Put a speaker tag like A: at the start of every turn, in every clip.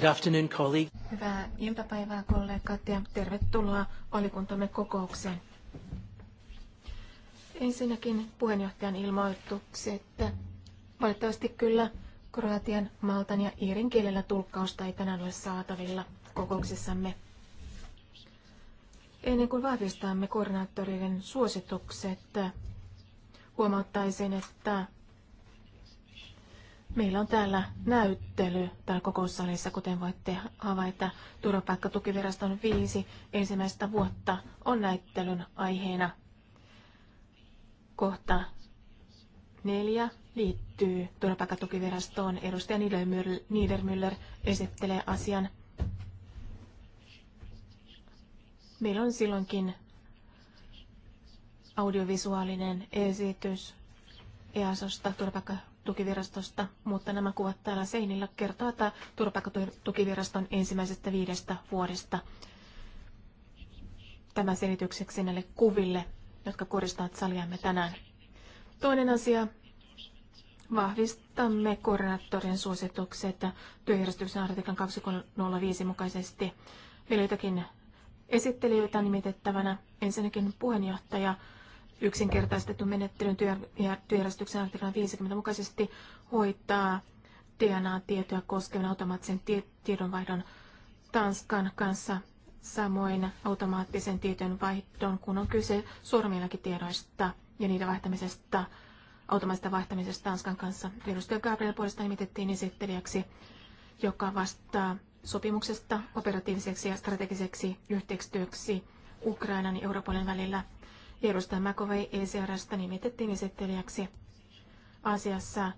A: Good afternoon, colleague.
B: Hyvää iltapäivää kollegat ja tervetuloa valikuntamme kokoukseen. Ensinnäkin puheenjohtajan ilmoitukset, että valitettavasti kyllä kroatian, maltan ja iirin kielellä tulkkausta ei tänään ole saatavilla kokouksessamme. Ennen kuin vahvistamme koordinaattoriiden suositukset, huomauttaisin, että Meillä on täällä näyttely täällä kokoussalissa, kuten voitte havaita. Turvapaikkatukiviraston viisi ensimmäistä vuotta on näyttelyn aiheena. Kohta neljä liittyy turvapaikkatukivirastoon. Edustaja Niedermüller esittelee asian. Meillä on silloinkin audiovisuaalinen esitys EASosta, turvapaikka turvapaikkatukivirastosta, mutta nämä kuvat täällä seinillä kertovat turvapaikkatukiviraston ensimmäisestä viidestä vuodesta. tämä selitykseksi näille kuville, jotka koristavat saliamme tänään. Toinen asia, vahvistamme koordinaattorin suositukset työjärjestyksen artiklan 205 mukaisesti. Meillä on jotakin esittelijöitä nimitettävänä. Ensinnäkin puheenjohtaja yksinkertaistettu menettelyn työjärjestyksen artiklan 50 mukaisesti hoitaa DNA-tietoja koskevan automaattisen tiedonvaihdon Tanskan kanssa, samoin automaattisen tietojenvaihdon, kun on kyse sormenjälkitiedoista ja niiden vaihtamisesta, automaattisesta vaihtamisesta Tanskan kanssa. Edustaja Gabriel puolesta nimitettiin esittelijäksi, joka vastaa sopimuksesta operatiiviseksi ja strategiseksi yhteistyöksi Ukrainan ja Euroopan välillä – Edustaja Makovei ECRstä nimitettiin esittelijäksi asiassa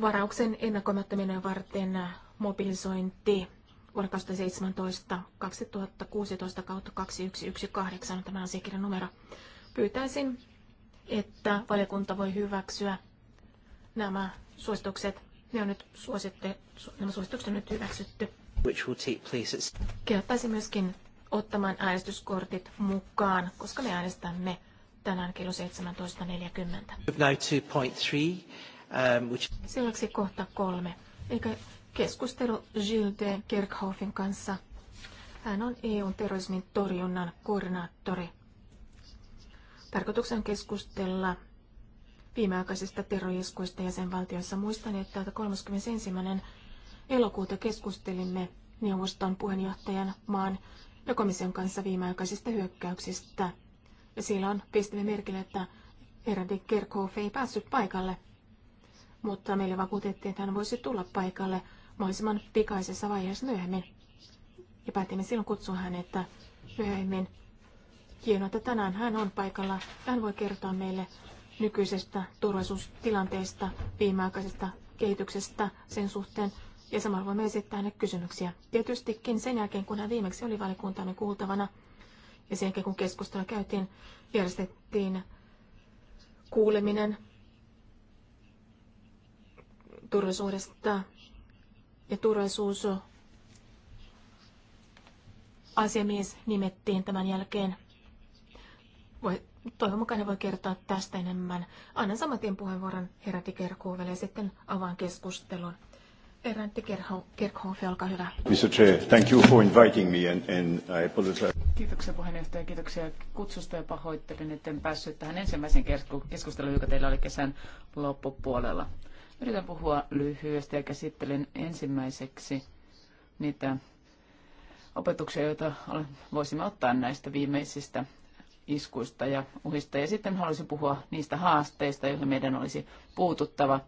B: varauksen ennakoimattomien varten mobilisointi vuonna 2017 2016 kautta 2118 on tämän asiakirjan numero. Pyytäisin, että valiokunta voi hyväksyä nämä suositukset. Ne on nyt suositte, nämä suositukset on nyt hyväksytty.
A: Which will take place.
B: Kehottaisin myöskin ottamaan äänestyskortit mukaan, koska me äänestämme tänään kello 17.40.
A: Um, which...
B: Seuraavaksi kohta kolme, eli keskustelu Gilles de kanssa. Hän on EUn terrorismin torjunnan koordinaattori. Tarkoituksen keskustella viimeaikaisista terroriskuista jäsenvaltioissa. Muistan, että 31. elokuuta keskustelimme neuvoston puheenjohtajan maan ja komission kanssa viimeaikaisista hyökkäyksistä. Ja silloin pistimme merkille, että Erdi Kerkhoff ei päässyt paikalle, mutta meille vakuutettiin, että hän voisi tulla paikalle mahdollisimman pikaisessa vaiheessa myöhemmin. Ja päätimme silloin kutsua hänet myöhemmin. Hienoa, että tänään hän on paikalla. Hän voi kertoa meille nykyisestä turvallisuustilanteesta, viimeaikaisesta kehityksestä sen suhteen, ja samalla voimme esittää hänelle kysymyksiä. Tietystikin sen jälkeen, kun hän viimeksi oli valiokuntamme kuultavana ja sen jälkeen, kun keskustelua käytiin, järjestettiin kuuleminen turvallisuudesta ja turvallisuus asiamies nimettiin tämän jälkeen. Voi, toivon mukaan voi kertoa tästä enemmän. Annan saman tien puheenvuoron herra Dikerkuuvelle ja sitten avaan keskustelun. Eräntti Kirkhofe, olkaa hyvä.
C: Mr. Chair, thank you for inviting me and, and I apologize.
B: Kiitoksia
D: puheenjohtaja, kiitoksia kutsusta ja pahoittelen, että en päässyt tähän ensimmäiseen keskusteluun, joka teillä oli kesän loppupuolella. Yritän puhua lyhyesti ja käsittelen ensimmäiseksi niitä opetuksia, joita voisimme ottaa näistä viimeisistä iskuista ja uhista. Ja sitten haluaisin puhua niistä haasteista, joihin meidän olisi puututtava –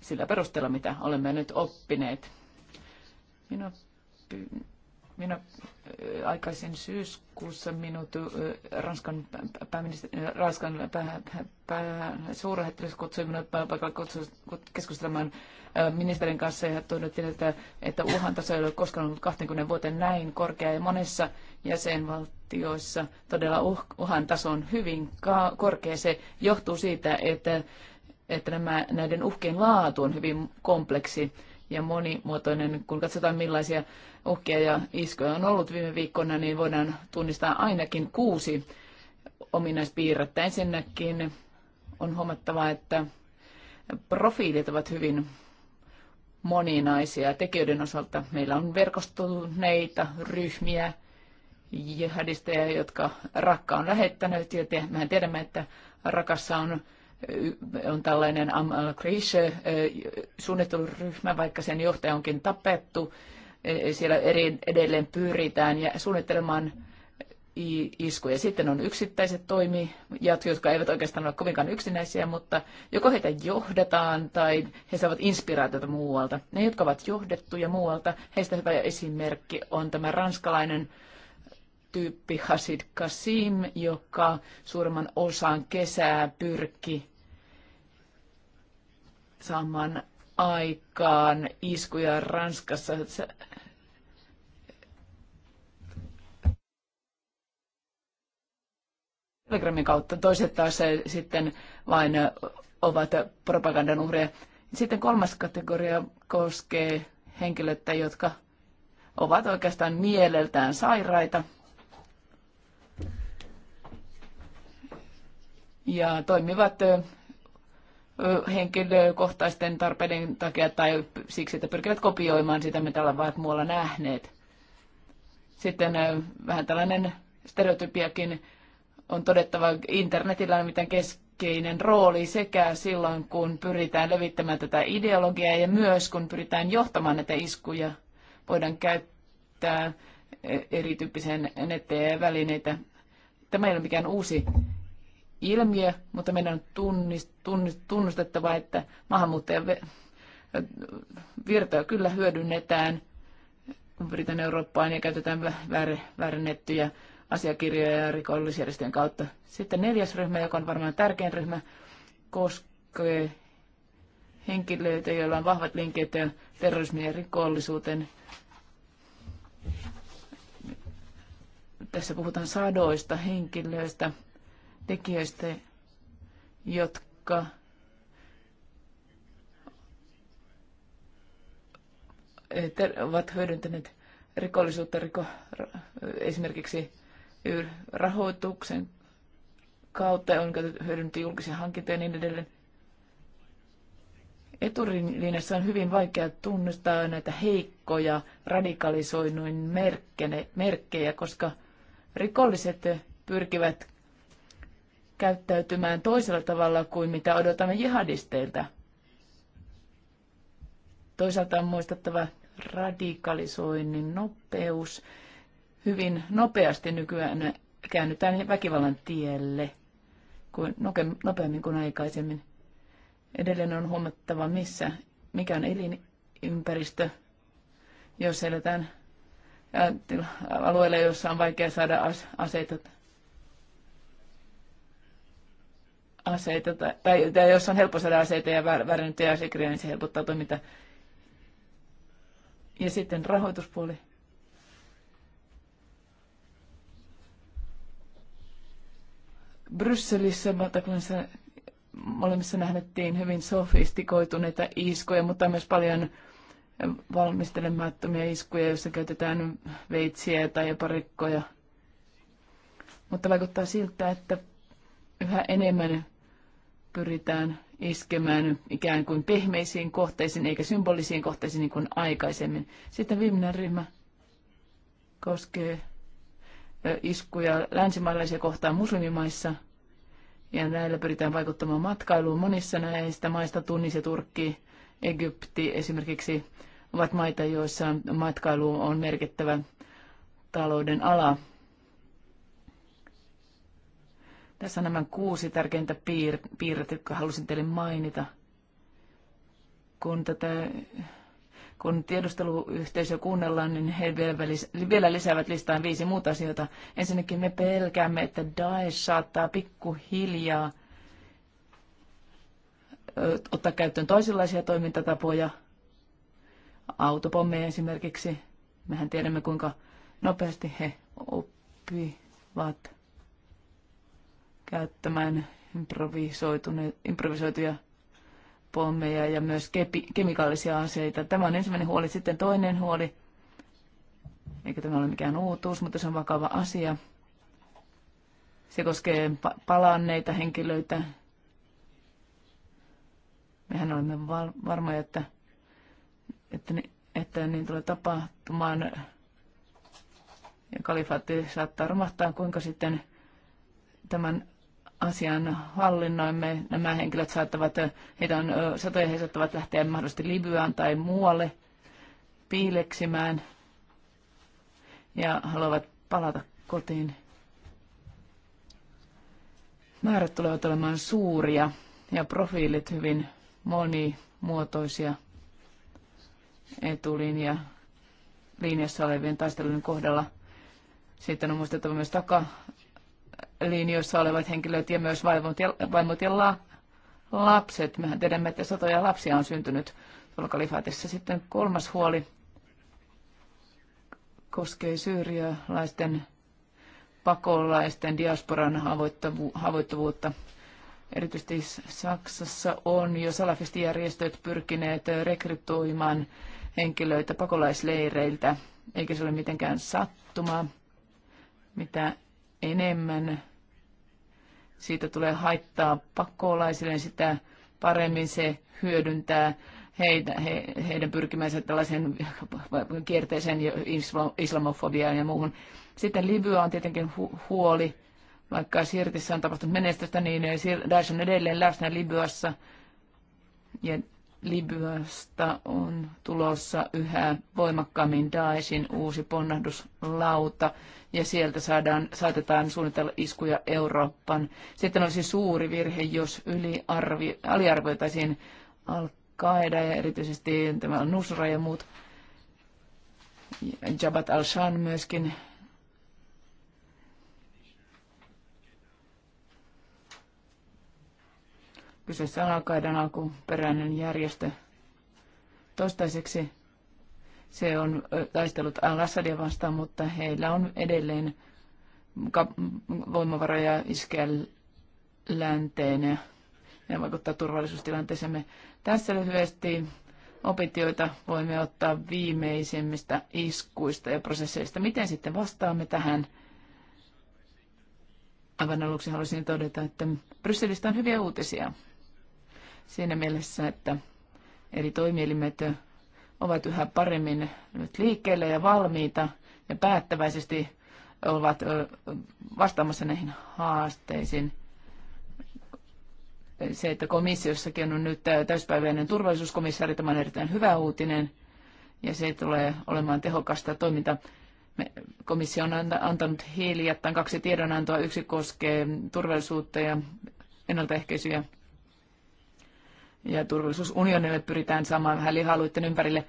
D: sillä perusteella, mitä olemme nyt oppineet. Minä, minä aikaisin syyskuussa minut Ranskan, pääministeri, Ranskan pää, kutsui minut paikalle keskustelemaan ministerin kanssa ja todettiin, että, että uhan taso ei ole koskaan ollut 20 vuoteen näin korkea ja monessa jäsenvaltioissa todella uhan taso on hyvin korkea. Se johtuu siitä, että että nämä, näiden uhkien laatu on hyvin kompleksi ja monimuotoinen. Kun katsotaan millaisia uhkia ja iskoja on ollut viime viikkoina, niin voidaan tunnistaa ainakin kuusi ominaispiirrettä. Ensinnäkin on huomattava, että profiilit ovat hyvin moninaisia. Tekijöiden osalta meillä on verkostuneita ryhmiä, jihadisteja, jotka rakka on lähettänyt. Ja mehän tiedämme, että rakassa on on tällainen Amal Krish eh, suunnitteluryhmä, vaikka sen johtaja onkin tapettu. Eh, siellä eri, edelleen pyritään ja suunnittelemaan iskuja. Sitten on yksittäiset toimijat, jotka eivät oikeastaan ole kovinkaan yksinäisiä, mutta joko heitä johdetaan tai he saavat inspiraatiota muualta. Ne, jotka ovat johdettuja muualta, heistä hyvä esimerkki on tämä ranskalainen tyyppi Hasid Kasim, joka suurimman osan kesää pyrki saman aikaan iskuja Ranskassa. Telegramin kautta. Toiset taas eh, sitten vain eh, ovat propagandan uhreja. Sitten kolmas kategoria koskee henkilöitä, jotka ovat oikeastaan mieleltään sairaita ja toimivat eh, henkilökohtaisten tarpeiden takia tai siksi, että pyrkivät kopioimaan sitä, mitä ovat muualla nähneet. Sitten vähän tällainen stereotypiakin on todettava internetillä on mitään keskeinen rooli sekä silloin, kun pyritään levittämään tätä ideologiaa ja myös kun pyritään johtamaan näitä iskuja, voidaan käyttää e- erityyppisen nettejä ja välineitä. Tämä ei ole mikään uusi ilmiö, mutta meidän on tunnist, tunnist, tunnustettava, että maahanmuuttajan virtoja kyllä hyödynnetään Britannian Eurooppaan ja käytetään väärennettyjä asiakirjoja ja rikollisjärjestöjen kautta. Sitten neljäs ryhmä, joka on varmaan tärkein ryhmä, koskee henkilöitä, joilla on vahvat linkit terrorismin ja rikollisuuteen. Tässä puhutaan sadoista henkilöistä, tekijöistä, jotka ovat hyödyntäneet rikollisuutta riko, esimerkiksi rahoituksen kautta, on hyödyntänyt julkisia hankintoja ja niin edelleen. Etulinjassa on hyvin vaikea tunnistaa näitä heikkoja radikalisoinnin merkkejä, koska rikolliset pyrkivät käyttäytymään toisella tavalla kuin mitä odotamme jihadisteilta. Toisaalta on muistettava radikalisoinnin nopeus. Hyvin nopeasti nykyään käännytään väkivallan tielle kuin nopeammin kuin aikaisemmin. Edelleen on huomattava, missä, mikä on elinympäristö, jos eletään alueella, jossa on vaikea saada aseita aseita, tai, tai, tai jos on helppo saada aseita ja väärennettyjä asiakirjoja, niin se helpottaa toimintaa. Ja sitten rahoituspuoli. Brysselissä Vatakunsa molemmissa nähdettiin hyvin sofistikoituneita iskoja, mutta myös paljon valmistelemattomia iskuja, joissa käytetään veitsiä tai parikkoja. Mutta vaikuttaa siltä, että yhä enemmän pyritään iskemään ikään kuin pehmeisiin kohteisiin eikä symbolisiin kohteisiin niin kuin aikaisemmin. Sitten viimeinen ryhmä koskee iskuja länsimaalaisia kohtaan muslimimaissa. Ja näillä pyritään vaikuttamaan matkailuun. Monissa näistä maista Tunis ja Turkki, Egypti esimerkiksi ovat maita, joissa matkailu on merkittävä talouden ala. Tässä nämä kuusi tärkeintä piir- piirret, jotka halusin teille mainita. Kun, tätä, kun tiedusteluyhteisö kuunnellaan, niin he vielä lisäävät listaan viisi muuta asioita. Ensinnäkin me pelkäämme, että Daesh saattaa pikkuhiljaa ottaa käyttöön toisenlaisia toimintatapoja, autopommeja esimerkiksi. Mehän tiedämme, kuinka nopeasti he oppivat käyttämään improvisoituja pommeja ja myös kepi, kemikaalisia aseita. Tämä on ensimmäinen huoli. Sitten toinen huoli, eikä tämä ole mikään uutuus, mutta se on vakava asia. Se koskee palanneita henkilöitä. Mehän olemme varmoja, että, että, että niin tulee tapahtumaan. Ja kalifaatti saattaa romahtaa, kuinka sitten tämän asian hallinnoimme. Nämä henkilöt saattavat, heitä on satoja, he saattavat lähteä mahdollisesti Libyaan tai muualle piileksimään ja haluavat palata kotiin. Määrät tulevat olemaan suuria ja profiilit hyvin monimuotoisia etulinja linjassa olevien taistelujen kohdalla. Sitten on muistettava myös taka, linjoissa olevat henkilöt ja myös vaimot ja, vaimot ja la, lapset. Mehän tiedämme, että satoja lapsia on syntynyt tuolla kalifaatissa. Sitten kolmas huoli koskee syyrialaisten pakolaisten diasporan haavoittuvuutta. Erityisesti Saksassa on jo salafistijärjestöt pyrkineet rekrytoimaan henkilöitä pakolaisleireiltä, eikä se ole mitenkään sattumaa. Mitä enemmän siitä tulee haittaa pakolaisille, niin sitä paremmin se hyödyntää heitä, he, heidän pyrkimänsä tällaisen kierteeseen islamofobiaan ja muuhun. Sitten Libya on tietenkin hu- huoli, vaikka Sirtissä on tapahtunut menestystä, niin Daesh on edelleen läsnä Libyassa. Ja Libyasta on tulossa yhä voimakkaammin Daesin uusi ponnahduslauta ja sieltä saadaan, saatetaan suunnitella iskuja Eurooppaan. Sitten olisi suuri virhe, jos yliarvi, aliarvioitaisiin Al-Qaeda ja erityisesti tämä Nusra ja muut. Jabhat al-Shan myöskin Kyseessä on Al-Qaidan alkuperäinen järjestö. Toistaiseksi se on taistellut Al-Assadia vastaan, mutta heillä on edelleen voimavaroja iskeä länteen ja, ja vaikuttaa turvallisuustilanteeseemme. Tässä lyhyesti opit, joita voimme ottaa viimeisimmistä iskuista ja prosesseista. Miten sitten vastaamme tähän? Aivan aluksi haluaisin todeta, että Brysselistä on hyviä uutisia siinä mielessä, että eri toimielimet ovat yhä paremmin nyt liikkeellä ja valmiita ja päättäväisesti ovat vastaamassa näihin haasteisiin. Se, että komissiossakin on nyt täyspäiväinen turvallisuuskomissaari, tämä on erittäin hyvä uutinen ja se tulee olemaan tehokasta toimintaa. Komissio on antanut hiilijättään kaksi tiedonantoa. Yksi koskee turvallisuutta ja ennaltaehkäisyä ja turvallisuusunionille pyritään saamaan vähän lihaluiden ympärille.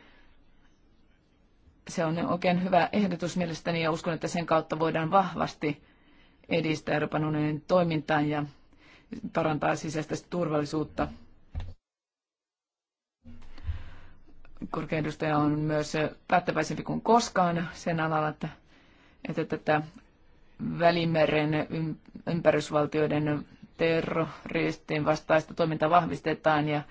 D: Se on oikein hyvä ehdotus mielestäni ja uskon, että sen kautta voidaan vahvasti edistää Euroopan unionin toimintaa ja parantaa sisäistä turvallisuutta. Korkea on myös päättäväisempi kuin koskaan sen alalla, että, että tätä Välimeren ympärysvaltioiden terroristin vastaista toimintaa vahvistetaan ja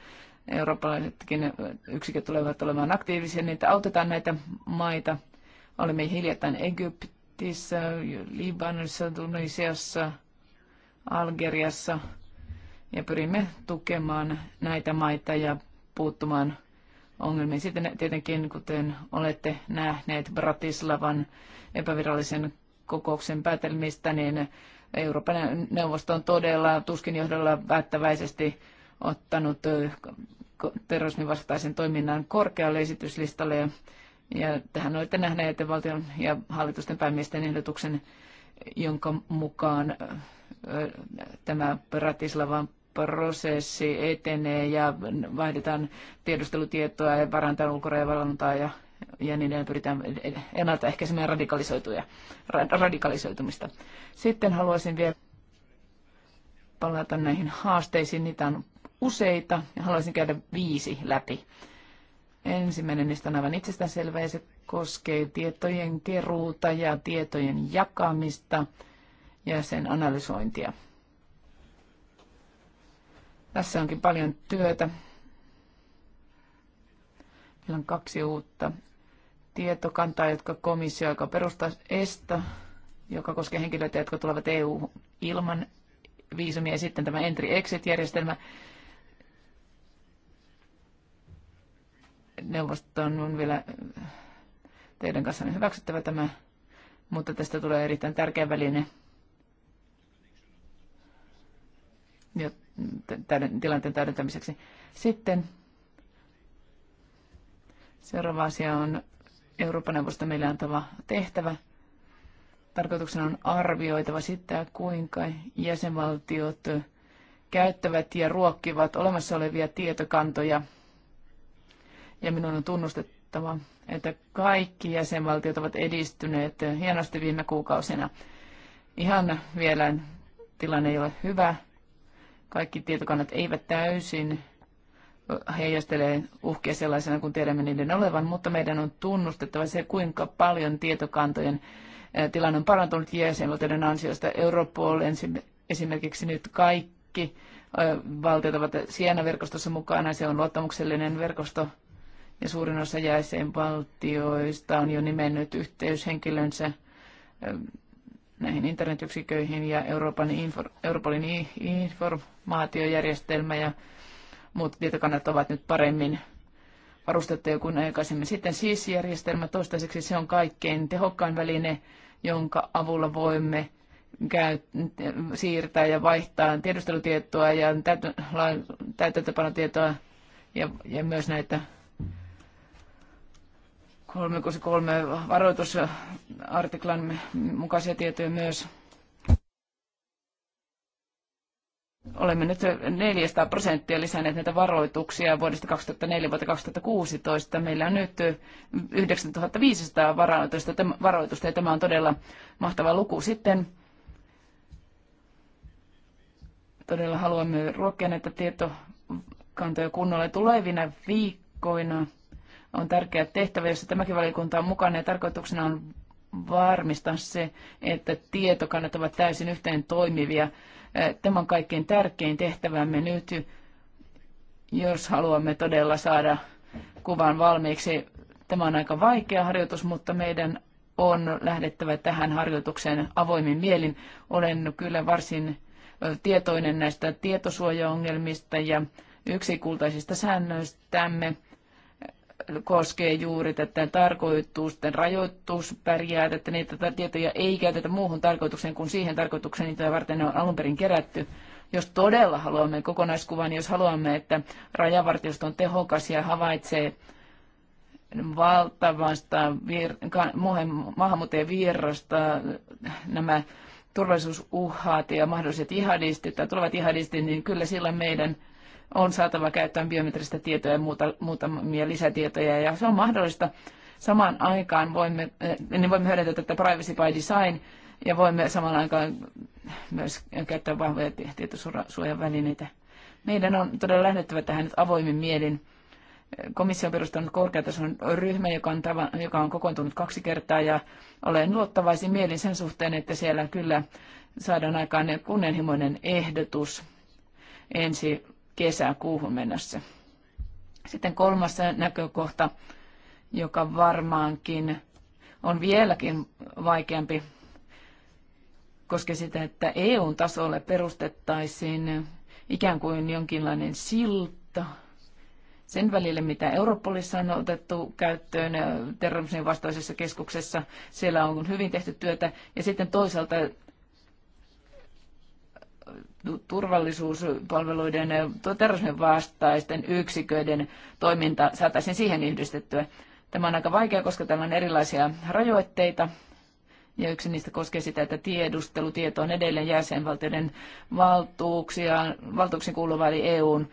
D: eurooppalaisetkin yksiköt tulevat olemaan aktiivisia, niin että autetaan näitä maita. Olemme hiljattain Egyptissä, Libanonissa, Tunisiassa, Algeriassa ja pyrimme tukemaan näitä maita ja puuttumaan ongelmiin. Sitten tietenkin, kuten olette nähneet Bratislavan epävirallisen kokouksen päätelmistä, niin Euroopan neuvosto on todella tuskin johdolla välttäväisesti ottanut terrorismin vastaisen toiminnan korkealle esityslistalle. Ja, ja tähän olette nähneet valtion ja hallitusten päämiesten ehdotuksen, jonka mukaan tämä Bratislavan prosessi etenee ja vaihdetaan tiedustelutietoa ja varantaa ulkorajavalvontaa ja ja niiden pyritään ennaltaehkäisemään radikalisoituja, radikalisoitumista. Sitten haluaisin vielä palata näihin haasteisiin. Niitä on useita ja haluaisin käydä viisi läpi. Ensimmäinen niistä on aivan itsestäänselvä ja se koskee tietojen keruuta ja tietojen jakamista ja sen analysointia. Tässä onkin paljon työtä. Meillä on kaksi uutta tietokantaa, jotka komissio aika perustaa ESTA, joka koskee henkilöitä, jotka tulevat EU ilman viisumia ja sitten tämä entry-exit-järjestelmä. Neuvoston on vielä äh, teidän kanssanne hyväksyttävä tämä, mutta tästä tulee erittäin tärkeä väline tilanteen täydentämiseksi. Sitten seuraava asia on Euroopan neuvosto meille antava tehtävä. Tarkoituksena on arvioitava sitä, kuinka jäsenvaltiot käyttävät ja ruokkivat olemassa olevia tietokantoja. Ja minun on tunnustettava, että kaikki jäsenvaltiot ovat edistyneet hienosti viime kuukausina. Ihan vielä tilanne ei ole hyvä. Kaikki tietokannat eivät täysin heijastelee uhkia sellaisena kuin tiedämme niiden olevan, mutta meidän on tunnustettava se, kuinka paljon tietokantojen tilanne on parantunut jäsenvaltioiden ansiosta. Europol esimerkiksi nyt kaikki valtiot ovat Siena-verkostossa mukana. Se on luottamuksellinen verkosto ja suurin osa jäsenvaltioista on jo nimennyt yhteyshenkilönsä näihin internetyksiköihin ja Euroopan info, Euroopan informaatiojärjestelmä ja muut tietokannat ovat nyt paremmin varustettuja kuin aikaisemmin. Sitten SIS-järjestelmä toistaiseksi se on kaikkein tehokkain väline, jonka avulla voimme käy, siirtää ja vaihtaa tiedustelutietoa ja täytäntöpanotietoa ja, ja myös näitä 363 varoitusartiklan mukaisia tietoja myös olemme nyt 400 prosenttia lisänneet näitä varoituksia vuodesta 2004 vuoteen 2016. Meillä on nyt 9500 varoitusta, ja tämä on todella mahtava luku. Sitten todella haluamme ruokkia näitä tietokantoja kunnolla tulevina viikkoina. On tärkeä tehtävä, jossa tämäkin valiokunta on mukana ja tarkoituksena on varmistaa se, että tietokannat ovat täysin yhteen toimivia Tämän kaikkein tärkein tehtävämme nyt, jos haluamme todella saada kuvan valmiiksi. Tämä on aika vaikea harjoitus, mutta meidän on lähdettävä tähän harjoitukseen avoimin mielin. Olen kyllä varsin tietoinen näistä tietosuojaongelmista ja yksikultaisista säännöistämme koskee juuri tätä tarkoitusten rajoitusperiaatetta, niitä tietoja ei käytetä muuhun tarkoitukseen kuin siihen tarkoitukseen, niitä varten ne on alun perin kerätty. Jos todella haluamme kokonaiskuvan, niin jos haluamme, että rajavartiosto on tehokas ja havaitsee valtavasta vir- ka- maahanmuuttajien virrasta nämä turvallisuusuhat ja mahdolliset jihadistit tai tulevat jihadistit, niin kyllä silloin meidän – on saatava käyttöön biometristä tietoa ja muuta, muutamia lisätietoja, ja se on mahdollista. Samaan aikaan voimme, eh, niin voimme hyödyntää tätä privacy by design, ja voimme samaan aikaan myös käyttää vahvoja tietosuojan välineitä. Meidän on todella lähdettävä tähän nyt avoimin mielin. Komissio on perustanut korkeatason ryhmä, joka on, tava, joka on kokoontunut kaksi kertaa ja olen luottavaisin mielin sen suhteen, että siellä kyllä saadaan aikaan kunnianhimoinen ehdotus ensi kesäkuuhun mennessä. Sitten kolmas näkökohta, joka varmaankin on vieläkin vaikeampi, koskee sitä, että EUn tasolle perustettaisiin ikään kuin jonkinlainen silta sen välille, mitä Europolissa on otettu käyttöön terrorismin vastaisessa keskuksessa. Siellä on hyvin tehty työtä. Ja sitten toisaalta turvallisuuspalveluiden terrorismin vastaisten yksiköiden toiminta saataisiin siihen yhdistettyä. Tämä on aika vaikea, koska täällä on erilaisia rajoitteita. Ja yksi niistä koskee sitä, että tiedustelutieto on edelleen jäsenvaltioiden valtuuksia, valtuuksiin kuuluva eli EUn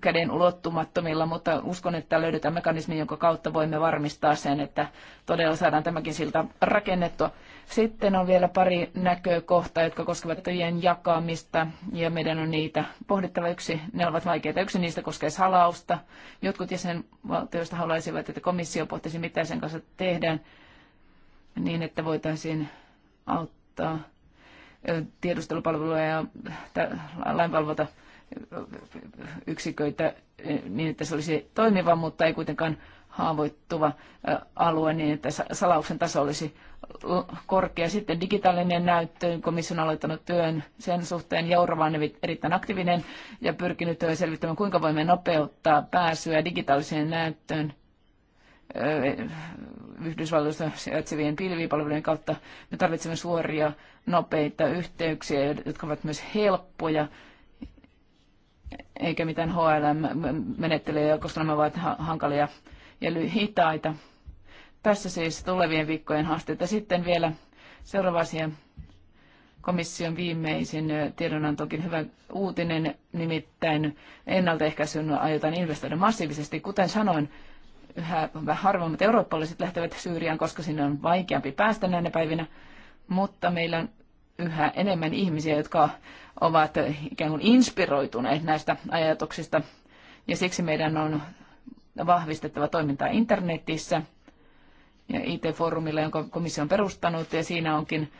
D: käden ulottumattomilla, mutta uskon, että löydetään mekanismi, jonka kautta voimme varmistaa sen, että todella saadaan tämäkin siltä rakennettua. Sitten on vielä pari näkökohtaa, jotka koskevat tojen jakamista, ja meidän on niitä pohdittava yksi. Ne ovat vaikeita. Yksi niistä koskee salausta. Jotkut jäsenvaltioista haluaisivat, että komissio pohtisi, mitä sen kanssa tehdään, niin että voitaisiin auttaa tiedustelupalveluja ja lainvalvota yksiköitä niin, että se olisi toimiva, mutta ei kuitenkaan haavoittuva alue niin, että salauksen taso olisi korkea. Sitten digitaalinen näyttö, komission aloittanut työn sen suhteen. Jourova on erittäin aktiivinen ja pyrkinyt selvittämään, kuinka voimme nopeuttaa pääsyä digitaaliseen näyttöön Yhdysvalloissa sijaitsevien pilvipalvelujen kautta. Me tarvitsemme suoria, nopeita yhteyksiä, jotka ovat myös helppoja, eikä mitään HLM-menettelyjä, koska nämä ovat hankalia ja hitaita. Tässä siis tulevien viikkojen haasteita. Sitten vielä seuraava asia. Komission viimeisin tiedonanto onkin hyvä uutinen, nimittäin ennaltaehkäisyyn aiotaan investoida massiivisesti. Kuten sanoin, yhä harvemmat eurooppalaiset lähtevät Syyriaan, koska sinne on vaikeampi päästä näinä päivinä, mutta meillä on yhä enemmän ihmisiä, jotka ovat ikään kuin inspiroituneet näistä ajatuksista, ja siksi meidän on vahvistettava toimintaa internetissä – IT-foorumilla, jonka komissio on perustanut, ja siinä onkin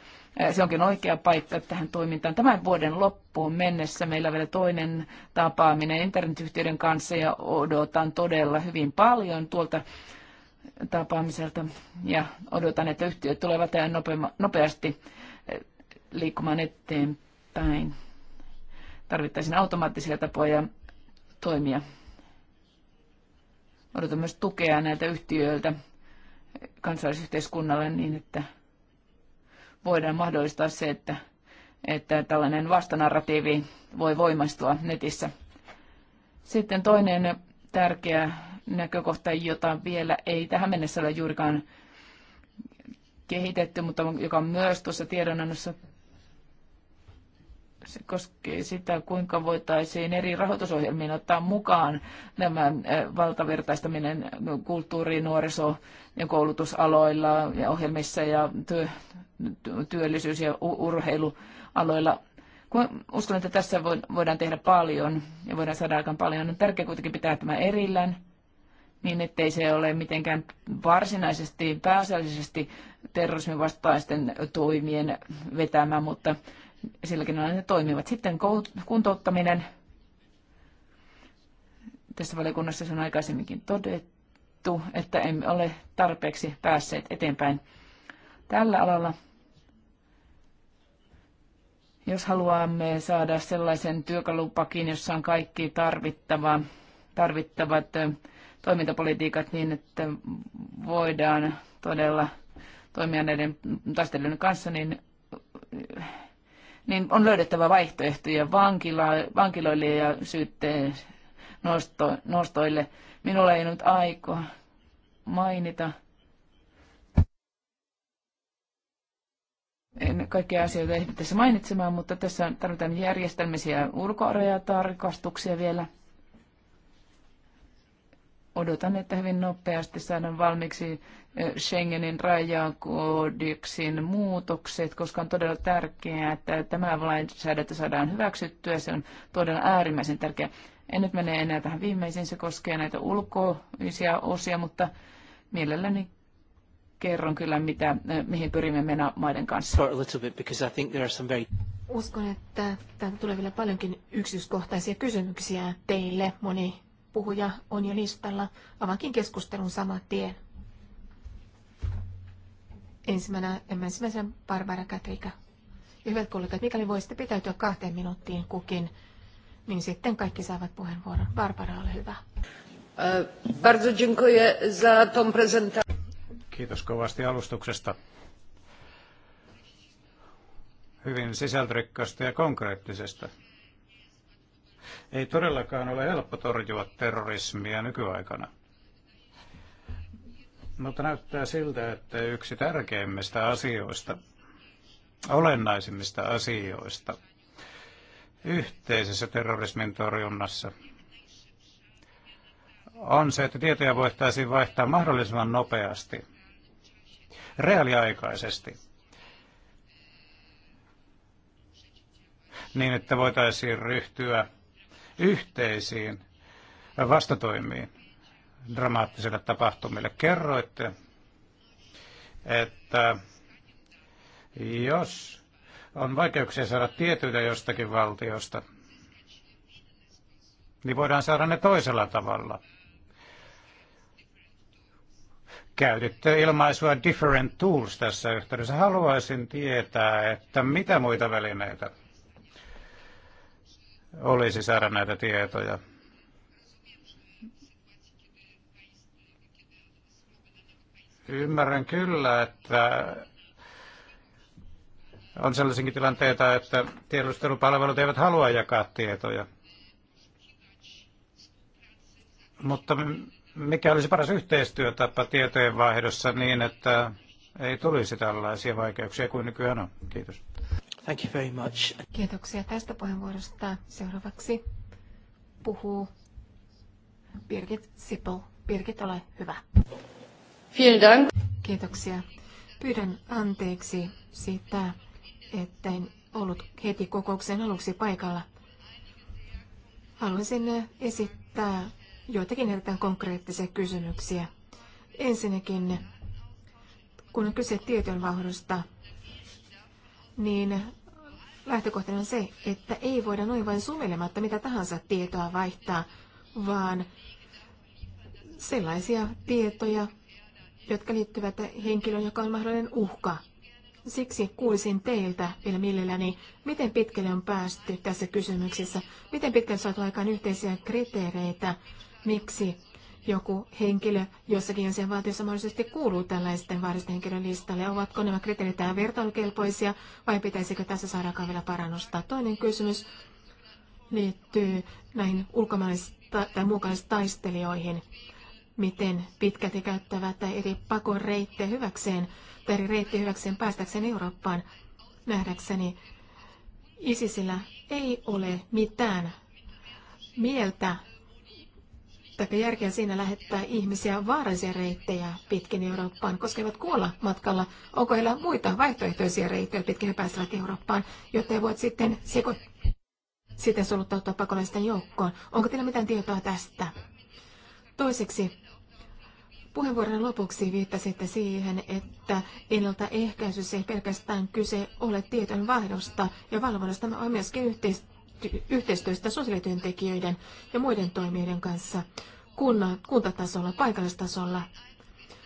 D: äh, se onkin oikea paikka tähän toimintaan. Tämän vuoden loppuun mennessä meillä on vielä toinen tapaaminen internetyhtiöiden kanssa ja odotan todella hyvin paljon tuolta tapaamiselta ja odotan, että yhtiöt tulevat nopeasti äh, liikkumaan eteenpäin. Tarvittaisiin automaattisia tapoja toimia. Odotan myös tukea näiltä yhtiöiltä kansalaisyhteiskunnalle niin, että voidaan mahdollistaa se, että, että tällainen vastanarratiivi voi voimaistua netissä. Sitten toinen tärkeä näkökohta, jota vielä ei tähän mennessä ole juurikaan kehitetty, mutta joka on myös tuossa tiedonannossa se koskee sitä, kuinka voitaisiin eri rahoitusohjelmiin ottaa mukaan nämä äh, valtavirtaistaminen kulttuuri-, nuoriso- ja koulutusaloilla ja ohjelmissa ja työ, työllisyys- ja urheilualoilla uskon, että tässä voidaan tehdä paljon ja voidaan saada aikaan paljon. On tärkeää kuitenkin pitää tämä erillään, niin ettei se ole mitenkään varsinaisesti, pääasiallisesti terrorismin vastaisten toimien vetämä, mutta silläkin on ne toimivat. Sitten kuntouttaminen. Tässä valiokunnassa se on aikaisemminkin todettu, että emme ole tarpeeksi päässeet eteenpäin tällä alalla. Jos haluamme saada sellaisen työkalupakin, jossa on kaikki tarvittava, tarvittavat toimintapolitiikat niin, että voidaan todella toimia näiden taistelijoiden kanssa, niin niin on löydettävä vaihtoehtoja vankila, vankiloille ja syytteen nosto, nostoille. Minulla ei nyt aiko mainita en kaikkia asioita ehdi tässä mainitsemaan, mutta tässä tarvitaan järjestelmisiä tarkastuksia vielä – Odotan, että hyvin nopeasti saadaan valmiiksi Schengenin rajakoodiksin muutokset, koska on todella tärkeää, että tämä lainsäädäntö saadaan hyväksyttyä. Se on todella äärimmäisen tärkeää. En nyt mene enää tähän viimeisiin, se koskee näitä ulkoisia osia, mutta mielelläni kerron kyllä, mitä, mihin pyrimme mennä maiden kanssa.
B: Uskon, että tämä tulee vielä paljonkin yksityiskohtaisia kysymyksiä teille. Moni puhuja on jo listalla. Avankin keskustelun sama tien. Ensimmäisenä, ensimmäisenä Barbara Katrika. Ja hyvät kollegat, mikäli voisitte pitäytyä kahteen minuuttiin kukin, niin sitten kaikki saavat puheenvuoron. Barbara, ole hyvä. za
C: Kiitos kovasti alustuksesta. Hyvin sisältörikkaasta ja konkreettisesta. Ei todellakaan ole helppo torjua terrorismia nykyaikana. Mutta näyttää siltä, että yksi tärkeimmistä asioista, olennaisimmista asioista yhteisessä terrorismin torjunnassa on se, että tietoja voitaisiin vaihtaa mahdollisimman nopeasti, reaaliaikaisesti, niin että voitaisiin ryhtyä yhteisiin vastatoimiin dramaattisille tapahtumille. Kerroitte, että jos on vaikeuksia saada tietyitä jostakin valtiosta, niin voidaan saada ne toisella tavalla. Käytitte ilmaisua different tools tässä yhteydessä. Haluaisin tietää, että mitä muita välineitä olisi saada näitä tietoja. Ymmärrän kyllä, että on sellaisinkin tilanteita, että tiedustelupalvelut eivät halua jakaa tietoja. Mutta mikä olisi paras yhteistyötapa vaihdossa niin, että ei tulisi tällaisia vaikeuksia kuin nykyään on? Kiitos. Thank you very much.
B: Kiitoksia tästä puheenvuorosta. Seuraavaksi puhuu Birgit Sipol. Birgit, ole hyvä. Vielen Dank. Kiitoksia. Pyydän anteeksi sitä, että en ollut heti kokouksen aluksi paikalla. Haluaisin esittää joitakin erittäin konkreettisia kysymyksiä. Ensinnäkin, kun on kyse tietojenvaihdosta, niin lähtökohtana on se, että ei voida noin vain sumelematta mitä tahansa tietoa vaihtaa, vaan sellaisia tietoja, jotka liittyvät henkilöön, joka on mahdollinen uhka. Siksi kuulisin teiltä vielä mielelläni, miten pitkälle on päästy tässä kysymyksessä, miten pitkälle saatu aikaan yhteisiä kriteereitä, miksi joku henkilö jossakin jäsenvaltiossa mahdollisesti kuuluu tällaisten vaaristen henkilön listalle? Ovatko nämä kriteerit vertailukelpoisia vai pitäisikö tässä saada vielä parannusta? Toinen kysymys liittyy näihin ulkomaalaisista tai taistelijoihin, Miten pitkät he käyttävät eri pakon reittejä hyväkseen tai eri reitti hyväkseen päästäkseen Eurooppaan? Nähdäkseni ISISillä ei ole mitään mieltä tai järkeä siinä lähettää ihmisiä vaarallisia reittejä pitkin Eurooppaan, koska he eivät kuolla matkalla. Onko heillä muita vaihtoehtoisia reittejä pitkin he pääsevät Eurooppaan, jotta he voivat sitten seko sitten soluttautua pakolaisten joukkoon. Onko teillä mitään tietoa tästä? Toiseksi, puheenvuoron lopuksi viittasitte siihen, että ennaltaehkäisyssä ei pelkästään kyse ole tietojen vaihdosta ja valvonnasta, vaan myöskin yhteistyöstä yhteistyöstä sosiaalityöntekijöiden ja muiden toimijoiden kanssa kuntatasolla, paikallistasolla.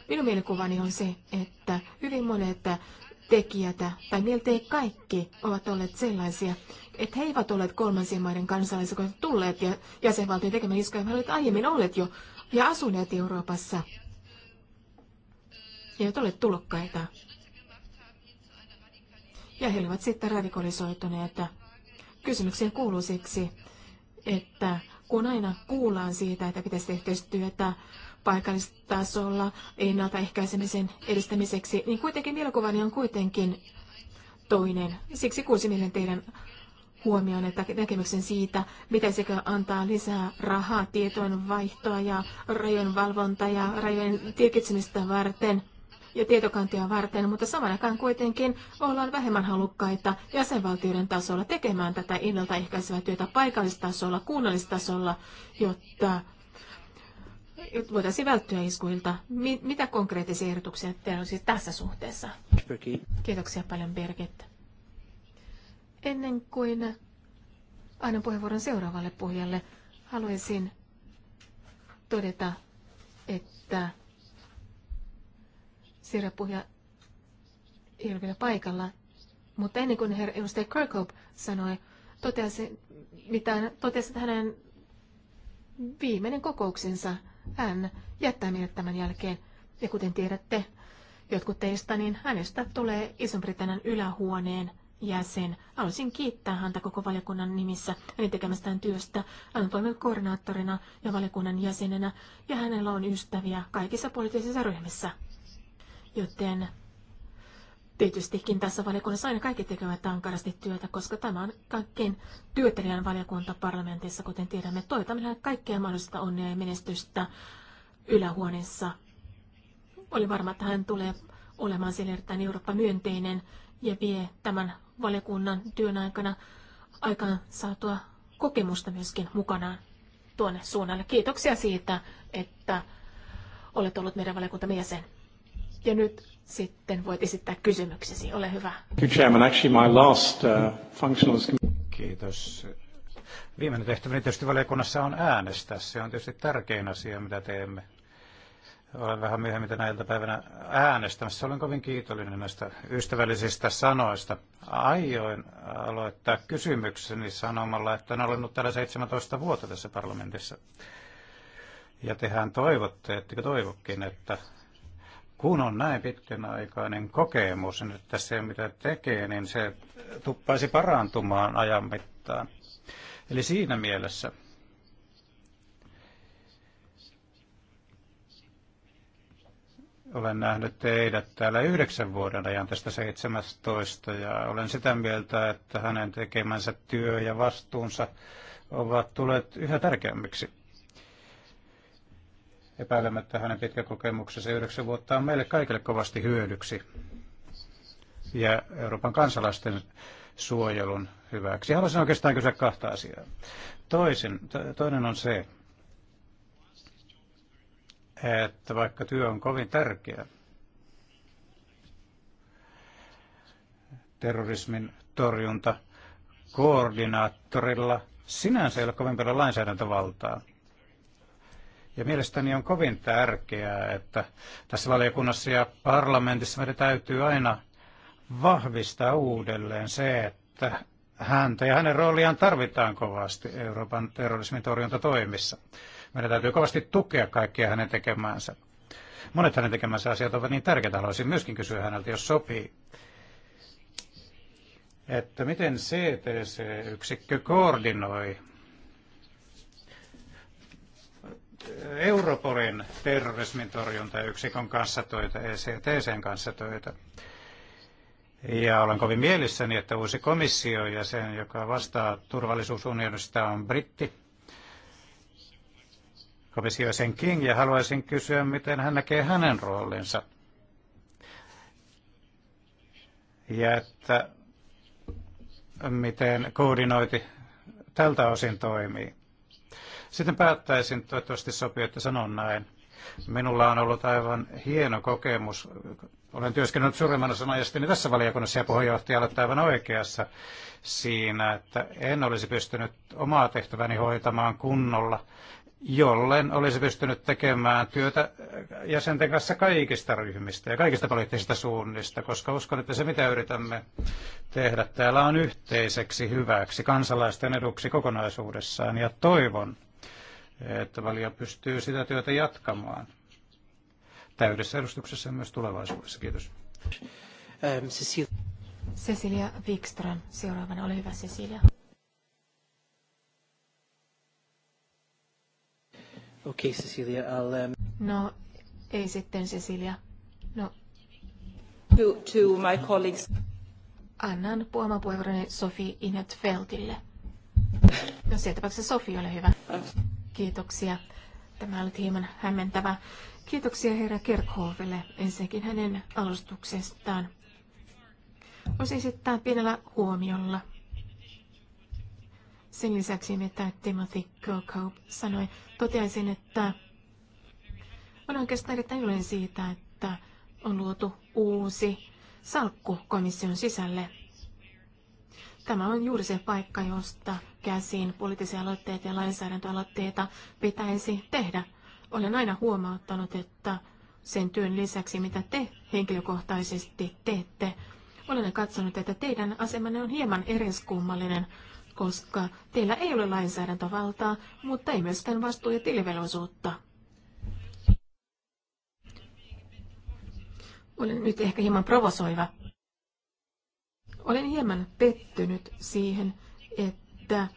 B: Minun mielikuvani on se, että hyvin monet tekijät, tai miltei kaikki, ovat olleet sellaisia, että he eivät olleet kolmansien maiden kansalaisia, kun tulleet ja jäsenvaltion tekemään iskoja, he olivat aiemmin olleet jo ja asuneet Euroopassa. He eivät ole tulokkaita. Ja he olivat sitten radikalisoituneet Kysymyksiä kuuluu siksi, että kun aina kuullaan siitä, että pitäisi yhteistyötä paikallistasolla ennaltaehkäisemisen edistämiseksi, niin kuitenkin mielikuvani on kuitenkin toinen. Siksi mielen teidän huomioon että näkemyksen siitä, pitäisikö antaa lisää rahaa tietojen vaihtoa ja rajojen valvontaa ja rajojen tilkitsemistä varten ja tietokantia varten, mutta saman aikaan kuitenkin ollaan vähemmän halukkaita jäsenvaltioiden tasolla tekemään tätä ennaltaehkäisevää työtä paikallistasolla, kunnallistasolla, jotta voitaisiin välttyä iskuilta. Mitä konkreettisia ehdotuksia teillä on siis tässä suhteessa? Kiitoksia paljon Birgit. Ennen kuin aina puheenvuoron seuraavalle puhujalle, haluaisin todeta, että Sirjapuhja ei ole vielä paikalla. Mutta ennen kuin herra edustaja Kirkhope sanoi, totesi, mitä, totesi, että hänen viimeinen kokouksensa hän jättää meidät tämän jälkeen. Ja kuten tiedätte, jotkut teistä, niin hänestä tulee iso britannian ylähuoneen jäsen. Haluaisin kiittää häntä koko valiokunnan nimissä hänen tekemästään työstä. Hän on toiminut koordinaattorina ja valiokunnan jäsenenä, ja hänellä on ystäviä kaikissa poliittisissa ryhmissä joten tietystikin tässä valiokunnassa aina kaikki tekevät ankarasti työtä, koska tämä on kaikkein työtelijän valiokunta parlamentissa, kuten tiedämme. Toivotamme kaikkea mahdollista onnea ja menestystä ylähuoneessa. Oli varma, että hän tulee olemaan siellä erittäin Eurooppa-myönteinen ja vie tämän valiokunnan työn aikana aikaan saatua kokemusta myöskin mukanaan tuonne suunnalle. Kiitoksia siitä, että olet ollut meidän valiokuntamme jäsen. Ja nyt sitten voit esittää kysymyksesi. Ole hyvä.
C: Chairman, actually my last uh, functional... Kiitos. Viimeinen tehtäväni tietysti valiokunnassa on äänestää. Se on tietysti tärkein asia, mitä teemme. Olen vähän myöhemmin tänä iltapäivänä äänestämässä. Olen kovin kiitollinen näistä ystävällisistä sanoista. Aioin aloittaa kysymykseni sanomalla, että olen ollut täällä 17 vuotta tässä parlamentissa. Ja tehän toivotte, ettekö toivokin, että kun on näin pitkänaikainen kokemus, niin että se, mitä tekee, niin se tuppaisi parantumaan ajan mittaan. Eli siinä mielessä olen nähnyt teidät täällä yhdeksän vuoden ajan tästä 17 ja olen sitä mieltä, että hänen tekemänsä työ ja vastuunsa ovat tulleet yhä tärkeämmiksi. Epäilemättä hänen pitkä kokemuksensa yhdeksän vuotta on meille kaikille kovasti hyödyksi ja Euroopan kansalaisten suojelun hyväksi. Haluaisin oikeastaan kysyä kahta asiaa. Toisin, to, toinen on se, että vaikka työ on kovin tärkeä, terrorismin torjunta koordinaattorilla sinänsä ei ole kovin paljon lainsäädäntövaltaa. Ja mielestäni on kovin tärkeää, että tässä valiokunnassa ja parlamentissa meidän täytyy aina vahvistaa uudelleen se, että häntä ja hänen rooliaan tarvitaan kovasti Euroopan terrorismin torjuntatoimissa. Meidän täytyy kovasti tukea kaikkia hänen tekemäänsä. Monet hänen tekemänsä asiat ovat niin tärkeitä, haluaisin myöskin kysyä häneltä, jos sopii että miten CTC-yksikkö koordinoi Europolin terrorismin torjuntayksikön kanssa töitä, ECTCn kanssa töitä. Ja olen kovin mielissäni, että uusi komissio ja sen, joka vastaa turvallisuusunionista, on britti. Komissio sen King, ja haluaisin kysyä, miten hän näkee hänen roolinsa. Ja että miten koordinointi tältä osin toimii. Sitten päättäisin, toivottavasti sopii, että sanon näin. Minulla on ollut aivan hieno kokemus. Olen työskennellyt suurimman osan ajastani tässä valiokunnassa ja puheenjohtaja olette aivan oikeassa siinä, että en olisi pystynyt omaa tehtäväni hoitamaan kunnolla, jollen olisi pystynyt tekemään työtä jäsenten kanssa kaikista ryhmistä ja kaikista poliittisista suunnista, koska uskon, että se mitä yritämme tehdä täällä on yhteiseksi hyväksi, kansalaisten eduksi kokonaisuudessaan ja toivon, että valio pystyy sitä työtä jatkamaan täydessä edustuksessa myös tulevaisuudessa. Kiitos. Ähm,
B: Cecilia Wikström, seuraavana. Ole hyvä, Cecilia.
A: Okei, okay, Cecilia, I'll, um...
B: No, ei sitten, Cecilia. No. To, to my colleagues. Annan puoman puheenvuoroni Sofi Inetfeltille. No, sieltäpäksi Sofi, ole hyvä. Äh. Kiitoksia. Tämä oli hieman hämmentävä. Kiitoksia herra Kerkhoovelle ensinnäkin hänen alustuksestaan. Voisi esittää pienellä huomiolla. Sen lisäksi, mitä Timothy Kirkhope sanoi, toteaisin, että on oikeastaan erittäin iloinen siitä, että on luotu uusi salkku komission sisälle. Tämä on juuri se paikka, josta käsiin poliittisia aloitteita ja lainsäädäntöaloitteita pitäisi tehdä. Olen aina huomauttanut, että sen työn lisäksi, mitä te henkilökohtaisesti teette, olen katsonut, että teidän asemanne on hieman eriskummallinen, koska teillä ei ole lainsäädäntövaltaa, mutta ei myöskään vastuu- ja tilivelvollisuutta. Olen nyt ehkä hieman provosoiva. Olen hieman pettynyt siihen, että että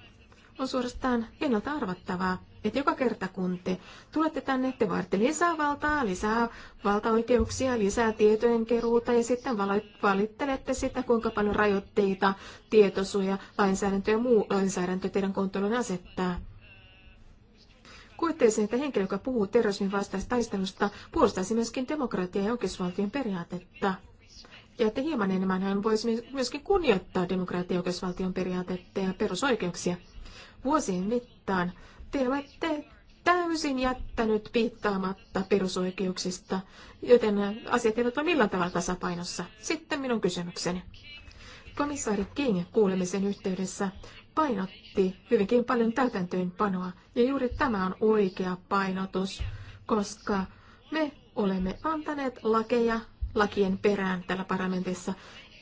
B: on suorastaan ennalta arvattavaa, että joka kerta kun te tulette tänne, te vaaditte lisää valtaa, lisää valtaoikeuksia, lisää tietojen keruuta ja sitten valittelette sitä, kuinka paljon rajoitteita, tietosuja, lainsäädäntö ja muu lainsäädäntö teidän kontollon asettaa. Kuitteeseen, että henkilö, joka puhuu terrorismin vastaista taistelusta, puolustaisi myöskin demokratiaa ja oikeusvaltion periaatetta ja että hieman enemmän hän voisi myöskin kunnioittaa ja oikeusvaltion periaatetta ja perusoikeuksia. Vuosien mittaan te olette täysin jättänyt piittaamatta perusoikeuksista, joten asiat eivät ole millään tavalla tasapainossa. Sitten minun kysymykseni. Komissaari King kuulemisen yhteydessä painotti hyvinkin paljon täytäntöönpanoa, ja juuri tämä on oikea painotus, koska me olemme antaneet lakeja lakien perään täällä parlamentissa.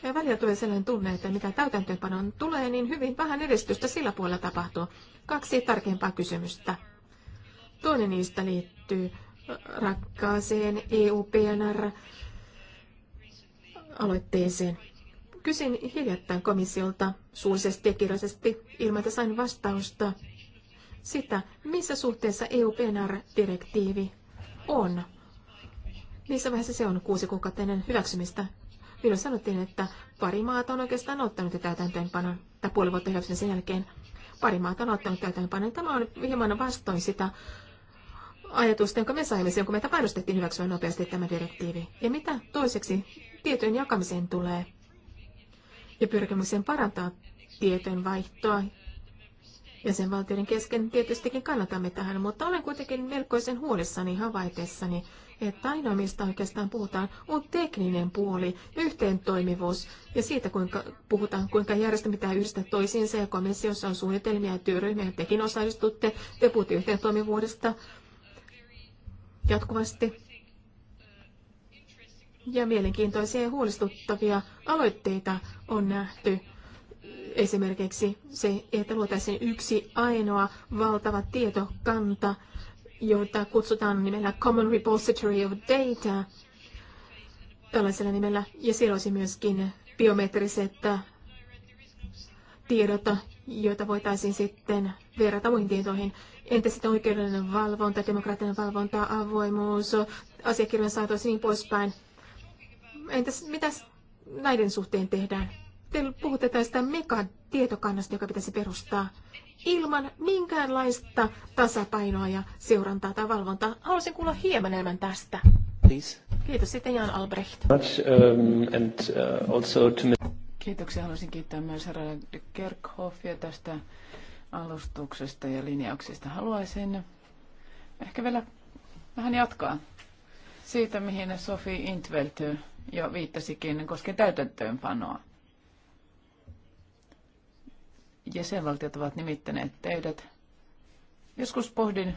B: Ja välillä tulee sellainen tunne, että mitä täytäntöönpanon tulee, niin hyvin vähän edistystä sillä puolella tapahtuu. Kaksi tarkempaa kysymystä. Toinen niistä liittyy rakkaaseen EU-PNR-aloitteeseen. Kysin hiljattain komissiolta suullisesti ja kirjallisesti ilman, että sain vastausta sitä, missä suhteessa EU-PNR-direktiivi on missä vaiheessa se on kuusi kuukautta ennen hyväksymistä? Minulle sanottiin, että pari maata on oikeastaan ottanut täytäntöönpanon, tai puoli vuotta hyväksymisen jälkeen pari maata on ottanut täytäntöönpanon. Tämä on hieman vastoin sitä ajatusta, jonka me saimme, jonka meitä painostettiin hyväksyä nopeasti tämä direktiivi. Ja mitä toiseksi tietojen jakamiseen tulee ja pyrkimykseen parantaa tietojen vaihtoa jäsenvaltioiden kesken tietystikin kannatamme tähän, mutta olen kuitenkin melkoisen huolissani havaitessani, että ainoa mistä oikeastaan puhutaan on tekninen puoli, yhteentoimivuus ja siitä kuinka puhutaan, kuinka järjestö pitää yhdistää toisiinsa ja komissiossa on suunnitelmia ja työryhmiä tekin osallistutte, te puhutte yhteentoimivuudesta jatkuvasti. Ja mielenkiintoisia ja huolestuttavia aloitteita on nähty Esimerkiksi se, että luotaisiin yksi ainoa valtava tietokanta, jota kutsutaan nimellä Common Repository of Data, tällaisella nimellä, ja siellä olisi myöskin biometriset tiedot, joita voitaisiin sitten verrata muihin tietoihin. Entä sitten oikeudellinen valvonta, demokraattinen valvonta, avoimuus, asiakirjojen saatavuus ja niin poispäin. Entäs mitä näiden suhteen tehdään? te puhutte tästä megatietokannasta, joka pitäisi perustaa ilman minkäänlaista tasapainoa ja seurantaa tai valvontaa. Haluaisin kuulla hieman enemmän tästä. Please. Kiitos sitten Jan Albrecht.
A: Much, um, and, uh, also to...
B: Kiitoksia. Haluaisin kiittää myös herra
D: Kerkhoffia tästä alustuksesta ja linjauksista. Haluaisin ehkä vielä vähän jatkaa siitä, mihin Sofi Intvelty jo viittasikin koskien täytäntöönpanoa jäsenvaltiot ovat nimittäneet teidät. Joskus pohdin,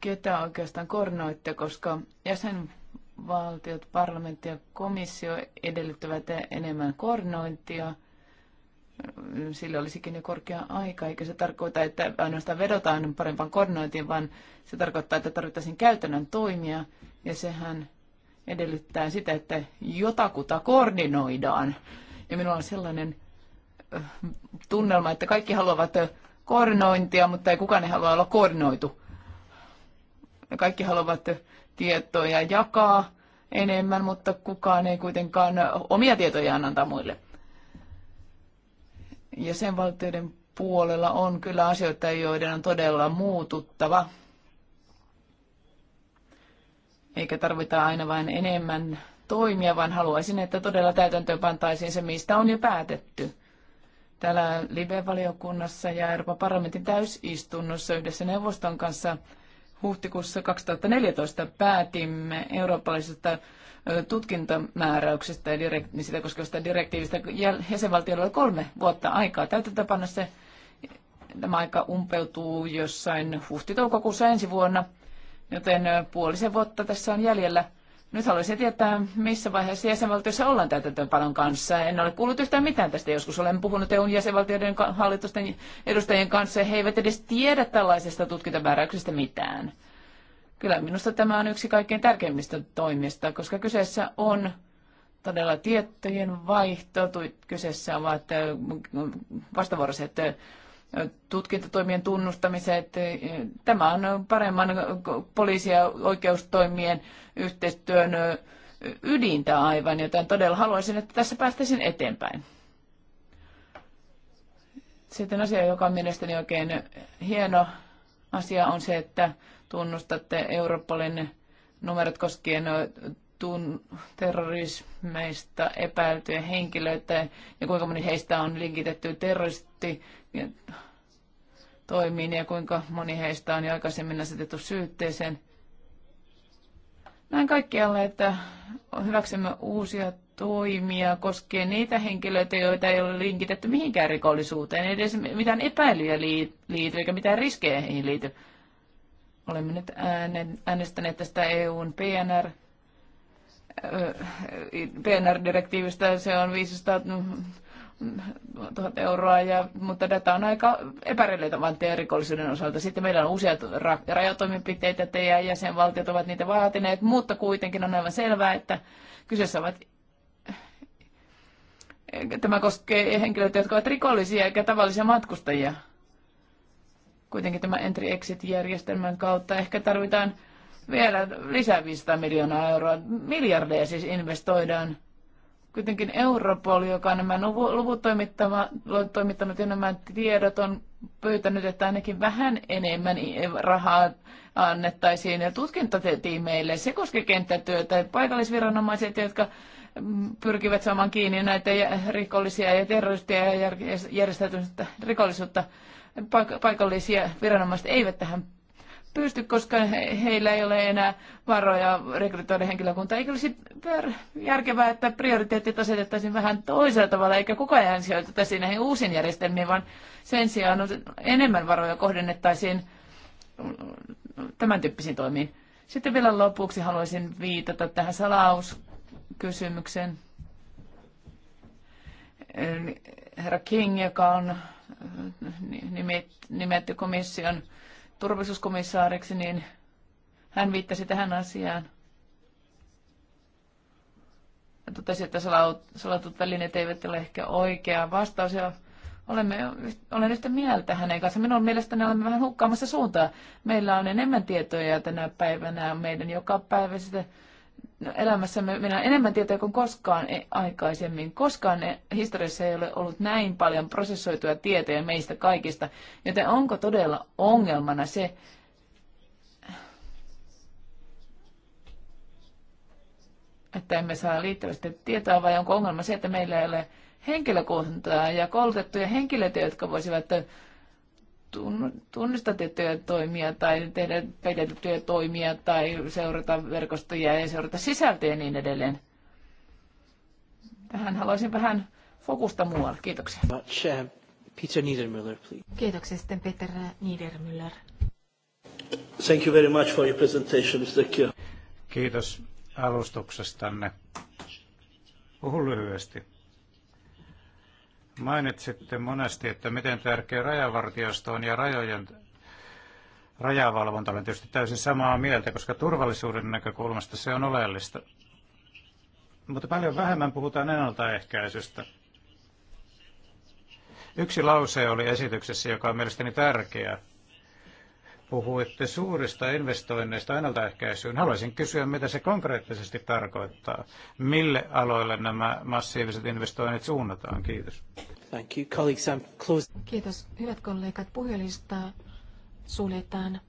D: ketä oikeastaan koordinoitte, koska jäsenvaltiot, parlamentti ja komissio edellyttävät enemmän koordinointia. Sillä olisikin jo korkea aika, eikä se tarkoita, että ainoastaan vedotaan parempaan koordinointiin, vaan se tarkoittaa, että tarvittaisiin käytännön toimia, ja sehän edellyttää sitä, että jotakuta koordinoidaan. Ja minulla on sellainen tunnelma, että kaikki haluavat koordinointia, mutta ei kukaan ei halua olla koordinoitu. Kaikki haluavat tietoja jakaa enemmän, mutta kukaan ei kuitenkaan omia tietojaan antaa muille. valtioiden puolella on kyllä asioita, joiden on todella muututtava eikä tarvita aina vain enemmän toimia, vaan haluaisin, että todella täytäntöön pantaisiin se, mistä on jo päätetty. Täällä Libe-valiokunnassa ja Euroopan parlamentin täysistunnossa yhdessä neuvoston kanssa huhtikuussa 2014 päätimme eurooppalaisesta tutkintamääräyksestä ja niin sitä koskevasta direktiivistä. Jäsenvaltioilla oli kolme vuotta aikaa täytäntöpanna se. Tämä aika umpeutuu jossain huhti-toukokuussa ensi vuonna – joten puolisen vuotta tässä on jäljellä. Nyt haluaisin tietää, missä vaiheessa jäsenvaltiossa ollaan panon kanssa. En ole kuullut yhtään mitään tästä. Joskus olen puhunut EUn jäsenvaltioiden hallitusten edustajien kanssa. He eivät edes tiedä tällaisesta tutkintamääräyksestä mitään. Kyllä minusta tämä on yksi kaikkein tärkeimmistä toimista, koska kyseessä on todella tietojen vaihto. Kyseessä ovat vastavuoroiset tutkintatoimien Että Tämä on paremman poliisi- ja oikeustoimien yhteistyön ydintä aivan, joten todella haluaisin, että tässä päästäisiin eteenpäin. Sitten asia, joka on mielestäni oikein hieno asia, on se, että tunnustatte Europolin numerot koskien tun- terrorismeista epäiltyjä henkilöitä ja kuinka moni heistä on linkitetty terroristi toimiin ja kuinka moni heistä on jo aikaisemmin asetettu syytteeseen. Näin kaikkialla, että hyväksymme uusia toimia koskee niitä henkilöitä, joita ei ole linkitetty mihinkään rikollisuuteen, ei edes mitään epäilyjä liity eikä mitään riskejä heihin liity. Olemme nyt äänestäneet tästä EUn PNR, PNR-direktiivistä, se on 500 tuhat euroa, ja, mutta data on aika epärelevanttia rikollisuuden osalta. Sitten meillä on useat ra- rajatoimenpiteitä, te ja jäsenvaltiot ovat niitä vaatineet, mutta kuitenkin on aivan selvää, että kyseessä ovat Tämä koskee henkilöitä, jotka ovat rikollisia eikä tavallisia matkustajia. Kuitenkin tämä entry-exit-järjestelmän kautta ehkä tarvitaan vielä lisää 500 miljoonaa euroa. Miljardeja siis investoidaan Kuitenkin Europol, joka on nämä luvut toimittanut ja nämä tiedot, on pyytänyt, että ainakin vähän enemmän rahaa annettaisiin ja tutkintatiimeille. Se koskee kenttätyötä. Paikallisviranomaiset, jotka mm, pyrkivät saamaan kiinni näitä rikollisia ja terroristia ja järjestäytynyttä rikollisuutta. Paikallisia viranomaiset eivät tähän pysty, koska he, heillä ei ole enää varoja rekrytoida henkilökuntaa. Eikö olisi järkevää, että prioriteetit asetettaisiin vähän toisella tavalla, eikä koko ajan sijoitettaisiin näihin uusiin järjestelmiin, vaan sen sijaan enemmän varoja kohdennettaisiin tämän tyyppisiin toimiin. Sitten vielä lopuksi haluaisin viitata tähän salauskysymykseen. Herra King, joka on nimetty komission turvallisuuskomissaariksi, niin hän viittasi tähän asiaan. Hän totesi, että salatut välineet eivät ole ehkä oikea vastaus. Ja olemme, olen yhtä mieltä hänen kanssaan. Minun mielestäni olemme vähän hukkaamassa suuntaa. Meillä on enemmän tietoja tänä päivänä meidän joka päivästä No, elämässämme meillä on enemmän tietoja kuin koskaan e- aikaisemmin. Koskaan e- historiassa ei ole ollut näin paljon prosessoituja tietoja meistä kaikista, joten onko todella ongelmana se, että emme saa liittävästi tietoa, vai onko ongelma se, että meillä ei ole henkilökuntaa ja koulutettuja henkilöitä, jotka voisivat tunnista tiettyjä toimia tai tehdä peitettyjä toimia tai seurata verkostoja ja seurata sisältöjä ja niin edelleen.
B: Tähän haluaisin vähän
A: fokusta muualle. Kiitoksia. Uh, Peter
C: Niedermüller, please.
B: Kiitoksia sitten Peter Niedermüller.
C: Thank you very much for your presentation, Mr. Kiel. Kiitos alustuksestanne. Puhun lyhyesti Mainitsitte monesti, että miten tärkeä rajavartiosto on ja rajojen rajavalvonta. Olen tietysti täysin samaa mieltä, koska turvallisuuden näkökulmasta se on oleellista. Mutta paljon vähemmän puhutaan ennaltaehkäisystä. Yksi lause oli esityksessä, joka on mielestäni tärkeä. Puhuitte suurista investoinneista ennaltaehkäisyyn. Haluaisin kysyä, mitä se konkreettisesti tarkoittaa. Mille aloille nämä massiiviset investoinnit suunnataan? Kiitos. Thank you, colleagues. I'm close.
B: Kiitos. Hyvät kollegat, puhelista suljetaan.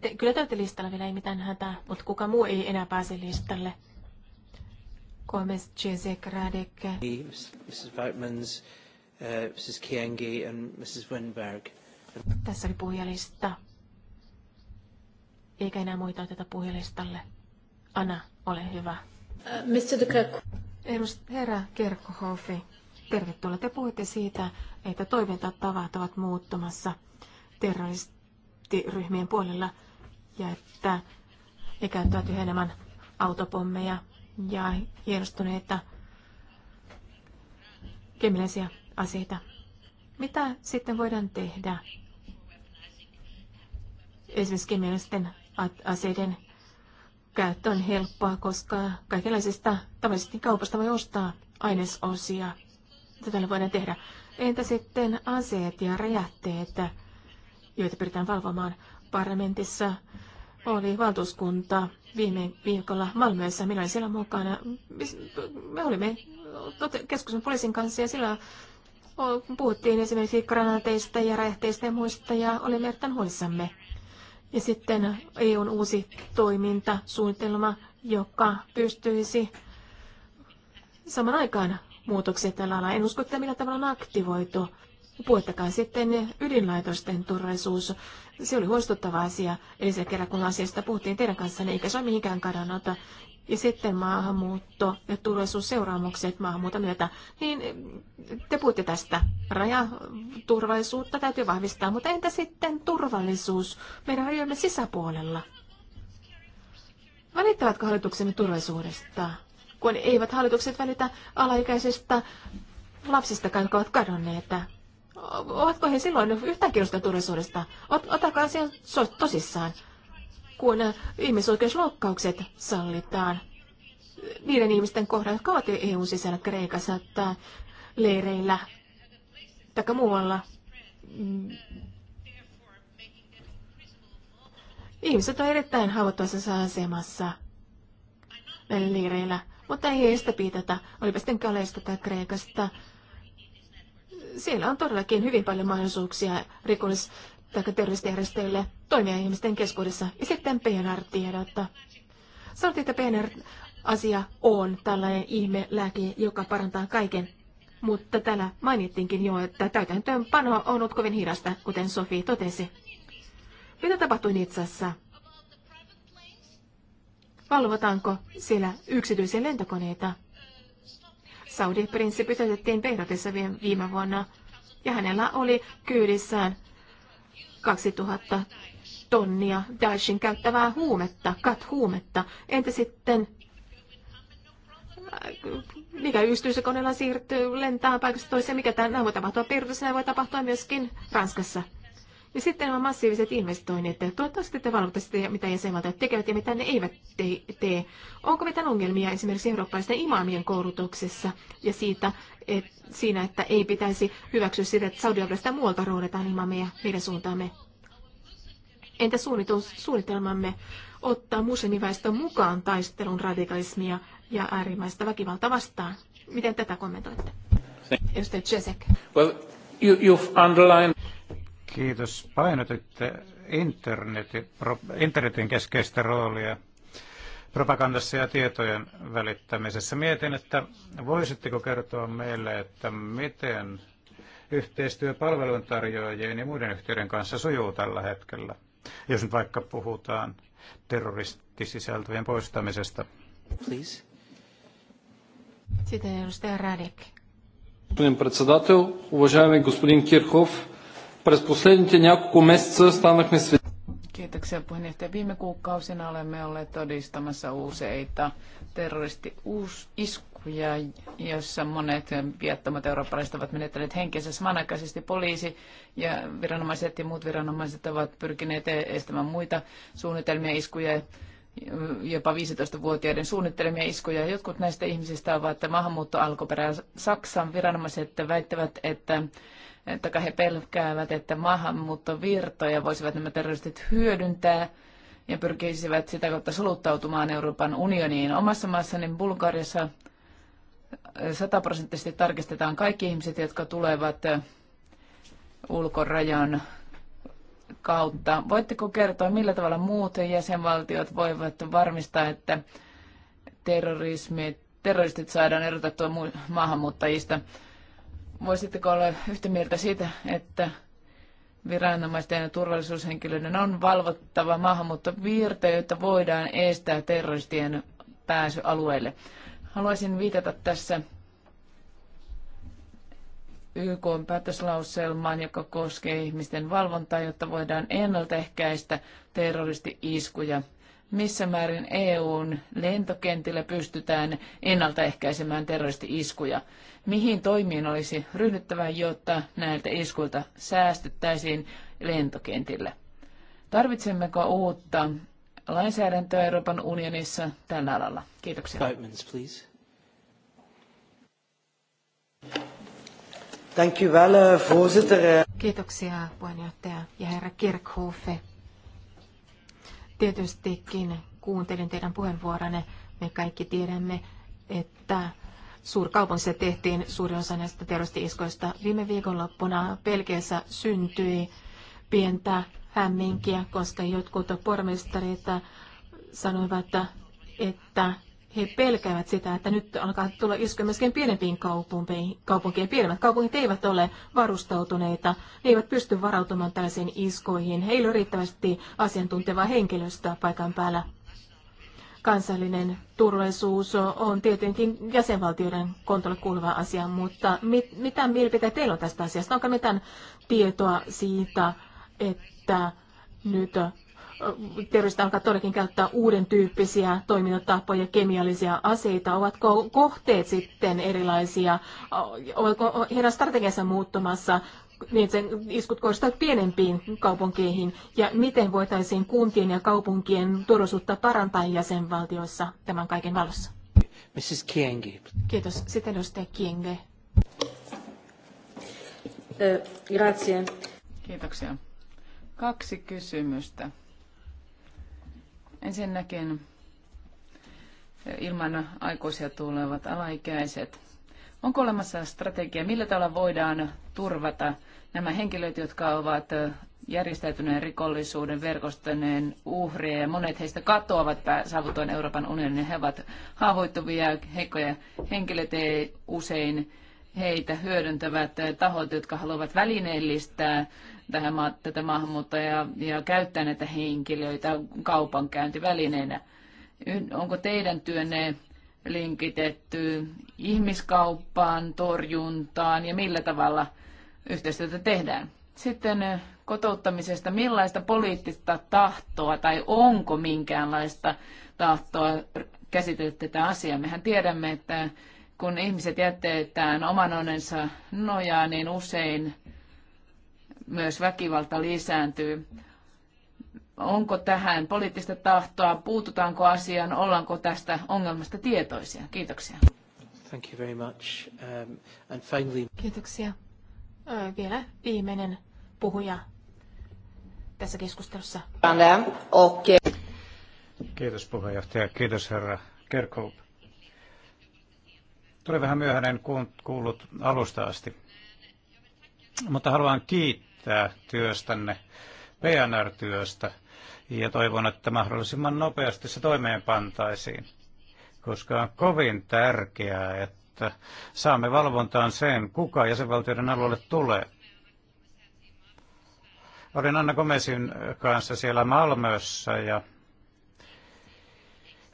B: Te, kyllä te olette listalla vielä, ei mitään hätää, mutta kuka muu ei enää pääse listalle. Komis Jezek, Radek.
A: Mrs. Vautmans, uh, Mrs. Kiengi and Mrs. Winberg.
B: Tässä oli puhujalista. Eikä enää muita oteta puhujalistalle. Anna, ole hyvä. Äh, Mr. De Herra Kerkhoffi, tervetuloa. Te puhuitte siitä, että toimintatavat ovat muuttumassa terroristiryhmien puolella ja että he käyttävät yhä enemmän autopommeja ja hienostuneita kemiallisia aseita. Mitä sitten voidaan tehdä esimerkiksi kemiallisten aseiden käyttö on helppoa, koska kaikenlaisista tavallisesti kaupasta voi ostaa ainesosia. tällä voidaan tehdä. Entä sitten aseet ja räjähteet, joita pyritään valvomaan parlamentissa? Oli valtuuskunta viime viikolla Malmössä. Minä olin siellä mukana. Me olimme keskustelun poliisin kanssa ja sillä puhuttiin esimerkiksi granateista ja räjähteistä ja muista ja olimme erittäin huolissamme ja sitten EUn uusi toimintasuunnitelma, joka pystyisi saman aikaan muutoksia tällä alalla. En usko, että millä tavalla on aktivoitu. Puhuttakaa sitten ydinlaitosten turvallisuus. Se oli huolestuttava asia se kerran, kun asiasta puhuttiin teidän kanssanne, eikä se ole mihinkään kadonnut ja sitten maahanmuutto ja turvallisuusseuraamukset maahanmuuton myötä, niin te puhutte tästä. Rajaturvallisuutta täytyy vahvistaa, mutta entä sitten turvallisuus meidän rajojemme sisäpuolella? Välittävätkö hallituksemme turvallisuudesta, kun eivät hallitukset välitä alaikäisistä lapsista, jotka ovat kadonneet? Ovatko he silloin yhtään kiinnostuneita turvallisuudesta? otakaa asian tosissaan kun ihmisoikeusloukkaukset sallitaan niiden ihmisten kohdalla, jotka ovat EUn sisällä Kreikassa tai leireillä tai muualla. Mm, ihmiset ovat erittäin haavoittuvassa asemassa näillä leireillä, mutta ei heistä piitata, olipa sitten Kaleista tai Kreikasta. Siellä on todellakin hyvin paljon mahdollisuuksia rikollis- tai terroristijärjestöille toimia ihmisten keskuudessa. Ja sitten pnr tiedotta Sanottiin, että PNR-asia on tällainen ihme lääke, joka parantaa kaiken. Mutta täällä mainittiinkin jo, että täytäntöönpano on ollut kovin hidasta, kuten Sofi totesi. Mitä tapahtui Nitsassa? Valvotaanko siellä yksityisiä lentokoneita? Saudi-prinssi pysäytettiin Beiratissa viime vuonna, ja hänellä oli kyydissään 2000 tonnia Daeshin käyttävää huumetta, kat-huumetta. Entä sitten äh, mikä yksityiskoneella siirtyy, lentää paikasta toiseen, mikä tämä voi tapahtua Perutussa, voi tapahtua myöskin Ranskassa. Ja sitten nämä massiiviset investoinnit. Toivottavasti te valvotte sitä, mitä jäsenvaltiot tekevät ja mitä ne eivät te- tee. Onko mitään ongelmia esimerkiksi eurooppalaisten imaamien koulutuksessa ja siitä, et, siinä, että ei pitäisi hyväksyä sitä, että Saudi-Arabiasta muualta roodetaan imaameja meidän suuntaamme? Entä suunnitelmamme ottaa muslimiväestön mukaan taistelun radikalismia ja äärimmäistä väkivaltaa vastaan? Miten tätä kommentoitte? Edustaja Czesek.
C: Well, you, you've underlined... Kiitos. Painotitte internetin, internetin keskeistä roolia propagandassa ja tietojen välittämisessä. Mietin, että voisitteko kertoa meille, että miten yhteistyö palveluntarjoajien ja muiden yhtiöiden kanssa sujuu tällä hetkellä, jos nyt vaikka puhutaan terroristisisältöjen poistamisesta.
B: Please. Sitten edustaja Radek.
C: Господин председател,
B: уважаеми господин Кирхов, През последните няколко месеца станахме свет.
D: Kiitoksia puheenjohtaja. Viime kuukausina olemme olleet todistamassa useita terroristi-iskuja, joissa monet viattomat eurooppalaiset ovat menettäneet henkensä. Samanaikaisesti poliisi ja viranomaiset ja muut viranomaiset ovat pyrkineet estämään muita suunnitelmia iskuja jopa 15-vuotiaiden suunnittelemia iskuja. Jotkut näistä ihmisistä ovat maahanmuuttoalkuperää Saksan viranomaiset väittävät, että että he pelkäävät, että maahanmuuttovirtoja voisivat nämä terroristit hyödyntää ja pyrkisivät sitä kautta soluttautumaan Euroopan unioniin. Omassa maassani Bulgariassa eh, sataprosenttisesti tarkistetaan kaikki ihmiset, jotka tulevat eh, ulkorajan kautta. Voitteko kertoa, millä tavalla muut jäsenvaltiot voivat varmistaa, että terrorismi terroristit saadaan erotettua maahanmuuttajista? Voisitteko olla yhtä mieltä siitä, että viranomaisten ja turvallisuushenkilöiden on valvottava maahanmuuttovirta, jotta voidaan estää terroristien pääsy alueelle. Haluaisin viitata tässä YK on päätöslauselmaan, joka koskee ihmisten valvontaa, jotta voidaan ennaltaehkäistä terroristi-iskuja missä määrin EUn lentokentillä pystytään ennaltaehkäisemään terroristi-iskuja. Mihin toimiin olisi ryhdyttävä, jotta näiltä iskuilta säästyttäisiin lentokentillä? Tarvitsemmeko uutta lainsäädäntöä Euroopan unionissa tällä alalla? Kiitoksia. Five
A: minutes, please. Thank you
B: Kiitoksia puheenjohtaja ja herra Tietystikin kuuntelin teidän puheenvuoronne. Me kaikki tiedämme, että suurkaupungissa tehtiin suuri osa näistä terroristi-iskoista. Viime viikonloppuna Pelkeessä syntyi pientä hämminkiä, koska jotkut pormestarit sanoivat, että he pelkäävät sitä, että nyt alkaa tulla iskeä myöskin pienempiin kaupunkiin. Pienemmät kaupungit eivät ole varustautuneita, ne eivät pysty varautumaan tällaisiin iskoihin. Heillä on riittävästi asiantuntevaa henkilöstöä paikan päällä. Kansallinen turvallisuus on tietenkin jäsenvaltioiden kontolle kuuluva asia, mutta mit, mitä mielipiteitä teillä on tästä asiasta? Onko mitään tietoa siitä, että nyt terroristit alkaa todellakin käyttää uuden tyyppisiä toimintatapoja, kemiallisia aseita? Ovatko kohteet sitten erilaisia? Ovatko heidän strategiansa muuttumassa? niin sen iskut kohdistuvat pienempiin kaupunkeihin ja miten voitaisiin kuntien ja kaupunkien turvallisuutta parantaa jäsenvaltioissa tämän kaiken valossa?
A: Mrs. Kienge.
B: Kiitos. Sitten edustaja Kienge. Grazie. Kiitoksia.
D: Kaksi kysymystä. Ensinnäkin ilman aikuisia tulevat alaikäiset. Onko olemassa strategia, millä tavalla voidaan turvata nämä henkilöt, jotka ovat järjestäytyneen rikollisuuden verkostoneen uhreja ja monet heistä katoavat saavutoin Euroopan unionin. He ovat haavoittuvia, heikkoja henkilöitä usein heitä hyödyntävät tahot, jotka haluavat välineellistää tähän ma- tätä maahanmuuttajaa ja, ja käyttää näitä henkilöitä kaupankäyntivälineenä. Onko teidän työnne linkitetty ihmiskauppaan, torjuntaan ja millä tavalla yhteistyötä tehdään? Sitten eh, kotouttamisesta, millaista poliittista tahtoa tai onko minkäänlaista tahtoa käsitellä tätä asiaa? Mehän tiedämme, että kun ihmiset jätetään oman onnensa nojaa, niin usein myös väkivalta lisääntyy. Onko tähän poliittista tahtoa, puututaanko asiaan, ollaanko tästä ongelmasta
A: tietoisia? Kiitoksia. Thank you very much. Um, and finally... Kiitoksia.
B: Vielä viimeinen puhuja tässä keskustelussa.
C: Kiitos puheenjohtaja, kiitos herra Kerkhope Tuli vähän myöhäinen kuullut alusta asti. Mutta haluan kiittää työstänne, PNR-työstä, ja toivon, että mahdollisimman nopeasti se toimeenpantaisiin, koska on kovin tärkeää, että saamme valvontaan sen, kuka jäsenvaltioiden alueelle tulee. Olin Anna Gomesin kanssa siellä Malmössä ja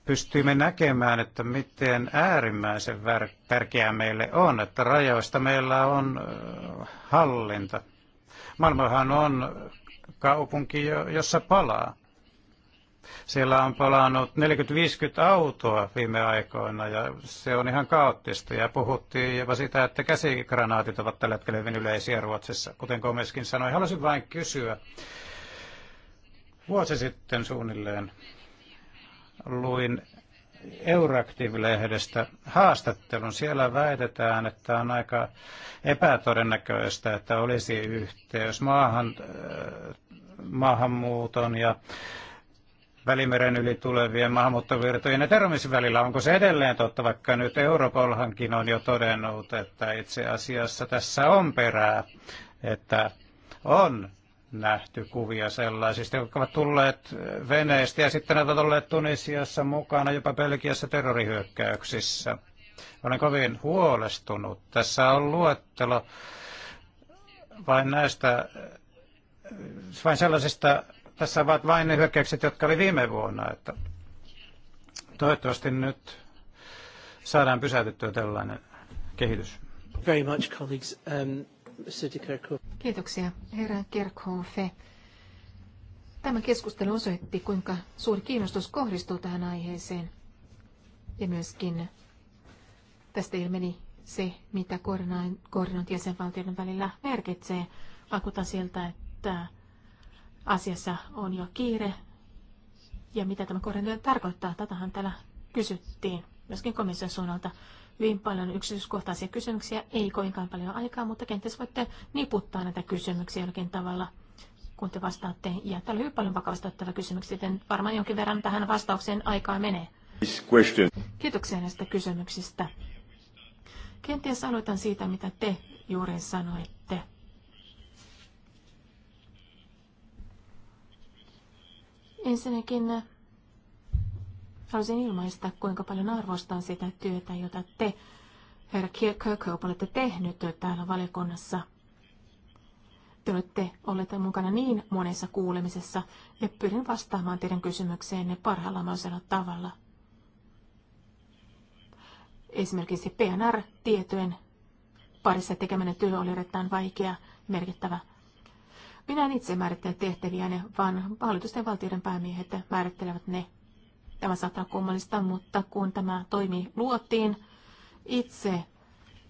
C: pystyimme näkemään, että miten äärimmäisen tärkeää meille on, että rajoista meillä on äh, hallinta. Maailmahan on kaupunki, jossa palaa. Siellä on palannut 40-50 autoa viime aikoina ja se on ihan kaoottista. Ja puhuttiin jopa sitä, että käsikranaatit ovat tällä hetkellä hyvin yleisiä Ruotsissa, kuten Komeskin sanoi. Haluaisin vain kysyä, vuosi sitten suunnilleen luin Euractiv-lehdestä haastattelun. Siellä väitetään, että on aika epätodennäköistä, että olisi yhteys maahan, äh, maahanmuuton ja Välimeren yli tulevien maahanmuuttovirtojen ja terrorismin välillä. Onko se edelleen totta, vaikka nyt Europolhankin on jo todennut, että itse asiassa tässä on perää, että on nähty kuvia sellaisista, jotka ovat tulleet veneestä ja sitten ovat olleet Tunisiassa mukana jopa Belgiassa terrorihyökkäyksissä. Olen kovin huolestunut. Tässä on luettelo vain näistä, vain sellaisista, tässä ovat vain ne hyökkäykset, jotka oli viime vuonna. Että toivottavasti nyt saadaan pysäytettyä tällainen kehitys. Very much, colleagues. Um...
B: Kiitoksia, herra Kerkhofe. Tämä keskustelu osoitti, kuinka suuri kiinnostus kohdistuu tähän aiheeseen. Ja myöskin tästä ilmeni se, mitä koordinointi jäsenvaltioiden välillä merkitsee. Vakuutan siltä, että asiassa on jo kiire. Ja mitä tämä koordinointi tarkoittaa, tätähän täällä kysyttiin myöskin komission suunnalta hyvin paljon yksityiskohtaisia kysymyksiä, ei kovinkaan paljon aikaa, mutta kenties voitte niputtaa näitä kysymyksiä jollakin tavalla, kun te vastaatte. Ja täällä on hyvin paljon vakavasti ottava kysymyksiä, joten varmaan jonkin verran tähän vastaukseen aikaa menee. Kiitoksia näistä kysymyksistä. Kenties aloitan siitä, mitä te juuri sanoitte. Ensinnäkin Haluaisin ilmaista, kuinka paljon arvostan sitä työtä, jota te, herra Kirkhope, olette tehnyt täällä valiokunnassa. Te olette olleet mukana niin monessa kuulemisessa ja pyrin vastaamaan teidän kysymykseenne parhaalla mahdollisella tavalla. Esimerkiksi PNR-tietojen parissa tekemänne työ oli erittäin vaikea merkittävä. Minä en itse määrittele tehtäviä, vaan hallitusten valtioiden päämiehet määrittelevät ne Tämä saattaa kummallista, mutta kun tämä toimi luotiin, itse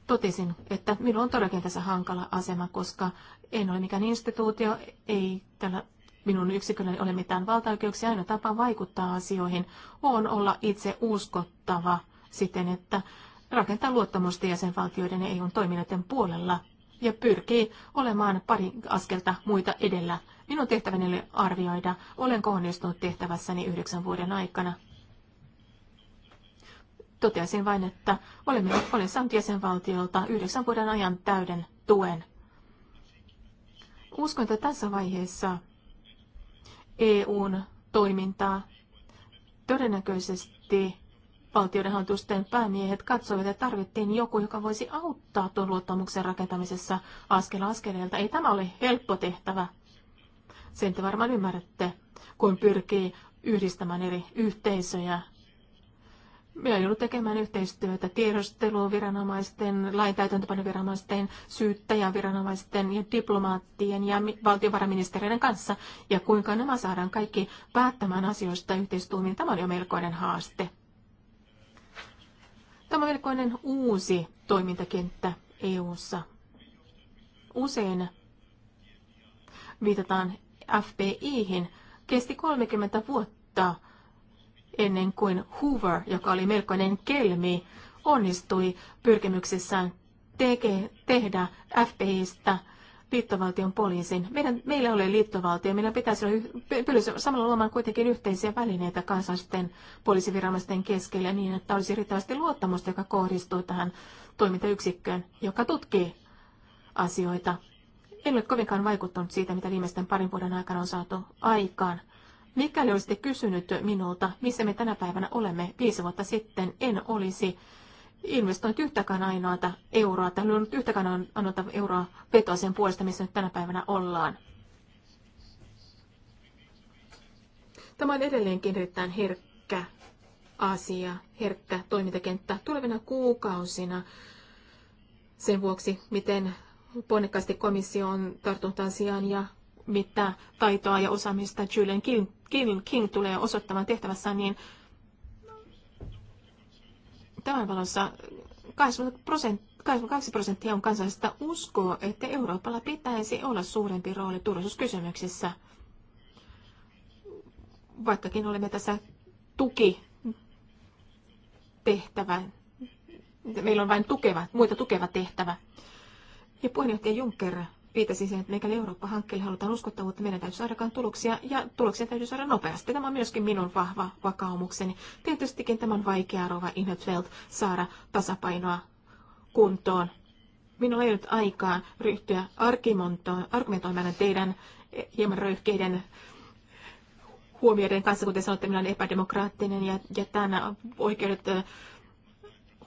B: totesin, että minulla on todellakin tässä hankala asema, koska en ole mikään instituutio, ei tällä minun yksikölläni ole mitään valtaoikeuksia. Ainoa tapa vaikuttaa asioihin on olla itse uskottava siten, että rakentaa luottamusta jäsenvaltioiden ja EU-toiminnoiden puolella ja pyrkii olemaan pari askelta muita edellä Minun tehtäväni oli arvioida, olenko onnistunut tehtävässäni yhdeksän vuoden aikana. Toteasin vain, että olemme, olen saanut jäsenvaltiolta yhdeksän vuoden ajan täyden tuen. Uskon, että tässä vaiheessa EUn toimintaa todennäköisesti valtioiden hallitusten päämiehet katsoivat, että tarvittiin joku, joka voisi auttaa tuon luottamuksen rakentamisessa askel askeleelta. Ei tämä ole helppo tehtävä. Sen te varmaan ymmärrätte, kun pyrkii yhdistämään eri yhteisöjä. Minä joudun tekemään yhteistyötä tiedosteluviranomaisten, laintäytäntöpanoviranomaisten, syyttäjäviranomaisten ja diplomaattien ja valtiovarainministeriöiden kanssa. Ja kuinka nämä saadaan kaikki päättämään asioista yhteistuumiin, tämä on jo melkoinen haaste. Tämä on melkoinen uusi toimintakenttä EU:ssa. Usein viitataan FBIhin, kesti 30 vuotta ennen kuin Hoover, joka oli melkoinen kelmi, onnistui pyrkimyksessään teke, tehdä FBIstä liittovaltion poliisin. Meidän, meillä oli liittovaltio, meillä pitäisi olla py, samalla luomaan kuitenkin yhteisiä välineitä kansallisten poliisiviranomaisten keskellä niin, että olisi riittävästi luottamusta, joka kohdistuu tähän toimintayksikköön, joka tutkii asioita. En ole kovinkaan vaikuttanut siitä, mitä viimeisten parin vuoden aikana on saatu aikaan. Mikäli olisitte kysynyt minulta, missä me tänä päivänä olemme viisi vuotta sitten, en olisi investoinut yhtäkään ainoata euroa tai luonut yhtäkään ainoata euroa vetoa sen puolesta, missä nyt tänä päivänä ollaan. Tämä on edelleenkin erittäin herkkä asia, herkkä toimintakenttä tulevina kuukausina sen vuoksi, miten ponnekkaasti komissio on tarttunut asiaan ja mitä taitoa ja osaamista Julian King, King, King tulee osoittamaan tehtävässä, niin tämän valossa 82 prosenttia prosenttia on kansalaisista uskoa, että Euroopalla pitäisi olla suurempi rooli turvallisuuskysymyksissä. Vaikkakin olemme tässä tuki tehtävä. Meillä on vain tukeva, muita tukeva tehtävä. Ja puheenjohtaja Juncker viitasi siihen, että mikäli Eurooppa-hankkeelle halutaan uskottavuutta, meidän täytyy saada tuloksia ja tuloksia täytyy saada nopeasti. Tämä on myöskin minun vahva vakaumukseni. Tietystikin tämän on vaikea, Rova Inhetfeld, saada tasapainoa kuntoon. Minulla ei nyt aikaa ryhtyä argumentoimaan teidän hieman röyhkeiden huomioiden kanssa, kuten sanoitte, sanotte, minä olen epädemokraattinen ja tämän oikeudet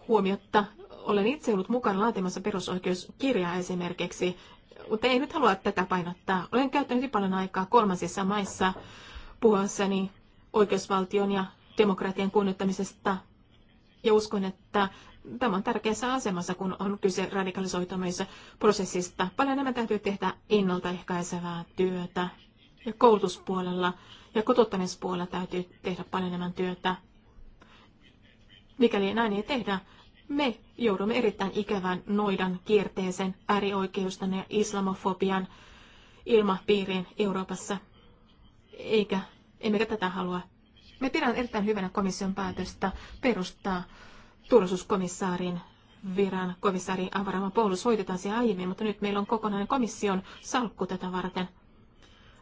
B: huomiotta olen itse ollut mukana laatimassa perusoikeuskirjaa esimerkiksi, mutta ei nyt halua tätä painottaa. Olen käyttänyt hyvin paljon aikaa kolmansissa maissa puhuessani oikeusvaltion ja demokratian kunnioittamisesta. Ja uskon, että tämä on tärkeässä asemassa, kun on kyse radikalisoitumisessa prosessista. Paljon enemmän täytyy tehdä ennaltaehkäisevää työtä. Ja koulutuspuolella ja kotouttamispuolella täytyy tehdä paljon enemmän työtä. Mikäli näin ei tehdä, me joudumme erittäin ikävän noidan kierteeseen äärioikeustan ja islamofobian ilmapiiriin Euroopassa, eikä, emmekä tätä halua. Me pidän erittäin hyvänä komission päätöstä perustaa turvallisuuskomissaarin viran komissaari Avarama Paulus hoitetaan se aiemmin, mutta nyt meillä on kokonainen komission salkku tätä varten.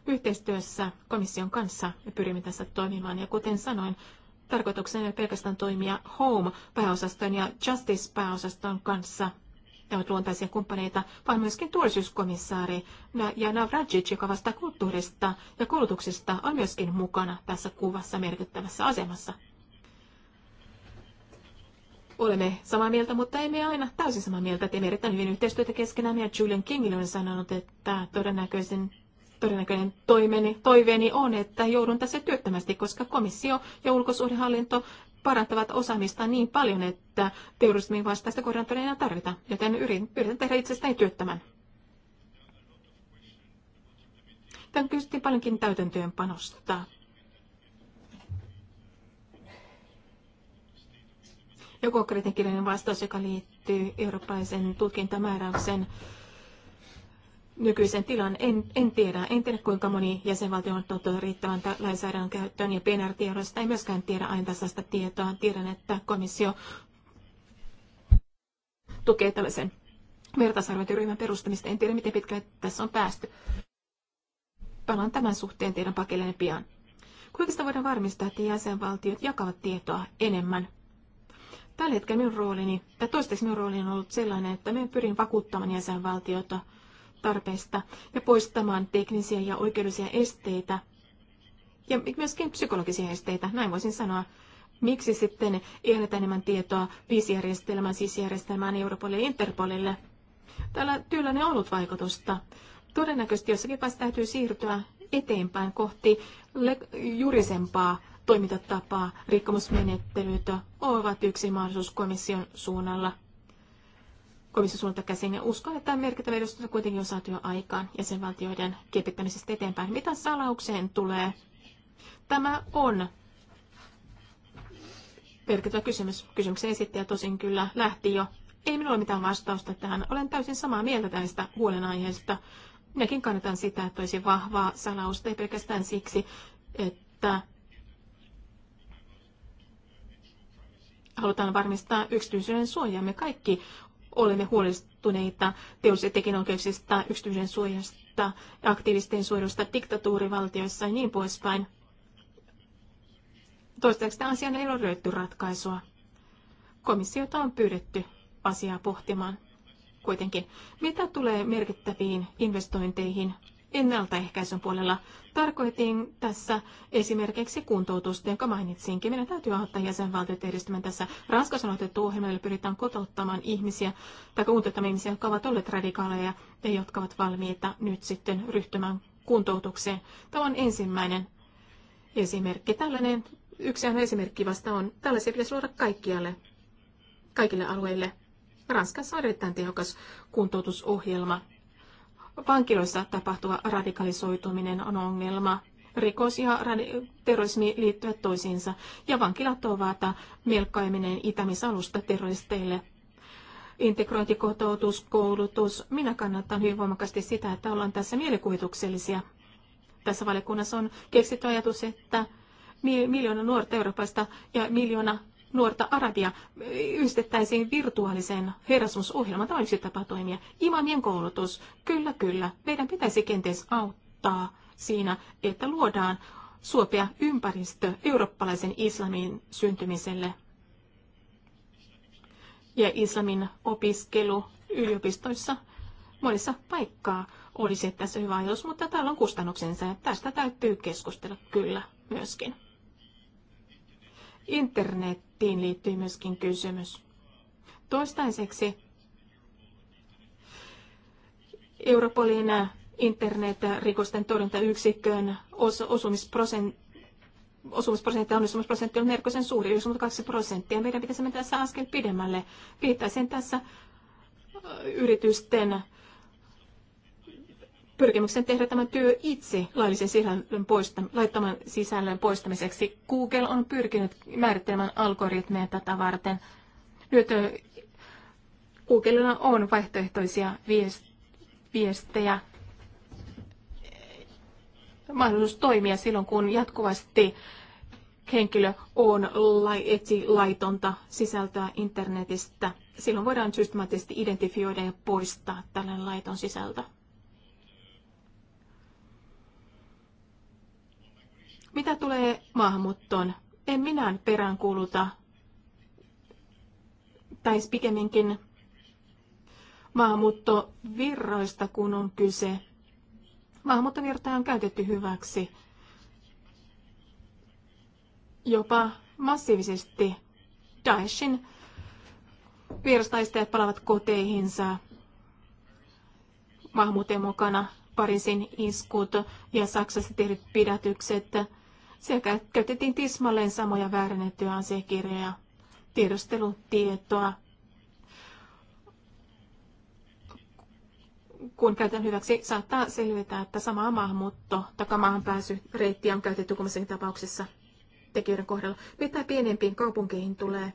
B: Yhteistyössä komission kanssa me pyrimme tässä toimimaan ja kuten sanoin, Tarkoituksena ei pelkästään toimia Home-pääosaston ja Justice-pääosaston kanssa – ne ovat luontaisia kumppaneita, vaan myöskin turvallisuuskomissaari ja Navracic, joka vastaa kulttuurista ja koulutuksesta, on myöskin mukana tässä kuvassa merkittävässä asemassa. Olemme samaa mieltä, mutta emme aina täysin samaa mieltä. Teemme erittäin hyvin yhteistyötä keskenään. Ja Julian King on sanonut, että todennäköisin todennäköinen toimeni, toiveeni on, että joudun tässä työttömästi, koska komissio ja ulkosuhdehallinto parantavat osaamista niin paljon, että terrorismin vastaista koordinaattoria ei tarvita, joten yritän, yritän tehdä itsestäni työttömän. Tämän kysyttiin paljonkin täytäntöönpanosta. Joku kriittinen vastaus, joka liittyy eurooppalaisen tutkintamääräyksen nykyisen tilan. En, en tiedä, en tiedä kuinka moni jäsenvaltio on ottanut riittävän lainsäädännön käyttöön ja PNR-tiedoista ei myöskään tiedä aina tasasta tietoa. Tiedän, että komissio tukee tällaisen vertaisarvointiryhmän perustamista. En tiedä, miten pitkälle tässä on päästy. Palaan tämän suhteen teidän pakelleen pian. Kuinka sitä voidaan varmistaa, että jäsenvaltiot jakavat tietoa enemmän? Tällä hetkellä minun roolini, tai toistaiseksi minun roolini on ollut sellainen, että minä pyrin vakuuttamaan jäsenvaltiota – tarpeista ja poistamaan teknisiä ja oikeudellisia esteitä ja myöskin psykologisia esteitä, näin voisin sanoa. Miksi sitten ei anneta enemmän tietoa viisijärjestelmään, järjestelmään Europolille ja Interpolille? Tällä työllä on ollut vaikutusta. Todennäköisesti jossakin vaiheessa täytyy siirtyä eteenpäin kohti jurisempaa toimintatapaa. Rikkomusmenettelyt ovat yksi mahdollisuus komission suunnalla komission suunta käsin. Ja uskon, että merkittävä edustus kuitenkin on saatu jo aikaan jäsenvaltioiden kepittämisestä eteenpäin. Mitä salaukseen tulee? Tämä on merkittävä kysymys. Kysymyksen esittäjä tosin kyllä lähti jo. Ei minulla ole mitään vastausta tähän. Olen täysin samaa mieltä tästä huolenaiheesta. Minäkin kannatan sitä, että olisi vahvaa salausta, ei pelkästään siksi, että halutaan varmistaa yksityisyyden suoja. Me kaikki olemme huolestuneita teos- ja tekinoikeuksista, yksityisen suojasta, aktiivisten suojelusta diktatuurivaltioissa ja niin poispäin. Toistaiseksi asia ei ole löytty ratkaisua. Komissiota on pyydetty asiaa pohtimaan. Kuitenkin, mitä tulee merkittäviin investointeihin ennaltaehkäisyn puolella. Tarkoitin tässä esimerkiksi kuntoutusta, jonka mainitsinkin. Meidän täytyy auttaa jäsenvaltiot edistymään tässä. Ranskassa otettu ohjelma, jolla pyritään kotouttamaan ihmisiä tai kuntouttamaan ihmisiä, jotka ovat olleet radikaaleja ja jotka ovat valmiita nyt sitten ryhtymään kuntoutukseen. Tämä on ensimmäinen esimerkki. Tällainen yksi esimerkki vasta on. Tällaisia pitäisi luoda kaikkialle, kaikille alueille. Ranskassa on erittäin tehokas kuntoutusohjelma, Vankiloissa tapahtuva radikalisoituminen on ongelma. Rikos ja terrorismi liittyvät toisiinsa, ja vankilat ovat melkkaiminen itämisalusta terroristeille integrointi, kotoutus, koulutus. Minä kannatan hyvin voimakkaasti sitä, että ollaan tässä mielikuvituksellisia. Tässä valiokunnassa on keksitty ajatus, että miljoona nuorta Euroopasta ja miljoona nuorta Arabia yhdistettäisiin virtuaaliseen herrasmusohjelmaan. Tämä olisi tapa toimia. Imamien koulutus, kyllä kyllä. Meidän pitäisi kenties auttaa siinä, että luodaan suopea ympäristö eurooppalaisen islamin syntymiselle. Ja islamin opiskelu yliopistoissa monissa paikkaa olisi tässä hyvä ajatus, mutta täällä on kustannuksensa ja tästä täytyy keskustella kyllä myöskin. Internet pakettiin liittyy myöskin kysymys. Toistaiseksi Europolin internetrikosten torjuntayksikön osumisprosentti osumisprosentti onnistumisprosentti on merkoisen suuri, 92 prosenttia. Meidän pitäisi mennä tässä askel pidemmälle. Viittaisin tässä yritysten pyrkimyksen tehdä tämä työ itse laillisen sisällön poista, laittoman sisällön poistamiseksi. Google on pyrkinyt määrittelemään algoritmeja tätä varten. Nyt Googlella on vaihtoehtoisia viestejä, mahdollisuus toimia silloin, kun jatkuvasti henkilö on lai, etsi laitonta sisältöä internetistä. Silloin voidaan systemaattisesti identifioida ja poistaa tällainen laiton sisältö. Mitä tulee maahanmuuttoon? En minä peräänkuuluta, tai pikemminkin maahanmuuttovirroista, kun on kyse. Maahanmuuttovirtoja on käytetty hyväksi jopa massiivisesti. Daeshin vierastaistajat palavat koteihinsa maahanmuuttajien mukana Pariisin iskut ja Saksassa tehdyt pidätykset siellä käytettiin tismalleen samoja väärennettyjä asiakirjoja, tiedustelutietoa, kun käytän hyväksi, saattaa selvitä, että samaa maahanmuutto- tai maahanpääsyreittiä on käytetty kummassakin tapauksessa tekijöiden kohdalla. Mitä pienempiin kaupunkeihin tulee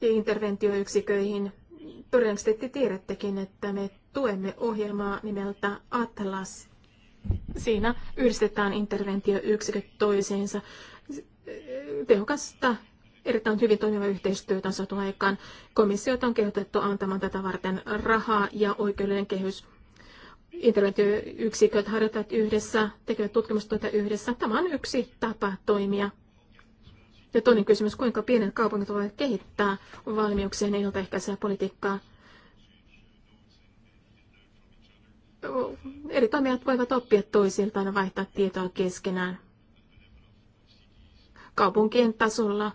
B: ja interventioyksiköihin, todennäköisesti tiedättekin, että me tuemme ohjelmaa nimeltä Atlas – Siinä yhdistetään interventioyksiköt toisiinsa. Tehokasta, erittäin hyvin toimiva yhteistyötä on saatu aikaan. Komissiota on kehotettu antamaan tätä varten rahaa ja oikeudellinen kehys interventioyksiköt harjoittavat yhdessä, tekevät tutkimustyötä yhdessä. Tämä on yksi tapa toimia. Ja toinen kysymys, kuinka pienen kaupungit voivat kehittää valmiuksien ennaltaehkäisyä politiikkaa. eri toimijat voivat oppia toisiltaan ja vaihtaa tietoa keskenään. Kaupunkien tasolla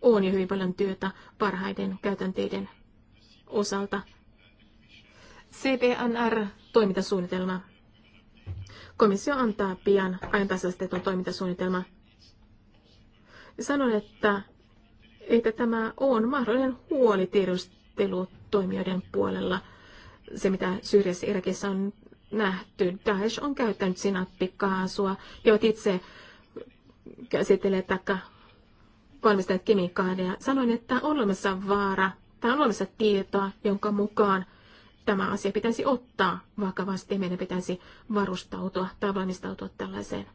B: on jo hyvin paljon työtä parhaiden käytänteiden osalta. CBNR-toimintasuunnitelma. Komissio antaa pian ajantasastetun toimintasuunnitelman. Sanon, että, että tämä on mahdollinen huoli tiedustelutoimijoiden puolella se, mitä Syyriassa Irakissa on nähty. Daesh on käyttänyt sinappikaasua, joita itse käsittelee taikka valmistajat kemikaalia. Sanoin, että on olemassa vaara tai on olemassa tietoa, jonka mukaan tämä asia pitäisi ottaa vakavasti ja meidän pitäisi varustautua tai valmistautua tällaiseen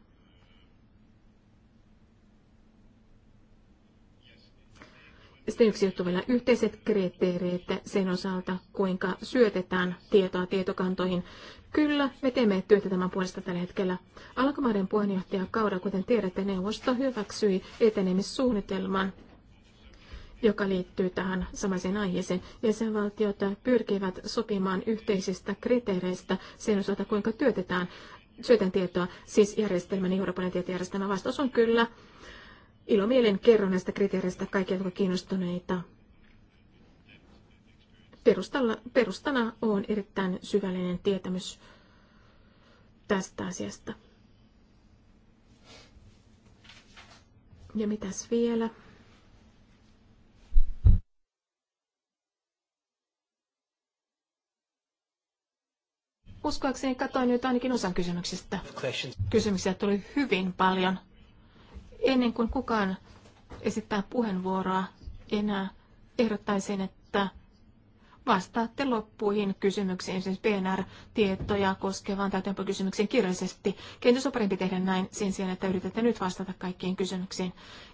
B: sitten yksi juttu vielä yhteiset kriteerit sen osalta, kuinka syötetään tietoa tietokantoihin. Kyllä, me teemme työtä tämän puolesta tällä hetkellä. Alkamaiden puheenjohtaja Kauda, kuten tiedätte, neuvosto hyväksyi etenemissuunnitelman, joka liittyy tähän samaiseen aiheeseen. Jäsenvaltiot pyrkivät sopimaan yhteisistä kriteereistä sen osalta, kuinka työtetään syötän tietoa, siis järjestelmän, Euroopan tietojärjestelmän Vastaus on kyllä ilomielin kerron näistä kriteereistä kaikille, jotka kiinnostuneita. Perustalla, perustana on erittäin syvällinen tietämys tästä asiasta. Ja mitäs vielä? Uskoakseni katoin nyt ainakin osan kysymyksistä. Kysymyksiä tuli hyvin paljon. Ennen kuin kukaan esittää puheenvuoroa enää, ehdottaisin, että vastaatte loppuihin kysymyksiin, siis PNR-tietoja koskevaan täytäntöönpönokysymykseen kirjallisesti. Kenties on parempi tehdä näin sen sijaan, että yritätte nyt vastata kaikkiin kysymyksiin.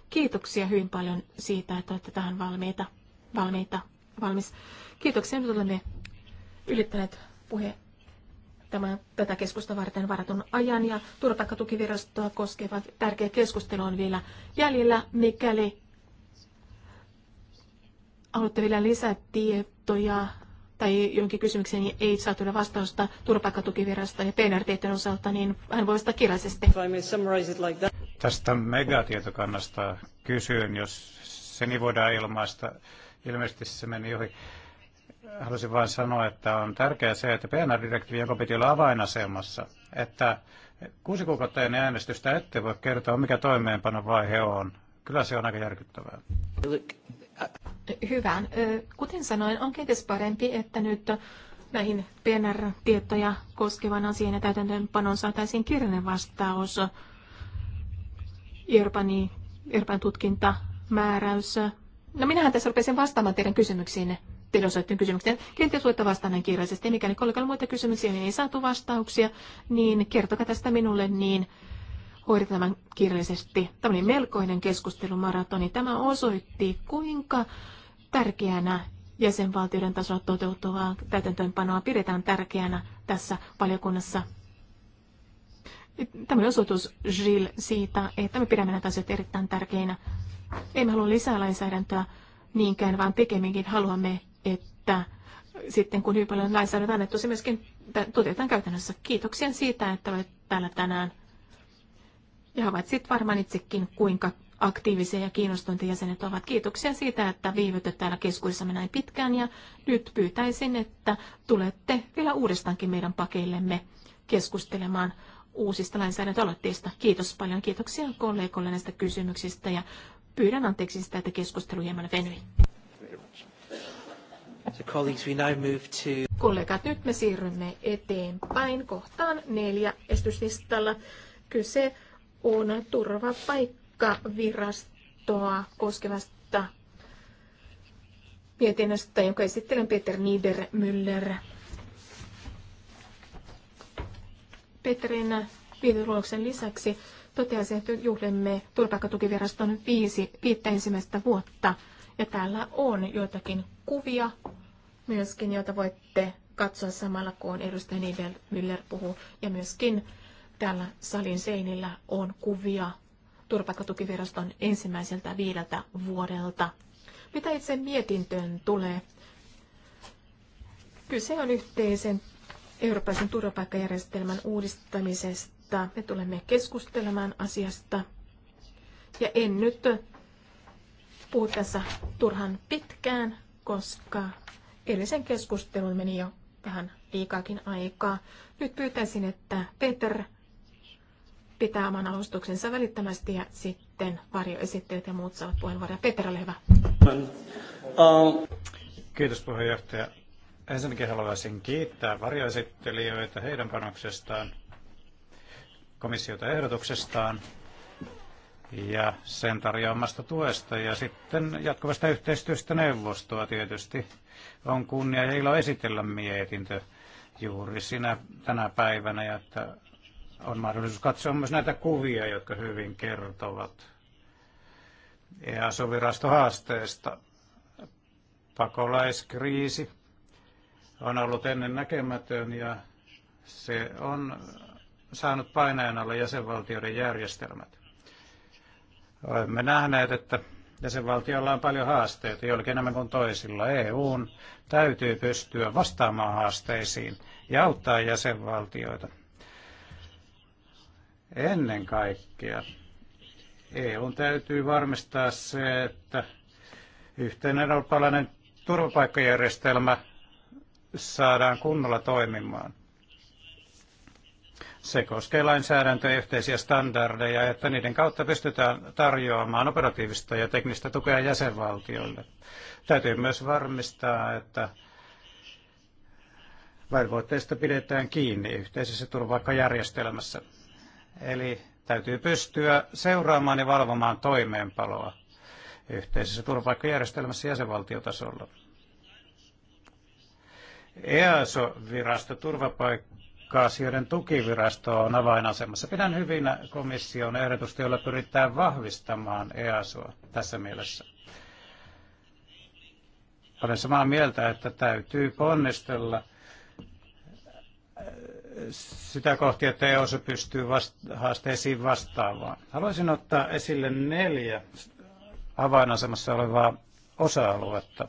B: Kiitoksia hyvin paljon siitä, että olette tähän valmiita. valmiita valmis. Kiitoksia, nyt olemme ylittäneet puheen. Tämä tätä keskusta varten varatun ajan ja turvapaikkatukivirastoa koskeva tärkeä keskustelu on vielä jäljellä, mikäli haluatte vielä lisätietoja tai jonkin kysymykseen niin ei saa tulla vastausta turvapaikkatukivirasta ja pnr osalta, niin hän voi sitä kirjallisesti.
C: Tästä megatietokannasta kysyn, jos se niin voidaan ilmaista. Ilmeisesti se meni ohi. Haluaisin vain sanoa, että on tärkeää se, että PNR-direktiivi, joka piti olla avainasemassa, että kuusi kuukautta ennen äänestystä ette voi kertoa, mikä vaihe on. Kyllä se on aika järkyttävää.
B: Hyvä. Kuten sanoin, on kenties parempi, että nyt näihin PNR-tietoja koskevan asian ja täytäntöönpanon saataisiin kirjainen vastaus. Irpani, Irpan tutkintamääräys. No minähän tässä rupesin vastaamaan teidän kysymyksiinne teille osoittiin kysymyksiä. Kenties voitte vastata kirjallisesti. Mikäli kollegalla muita kysymyksiä niin ei saatu vastauksia, niin kertokaa tästä minulle, niin hoidetaan tämän kirjallisesti. Tämä oli melkoinen keskustelumaratoni. Tämä osoitti, kuinka tärkeänä jäsenvaltioiden tasolla toteutuvaa täytäntöönpanoa pidetään tärkeänä tässä valiokunnassa. Tämä oli osoitus Gilles siitä, että me pidämme näitä asioita erittäin tärkeinä. Emme halua lisää lainsäädäntöä niinkään, vaan pikemminkin haluamme että sitten kun hyvin paljon lainsäädäntö annettu, se myöskin toteutetaan käytännössä. Kiitoksia siitä, että olet täällä tänään. Ja havaitsit varmaan itsekin, kuinka aktiivisia ja kiinnostuneita jäsenet ovat. Kiitoksia siitä, että viivytte täällä keskuudessamme näin pitkään ja nyt pyytäisin, että tulette vielä uudestaankin meidän pakeillemme keskustelemaan uusista lainsäädäntöaloitteista. Kiitos paljon. Kiitoksia kollegoille näistä kysymyksistä ja pyydän anteeksi sitä, että keskustelu hieman venyi.
A: So colleagues, we now move to... Kollegat,
B: nyt me siirrymme eteenpäin kohtaan neljä esityslistalla. Kyse on turvapaikkavirastoa koskevasta mietinnöstä, jonka esittelen Peter Niedermüller. Peterin viiteluoksen lisäksi toteaisin, että juhlimme turvapaikkatukiviraston viisi, viittä ensimmäistä vuotta – ja täällä on joitakin kuvia myöskin, joita voitte katsoa samalla, kun edustaja Nivel Müller puhuu. Ja myöskin täällä salin seinillä on kuvia turvapaikkatukiviraston ensimmäiseltä viideltä vuodelta. Mitä itse mietintöön tulee? Kyse on yhteisen eurooppalaisen turvapaikkajärjestelmän uudistamisesta. Me tulemme keskustelemaan asiasta. Ja en nyt puhu tässä turhan pitkään, koska edellisen keskustelun meni jo vähän liikaakin aikaa. Nyt pyytäisin, että Peter pitää oman alustuksensa välittömästi ja sitten varjoesittelijät ja muut saavat puheenvuoroja. Peter, ole hyvä.
C: Kiitos puheenjohtaja. Ensinnäkin haluaisin kiittää varjoesittelijöitä heidän panoksestaan, komissiota ehdotuksestaan ja sen tarjoamasta tuesta ja sitten jatkuvasta yhteistyöstä neuvostoa tietysti. On kunnia ja ilo esitellä mietintö juuri sinä tänä päivänä ja että on mahdollisuus katsoa myös näitä kuvia, jotka hyvin kertovat EASO-virastohaasteesta. Pakolaiskriisi on ollut ennen näkemätön ja se on saanut paineen alle jäsenvaltioiden järjestelmät Olemme nähneet, että jäsenvaltiolla on paljon haasteita, joillekin enemmän kuin toisilla. EUn täytyy pystyä vastaamaan haasteisiin ja auttaa jäsenvaltioita. Ennen kaikkea EUn täytyy varmistaa se, että yhteinen eurooppalainen turvapaikkajärjestelmä saadaan kunnolla toimimaan. Se koskee lainsäädäntöä ja yhteisiä standardeja, että niiden kautta pystytään tarjoamaan operatiivista ja teknistä tukea jäsenvaltioille. Täytyy myös varmistaa, että velvoitteista pidetään kiinni yhteisessä turvapaikkajärjestelmässä. Eli täytyy pystyä seuraamaan ja valvomaan toimeenpaloa yhteisessä turvapaikkajärjestelmässä jäsenvaltiotasolla. EASO-virasto turvapaikka Turvapaikka-asioiden tukivirasto on avainasemassa. Pidän hyvin komission ehdotusta, jolla pyritään vahvistamaan EASOa tässä mielessä. Olen samaa mieltä, että täytyy ponnistella äh, sitä kohti, että EOS pystyy vasta- haasteisiin vastaamaan. Haluaisin ottaa esille neljä avainasemassa olevaa osa-aluetta.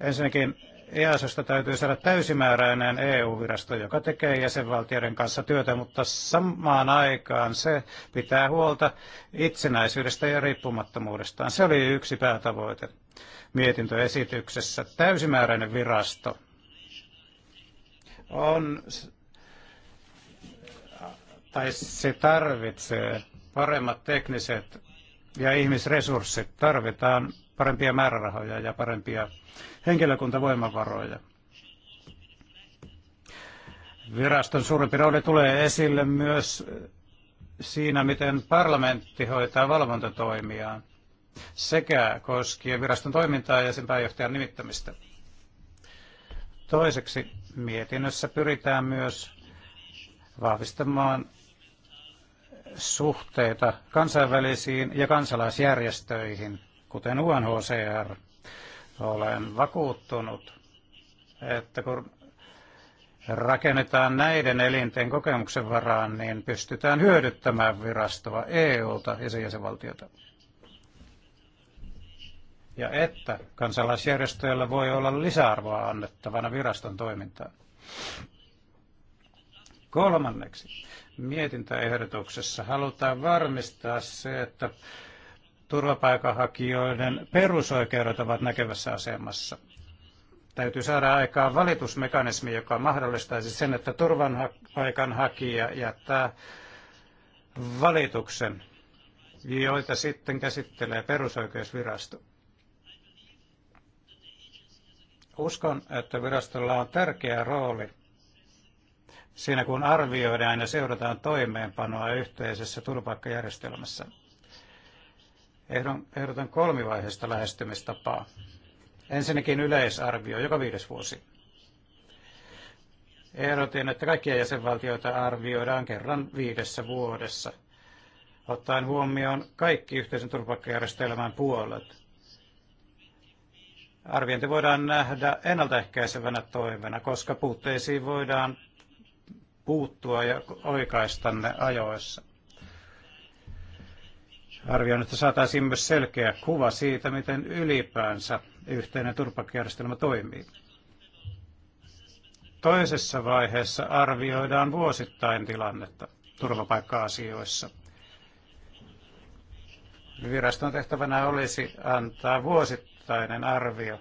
C: Ensinnäkin EASosta täytyy saada täysimääräinen EU-virasto, joka tekee jäsenvaltioiden kanssa työtä, mutta samaan aikaan se pitää huolta itsenäisyydestä ja riippumattomuudestaan. Se oli yksi päätavoite mietintöesityksessä. Täysimääräinen virasto on, tai se tarvitsee paremmat tekniset ja ihmisresurssit. Tarvitaan parempia määrärahoja ja parempia henkilökuntavoimavaroja. Viraston suurempi rooli tulee esille myös siinä, miten parlamentti hoitaa valvontatoimiaan sekä koskien viraston toimintaa ja sen pääjohtajan nimittämistä. Toiseksi mietinnössä pyritään myös vahvistamaan suhteita kansainvälisiin ja kansalaisjärjestöihin – kuten UNHCR. Olen vakuuttunut, että kun rakennetaan näiden elinten kokemuksen varaan, niin pystytään hyödyttämään virastoa EU-ta ja sen jäsenvaltiota. Ja että kansalaisjärjestöillä voi olla lisäarvoa annettavana viraston toimintaan. Kolmanneksi mietintäehdotuksessa halutaan varmistaa se, että turvapaikanhakijoiden perusoikeudet ovat näkevässä asemassa. Täytyy saada aikaan valitusmekanismi, joka mahdollistaisi sen, että turvapaikanhakija jättää valituksen, joita sitten käsittelee perusoikeusvirasto. Uskon, että virastolla on tärkeä rooli siinä, kun arvioidaan ja seurataan toimeenpanoa yhteisessä turvapaikkajärjestelmässä ehdotan kolmivaiheista lähestymistapaa. Ensinnäkin yleisarvio joka viides vuosi. Ehdotin, että kaikkia jäsenvaltioita arvioidaan kerran viidessä vuodessa, ottaen huomioon kaikki yhteisen turvapaikkajärjestelmän puolet. Arviointi voidaan nähdä ennaltaehkäisevänä toimena, koska puutteisiin voidaan puuttua ja oikaista ne ajoissa. Arvioin, että saataisiin myös selkeä kuva siitä, miten ylipäänsä yhteinen turvapaikkajärjestelmä toimii. Toisessa vaiheessa arvioidaan vuosittain tilannetta turvapaikka-asioissa. Viraston tehtävänä olisi antaa vuosittainen arvio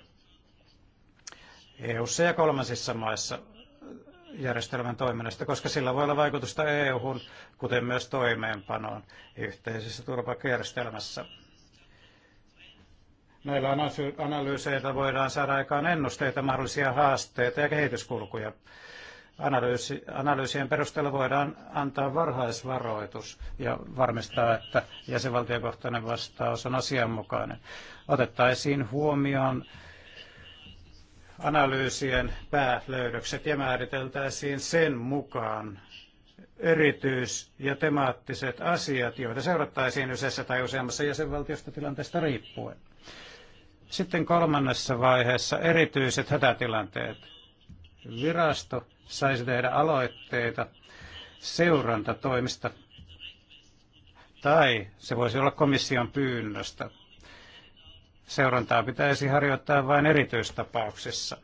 C: eu ja kolmansissa maissa järjestelmän toiminnasta, koska sillä voi olla vaikutusta EU-hun, kuten myös toimeenpanoon yhteisessä turvakärjestelmässä. Näillä analyyseillä voidaan saada aikaan ennusteita, mahdollisia haasteita ja kehityskulkuja. Analyysi, analyysien perusteella voidaan antaa varhaisvaroitus ja varmistaa, että jäsenvaltiokohtainen vastaus on asianmukainen. Otettaisiin huomioon analyysien päälöydökset ja määriteltäisiin sen mukaan erityis- ja temaattiset asiat, joita seurattaisiin yhdessä tai useammassa jäsenvaltiosta tilanteesta riippuen. Sitten kolmannessa vaiheessa erityiset hätätilanteet. Virasto saisi tehdä aloitteita seurantatoimista tai se voisi olla komission pyynnöstä Seurantaa pitäisi harjoittaa vain erityistapauksissa.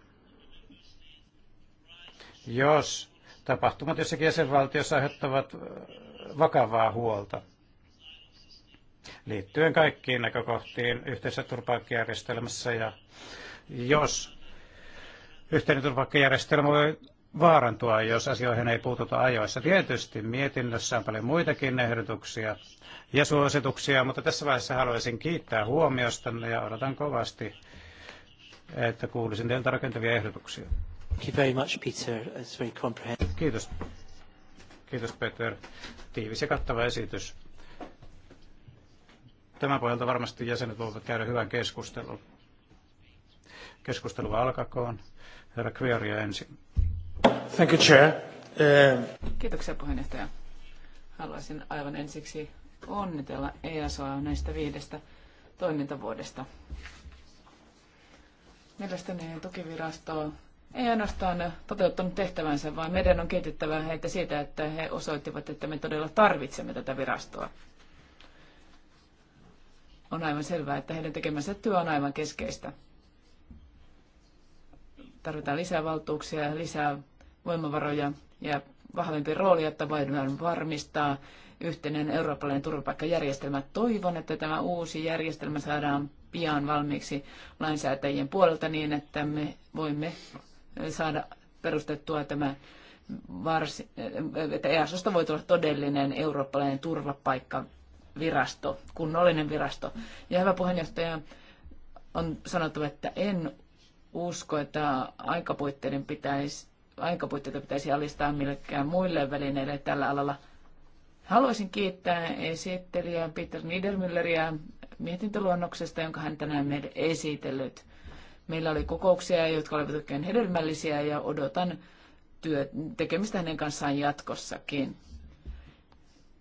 C: Jos tapahtumat jossakin jäsenvaltiossa aiheuttavat vakavaa huolta liittyen kaikkiin näkökohtiin yhteisessä turvapaikkajärjestelmässä ja jos yhteinen turvapaikkajärjestelmä voi vaarantua, jos asioihin ei puututa ajoissa. Tietysti mietinnössä on paljon muitakin ehdotuksia, ja suosituksia, mutta tässä vaiheessa haluaisin kiittää huomiostanne ja odotan kovasti, että kuulisin teiltä rakentavia ehdotuksia. Thank you very much, Peter. It's very comprehensive. Kiitos. Kiitos, Peter. Tiivis ja kattava esitys. Tämän pohjalta varmasti jäsenet voivat käydä hyvän keskustelun. Keskustelu alkakoon. Herra kviaria ensin.
D: Thank you, Chair. Kiitoksia puheenjohtaja. Haluaisin aivan ensiksi onnitella EASOa näistä viidestä toimintavuodesta. Mielestäni tukivirasto ei ainoastaan toteuttanut tehtävänsä, vaan meidän on kiitettävä heitä siitä, että he osoittivat, että me todella tarvitsemme tätä virastoa. On aivan selvää, että heidän tekemänsä työ on aivan keskeistä. Tarvitaan lisää valtuuksia, lisää voimavaroja ja vahvempi rooli, jotta voidaan varmistaa yhteinen eurooppalainen turvapaikkajärjestelmä. Toivon, että tämä uusi järjestelmä saadaan pian valmiiksi lainsäätäjien puolelta niin, että me voimme saada perustettua tämä varsi, että EASOsta voi tulla todellinen eurooppalainen turvapaikkavirasto, kunnollinen virasto. Ja hyvä puheenjohtaja, on sanottu, että en usko, että aikapuitteiden pitäisi aikapuitteita pitäisi alistaa millekään muille välineille tällä alalla. Haluaisin kiittää esittelijää Peter Niedermülleriä mietintöluonnoksesta, jonka hän tänään meille esitellyt. Meillä oli kokouksia, jotka olivat oikein hedelmällisiä ja odotan työ, tekemistä hänen kanssaan jatkossakin.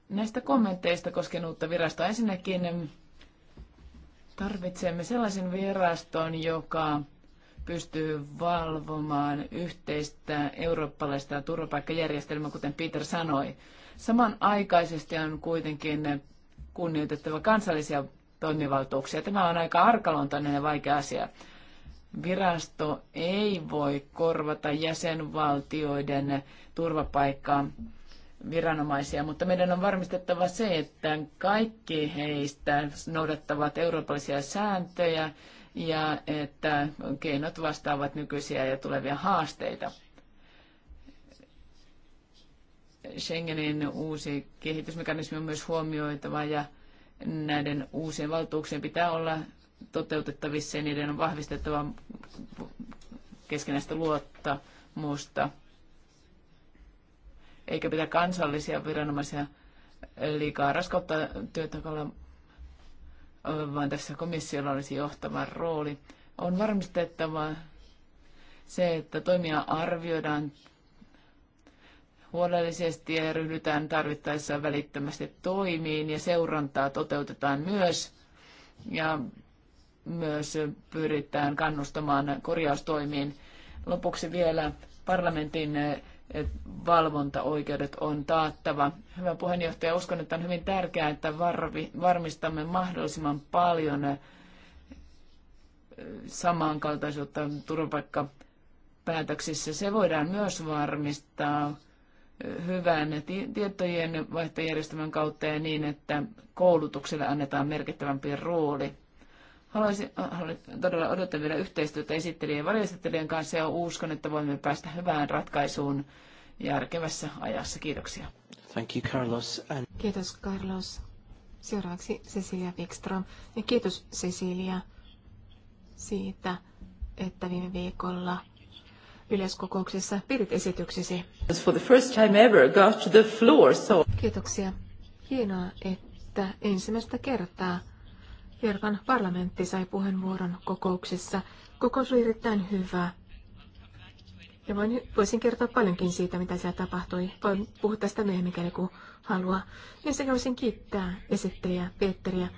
D: Näistä kommenteista koskien uutta virastoa. Ensinnäkin tarvitsemme sellaisen viraston, joka pystyy valvomaan yhteistä eurooppalaista turvapaikkajärjestelmää, kuten Peter sanoi. Samanaikaisesti on kuitenkin kunnioitettava kansallisia toimivaltuuksia. Tämä on aika arkaluontainen ja vaikea asia. Virasto ei voi korvata jäsenvaltioiden turvapaikkaa viranomaisia, mutta meidän on varmistettava se, että kaikki heistä noudattavat eurooppalaisia sääntöjä ja että keinot vastaavat nykyisiä ja tulevia haasteita. Schengenin uusi kehitysmekanismi on myös huomioitava ja näiden uusien valtuuksien pitää olla toteutettavissa ja niiden on vahvistettava keskinäistä luottamusta. Eikä pitää kansallisia viranomaisia liikaa raskauttaa työtakalla, vaan tässä komissiolla olisi johtava rooli. On varmistettava se, että toimia arvioidaan huolellisesti ja ryhdytään tarvittaessa välittömästi toimiin ja seurantaa toteutetaan myös ja myös pyritään kannustamaan korjaustoimiin. Lopuksi vielä parlamentin eh, valvontaoikeudet on taattava. Hyvä puheenjohtaja, uskon, että on hyvin tärkeää, että varvi, varmistamme mahdollisimman paljon eh, samankaltaisuutta turvapaikkapäätöksissä. Se voidaan myös varmistaa hyvän tietojen vaihtojärjestelmän kautta ja niin, että koulutukselle annetaan merkittävämpi rooli. Haluaisin äh, todella odottaa vielä yhteistyötä esittelijän ja varjoesittelijän kanssa ja uskon, että voimme päästä hyvään ratkaisuun järkevässä ajassa. Kiitoksia.
A: Thank you, Carlos. And...
B: Kiitos, Carlos. Seuraavaksi Cecilia Wikström. Ja kiitos, Cecilia, siitä, että viime viikolla – yleiskokouksessa pidit esityksesi.
D: For the first time ever got to the floor, so...
B: Kiitoksia. Hienoa, että ensimmäistä kertaa Jerkan parlamentti sai puheenvuoron kokouksessa. Kokous oli erittäin hyvä. Ja voin, voisin kertoa paljonkin siitä, mitä siellä tapahtui. Voin puhua tästä myöhemmin, mikäli kun haluaa. Ensinnäkin voisin kiittää esittäjä Peetteriä.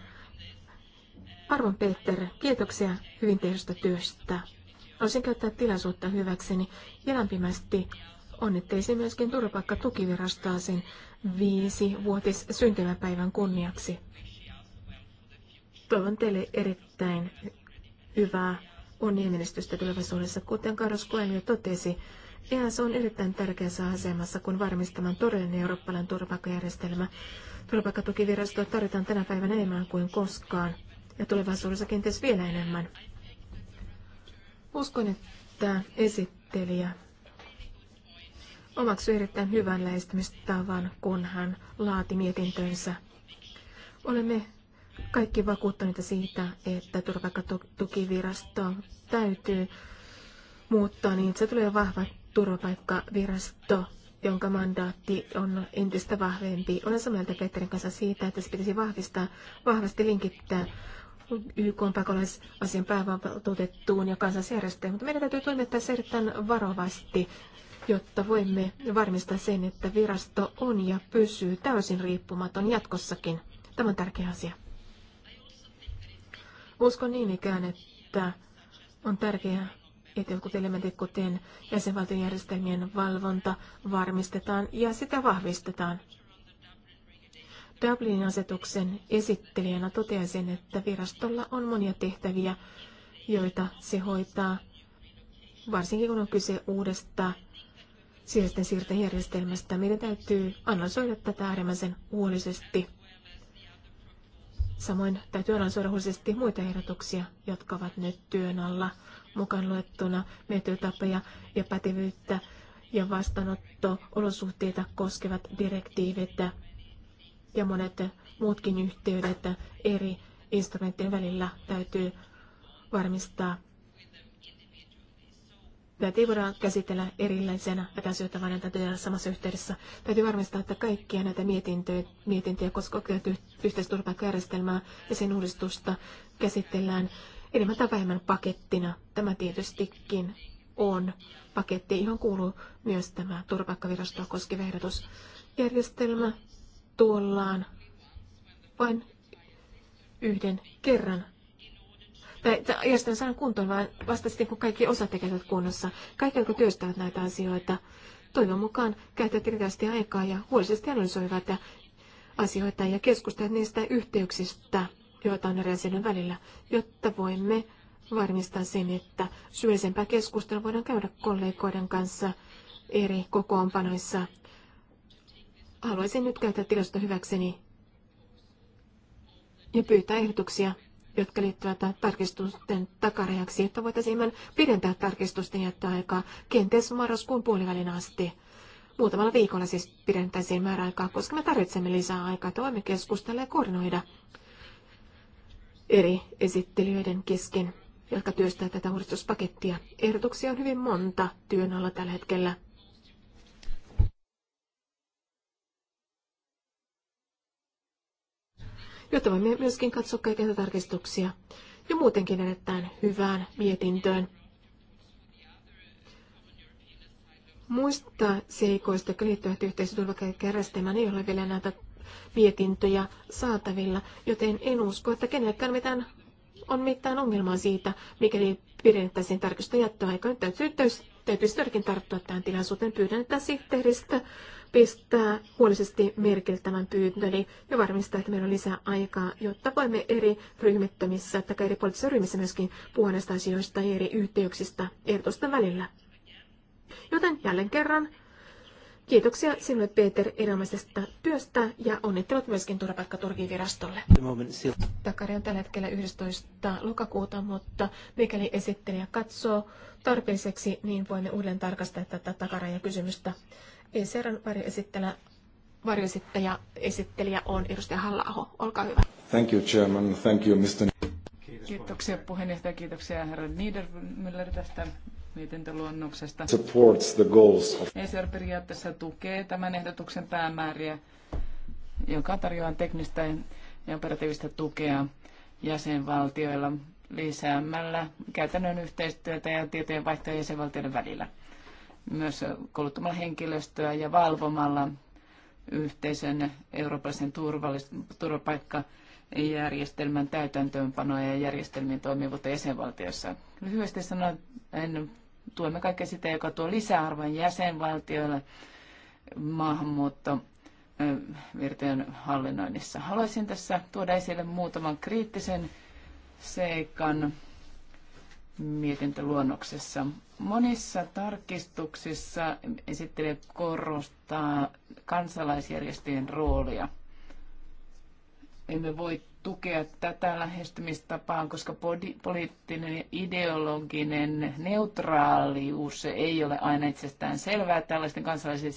B: Arvon Peter, kiitoksia hyvin tehdystä työstä. Haluaisin käyttää tilaisuutta hyväkseni ja lämpimästi onnittelisin myöskin turvapaikkatukivirastoa sen viisivuotis syntymäpäivän kunniaksi. Toivon teille erittäin hyvää onnienmenestystä tulevaisuudessa. Kuten Carlos jo totesi, EAS on erittäin tärkeässä asemassa, kun varmistamaan todellinen eurooppalainen turvapaikkajärjestelmä. Turvapaikkatukivirastoa tarvitaan tänä päivänä enemmän kuin koskaan ja tulevaisuudessa kenties vielä enemmän. Uskon, että esittelijä omaksui erittäin hyvän lähestymistavan, kun hän laati mietintönsä. Olemme kaikki vakuuttuneita siitä, että turvapaikkatukivirasto täytyy muuttaa niin, että se tulee vahva turvapaikkavirasto, jonka mandaatti on entistä vahvempi. Olen samalta Petterin kanssa siitä, että se pitäisi vahvistaa, vahvasti linkittää YK on pakolaisasian päävaltuutettuun ja kansallisjärjestöön, mutta meidän täytyy toimia tässä erittäin varovasti, jotta voimme varmistaa sen, että virasto on ja pysyy täysin riippumaton jatkossakin. Tämä on tärkeä asia. Uskon niin ikään, että on tärkeää, että jotkut elementit, kuten jäsenvaltion järjestelmien valvonta, varmistetaan ja sitä vahvistetaan. Dublinin asetuksen esittelijänä toteaisin, että virastolla on monia tehtäviä, joita se hoitaa, varsinkin kun on kyse uudesta sisäisten siirtojärjestelmästä. Meidän täytyy analysoida tätä äärimmäisen huolisesti. Samoin täytyy analysoida huolisesti muita ehdotuksia, jotka ovat nyt työn alla mukaan luettuna metyötapoja ja pätevyyttä ja vastaanotto-olosuhteita koskevat direktiivit ja monet muutkin yhteydet eri instrumenttien välillä täytyy varmistaa. Tätä ei voida käsitellä erillisenä näitä asioita, vaan näitä tehdä samassa yhteydessä. Täytyy varmistaa, että kaikkia näitä mietintöjä, mietintöjä koskevat yhteisturvapaikkajärjestelmää ja sen uudistusta käsitellään enemmän tai vähemmän pakettina. Tämä tietystikin on paketti, johon kuuluu myös tämä turvapaikkavirastoa koskeva ehdotus. Järjestelmä tuollaan vain yhden kerran. Tai järjestelmä saan kuntoon vaan vasta sitten, kun kaikki osatekijät tekevät kunnossa. Kaikki, jotka työstävät näitä asioita, toivon mukaan käyttävät riittävästi aikaa ja huolisesti analysoivat asioita ja keskustelevat niistä yhteyksistä, joita on eri asioiden välillä, jotta voimme varmistaa sen, että syvällisempää keskustelua voidaan käydä kollegoiden kanssa eri kokoonpanoissa Haluaisin nyt käyttää tilasto hyväkseni ja pyytää ehdotuksia, jotka liittyvät tarkistusten takarajaksi, että voitaisiin pidentää tarkistusten jättöaikaa kenties marraskuun puolivälin asti. Muutamalla viikolla siis pidentäisiin määräaikaa, koska me tarvitsemme lisää aikaa, että voimme keskustella ja koordinoida eri esittelijöiden kesken, jotka työstää tätä uudistuspakettia. Ehdotuksia on hyvin monta työn alla tällä hetkellä. jotta voimme myöskin katsoa kaikkia tarkistuksia ja muutenkin edetään hyvään mietintöön. Muista seikoista, jotka liittyvät yhteisöturvakärjestelmään, ei ole vielä näitä mietintöjä saatavilla, joten en usko, että kenellekään mitään on mitään ongelmaa siitä, mikäli pidettäisiin tarkistusta jättöaikaa. Nyt täytyy täytyisi todellakin tarttua tähän tilaisuuteen. Pyydän, että sihteeristä pistää huolisesti merkille tämän pyyntöni ja varmistaa, että meillä on lisää aikaa, jotta voimme eri ryhmittömissä tai eri poliittisissa ryhmissä myöskin puhua näistä asioista ja eri yhteyksistä ehdotusten välillä. Joten jälleen kerran Kiitoksia sinulle Peter erinomaisesta työstä ja onnittelut myöskin Turvapaikkaturkin virastolle. Takari on tällä hetkellä 11. lokakuuta, mutta mikäli esittelijä katsoo tarpeelliseksi, niin voimme uudelleen tarkastaa tätä kysymystä. ECRn varjoesittelijä, varjoesittäjä esittelijä on edustaja halla Olkaa hyvä. Thank you, Chairman. Thank you, Mr.
D: Kiitoksia puheenjohtaja, kiitoksia herra Niedermüller tästä mietintöluonnoksesta. Supports the goals of... ECR periaatteessa tukee tämän ehdotuksen päämääriä, joka tarjoaa teknistä ja operatiivista tukea jäsenvaltioilla lisäämällä käytännön yhteistyötä ja tietojenvaihtoja jäsenvaltioiden välillä. Myös kouluttamalla henkilöstöä ja valvomalla yhteisen eurooppalaisen turvapaikka järjestelmän täytäntöönpanoa ja järjestelmien toimivuutta jäsenvaltiossa. Lyhyesti sanoen tuemme kaikkea sitä, joka tuo lisäarvon jäsenvaltioille maahanmuutto virtojen hallinnoinnissa. Haluaisin tässä tuoda esille muutaman kriittisen seikan mietintöluonnoksessa. Monissa tarkistuksissa esittelee korostaa kansalaisjärjestöjen roolia. Emme voi tukea tätä lähestymistapaa, koska poliittinen ja ideologinen neutraalius ei ole aina itsestään selvää tällaisten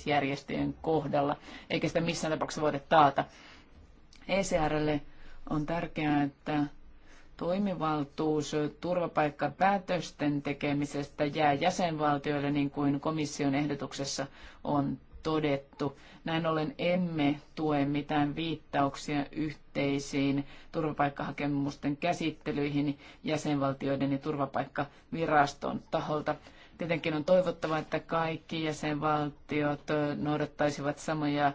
D: järjestöjen kohdalla, eikä sitä missään tapauksessa voida taata. ECRlle on tärkeää, että toimivaltuus turvapaikkapäätösten tekemisestä jää jäsenvaltioille, niin kuin komission ehdotuksessa on todettu. Näin ollen emme tue mitään viittauksia yhteisiin turvapaikkahakemusten käsittelyihin jäsenvaltioiden ja turvapaikkaviraston taholta. Tietenkin on toivottava, että kaikki jäsenvaltiot noudattaisivat samoja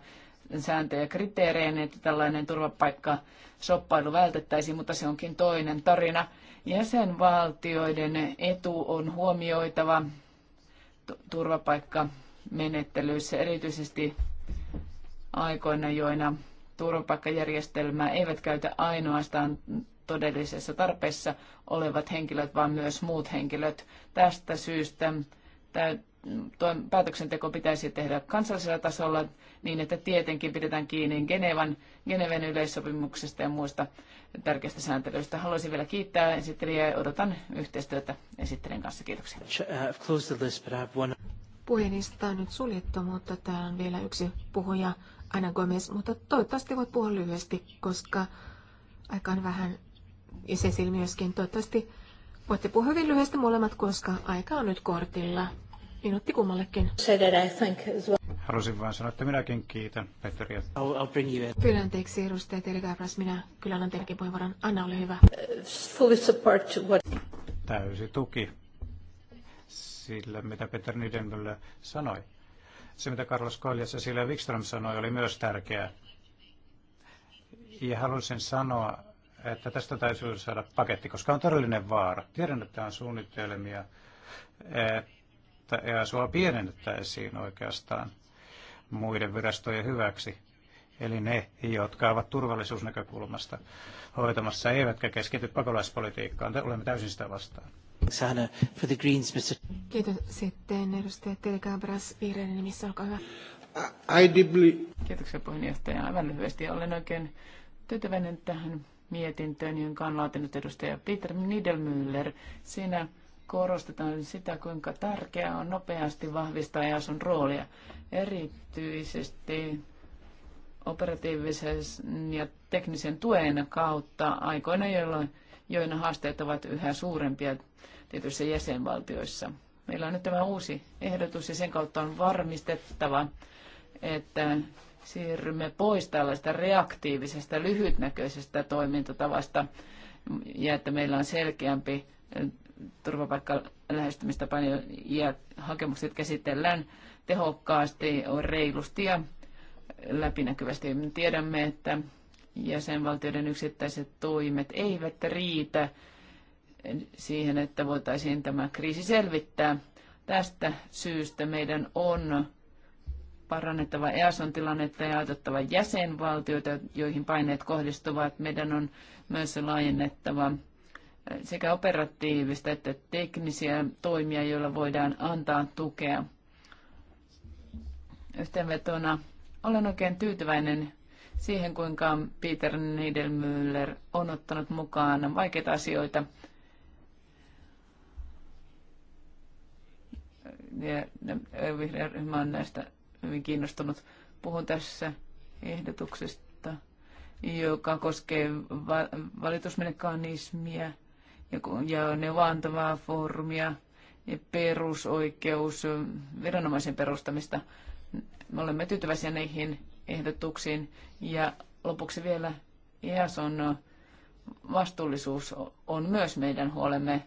D: sääntöjä ja kriteerejä, niin että tällainen turvapaikkasoppailu vältettäisiin, mutta se onkin toinen tarina. Jäsenvaltioiden etu on huomioitava turvapaikka menettelyissä, erityisesti aikoina, joina turvapaikkajärjestelmää eivät käytä ainoastaan todellisessa tarpeessa olevat henkilöt, vaan myös muut henkilöt. Tästä syystä päätöksenteko pitäisi tehdä kansallisella tasolla niin, että tietenkin pidetään kiinni Genevan, Geneven yleissopimuksesta ja muista tärkeistä sääntelyistä. Haluaisin vielä kiittää esittelijää ja odotan yhteistyötä esittelijän kanssa. Kiitoksia.
A: Uh,
B: Puhelista on nyt suljettu, mutta täällä on vielä yksi puhuja, Anna Gomez, mutta toivottavasti voit puhua lyhyesti, koska aika on vähän ja myöskin. Toivottavasti voitte puhua hyvin lyhyesti molemmat, koska aika on nyt kortilla. Minuutti kummallekin.
C: Haluaisin vain sanoa, että minäkin kiitän Peteriä. Kyllä
B: anteeksi edustaja Telegabras, minä kyllä annan teillekin puheenvuoron. Anna, ole hyvä. Uh, fully support what...
C: Täysi tuki sillä, mitä Peter Nidenmöllä sanoi. Se, mitä Carlos Koljas ja Silja Wikström sanoi, oli myös tärkeää. Ja halusin sanoa, että tästä täytyy saada paketti, koska on todellinen vaara. Tiedän, että on suunnitelmia, että EASUa pienennettäisiin oikeastaan muiden virastojen hyväksi. Eli ne, jotka ovat turvallisuusnäkökulmasta hoitamassa, eivätkä keskity pakolaispolitiikkaan. Olemme täysin sitä vastaan.
B: Kiitos sitten edustaja Telekabras vihreiden nimissä, olkaa hyvä.
C: I deeply... Kiitoksia
D: puheenjohtaja. Aivan lyhyesti olen oikein tyytyväinen tähän mietintöön, jonka on laatinut edustaja Peter Niedelmüller. Siinä korostetaan sitä, kuinka tärkeää on nopeasti vahvistaa EASUn roolia, erityisesti operatiivisen ja teknisen tuen kautta aikoina, jolloin joina haasteet ovat yhä suurempia tietyissä jäsenvaltioissa. Meillä on nyt tämä uusi ehdotus ja sen kautta on varmistettava, että siirrymme pois tällaista reaktiivisesta, lyhytnäköisestä toimintatavasta ja että meillä on selkeämpi turvapaikka lähestymistapa ja hakemukset käsitellään tehokkaasti, reilusti ja läpinäkyvästi. Me tiedämme, että jäsenvaltioiden yksittäiset toimet eivät riitä siihen, että voitaisiin tämä kriisi selvittää. Tästä syystä meidän on parannettava EASON tilannetta ja autettava jäsenvaltioita, joihin paineet kohdistuvat. Meidän on myös laajennettava sekä operatiivista että teknisiä toimia, joilla voidaan antaa tukea. Yhteenvetona olen oikein tyytyväinen siihen, kuinka Peter Niedelmüller on ottanut mukaan vaikeita asioita ja vihreä ryhmä on näistä hyvin kiinnostunut. Puhun tässä ehdotuksesta, joka koskee va- valitusmekanismia ja, ja neuvontavaa foorumia ja perusoikeus, viranomaisen perustamista. Me olemme tyytyväisiä niihin ehdotuksiin. Ja lopuksi vielä IASON vastuullisuus on myös meidän huolemme,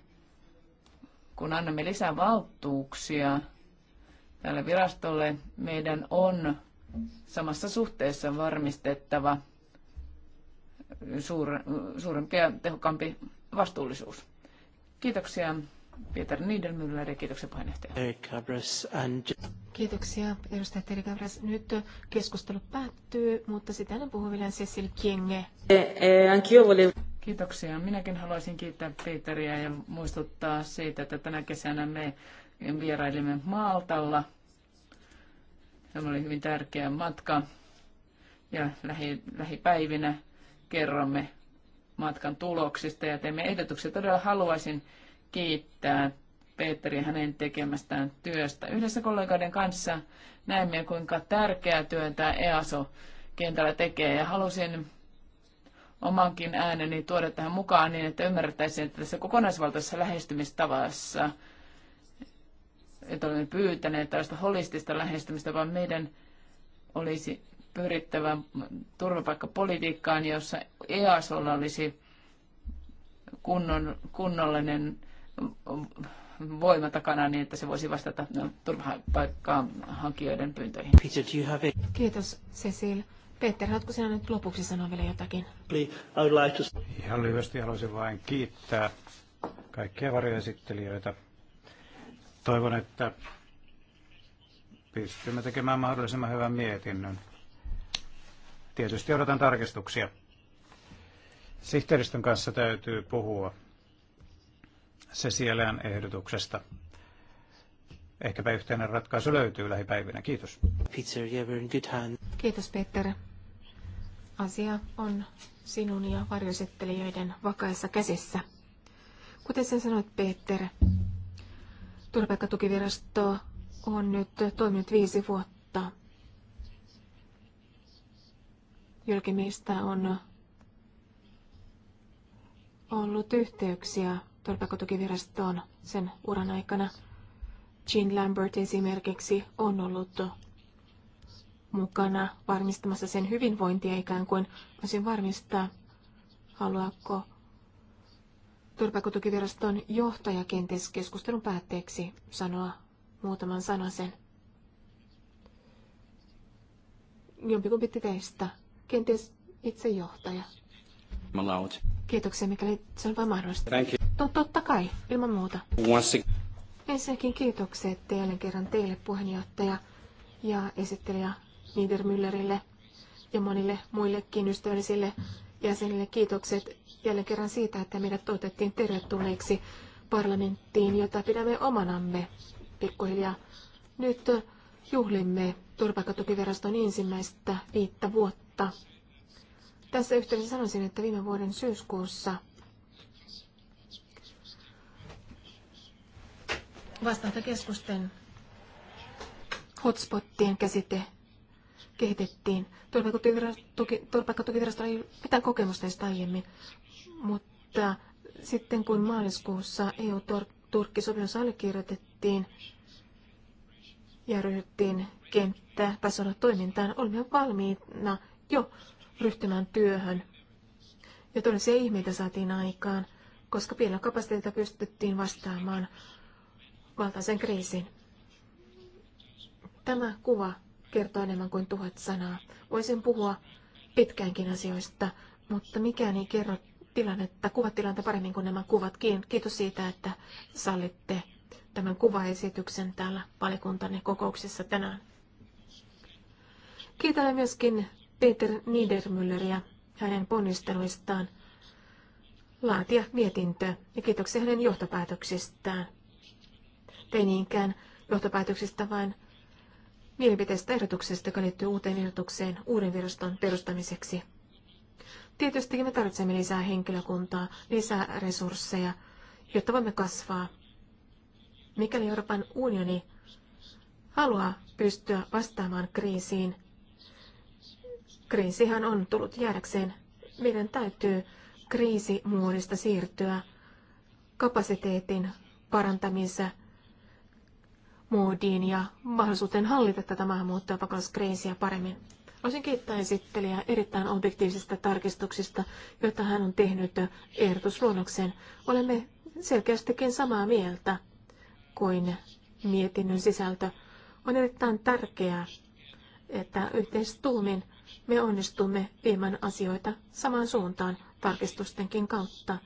D: kun annamme lisää valtuuksia tälle virastolle, meidän on samassa suhteessa varmistettava suur, suurempi ja tehokkaampi vastuullisuus. Kiitoksia Peter Niedermüller ja kiitoksia puheenjohtaja.
B: Kiitoksia edustaja Terry Cabras. Nyt keskustelu päättyy, mutta sitä ennen puhuu vielä Cecil Kienge.
D: Eh, eh, kiitoksia. Minäkin haluaisin kiittää Peteriä ja muistuttaa siitä, että tänä kesänä me vierailimme Maltalla. Tämä oli hyvin tärkeä matka ja lähi, lähipäivinä kerromme matkan tuloksista ja teemme ehdotuksia. Todella haluaisin kiittää Peteriä hänen tekemästään työstä. Yhdessä kollegoiden kanssa näemme, kuinka tärkeää työtä EASO kentällä tekee ja halusin omankin ääneni tuoda tähän mukaan niin, että ymmärrettäisiin, että tässä kokonaisvaltaisessa lähestymistavassa, että olemme pyytäneet tällaista holistista lähestymistä, vaan meidän olisi pyrittävä turvapaikkapolitiikkaan, jossa EASOlla olisi kunnon, kunnollinen voima takana niin, että se voisi vastata no, turvapaikkaan hakijoiden pyyntöihin. Peter, do you have it?
B: Kiitos, Cecil. Peter, haluatko sinä nyt lopuksi sanoa vielä jotakin?
C: Ihan lyhyesti haluaisin vain kiittää kaikkia varjoesittelijöitä. Toivon, että pystymme tekemään mahdollisimman hyvän mietinnön. Tietysti odotan tarkistuksia. Sihteeristön kanssa täytyy puhua se sielään ehdotuksesta. Ehkäpä yhteinen ratkaisu löytyy lähipäivinä. Kiitos. Peter, in good hand.
B: Kiitos Peter. Asia on sinun ja varjosettelijöiden vakaissa käsissä. Kuten sen sanoit, Peter, turvapaikkatukivirasto on nyt toiminut viisi vuotta. Jylkimistä on ollut yhteyksiä turvakotukivirastoon sen uran aikana. Jean Lambert esimerkiksi on ollut mukana varmistamassa sen hyvinvointia ikään kuin voisin varmistaa, haluaako turvakotukiviraston johtaja kenties keskustelun päätteeksi sanoa muutaman sanan sen. Jompikumpi teistä, kenties itse johtaja. Kiitoksia, mikäli se on vain mahdollista. Thank you. To, totta kai, ilman muuta. Ensinnäkin kiitokset teille kerran teille puheenjohtaja ja esittelijä Niedermüllerille ja monille muillekin ystävällisille jäsenille kiitokset jälleen kerran siitä, että meidät toitettiin tervetulleeksi parlamenttiin, jota pidämme omanamme pikkuhiljaa. Nyt juhlimme turvapaikkatukiviraston ensimmäistä viittä vuotta. Tässä yhteydessä sanoisin, että viime vuoden syyskuussa – Vastaanottokeskusten hotspottien käsite kehitettiin. Turvapaikkatukivirastolla ei ole mitään kokemusta näistä aiemmin, mutta sitten kun maaliskuussa EU-Turkki-sopimus allekirjoitettiin ja ryhdyttiin tasolla toimintaan, olimme valmiina jo ryhtymään työhön. Ja todellisia ihmeitä saatiin aikaan, koska pienellä kapasiteetilla pystyttiin vastaamaan valtaisen kriisin. Tämä kuva kertoo enemmän kuin tuhat sanaa. Voisin puhua pitkäänkin asioista, mutta mikään ei kerro tilannetta, kuvatilannetta paremmin kuin nämä kuvat. Kiitos siitä, että sallitte tämän kuvaesityksen täällä valikuntanne kokouksessa tänään. Kiitän myöskin Peter Niedermülleriä hänen ponnisteluistaan laatia mietintö ja kiitoksia hänen johtopäätöksistään ei niinkään johtopäätöksistä, vaan mielipiteistä ehdotuksesta, joka liittyy uuteen ehdotukseen uuden viraston perustamiseksi. Tietysti me tarvitsemme lisää henkilökuntaa, lisää resursseja, jotta voimme kasvaa. Mikäli Euroopan unioni haluaa pystyä vastaamaan kriisiin, kriisihän on tullut jäädäkseen. Meidän täytyy kriisimuodista siirtyä kapasiteetin parantamiseen moodiin ja mahdollisuuteen hallita tätä maahanmuutto- ja paremmin. Olisin kiittää esittelijää erittäin objektiivisista tarkistuksista, joita hän on tehnyt ehdotusluonnokseen. Olemme selkeästikin samaa mieltä kuin mietinnön sisältö. On erittäin tärkeää, että yhteistuumin me onnistumme viemään asioita samaan suuntaan tarkistustenkin kautta.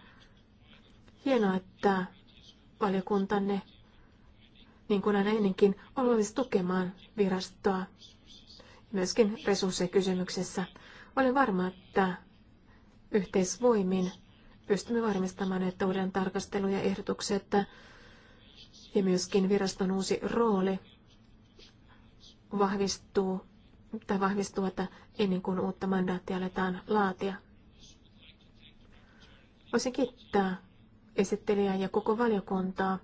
B: Hienoa, että valiokuntanne niin kuin aina ennenkin, on valmis tukemaan virastoa myöskin resurssikysymyksessä. Olen varma, että yhteisvoimin pystymme varmistamaan, että uuden tarkastelu ja ehdotukset ja myöskin viraston uusi rooli vahvistuu tai vahvistuu, että ennen kuin uutta mandaattia aletaan laatia. Voisin kiittää esittelijää ja koko valiokuntaa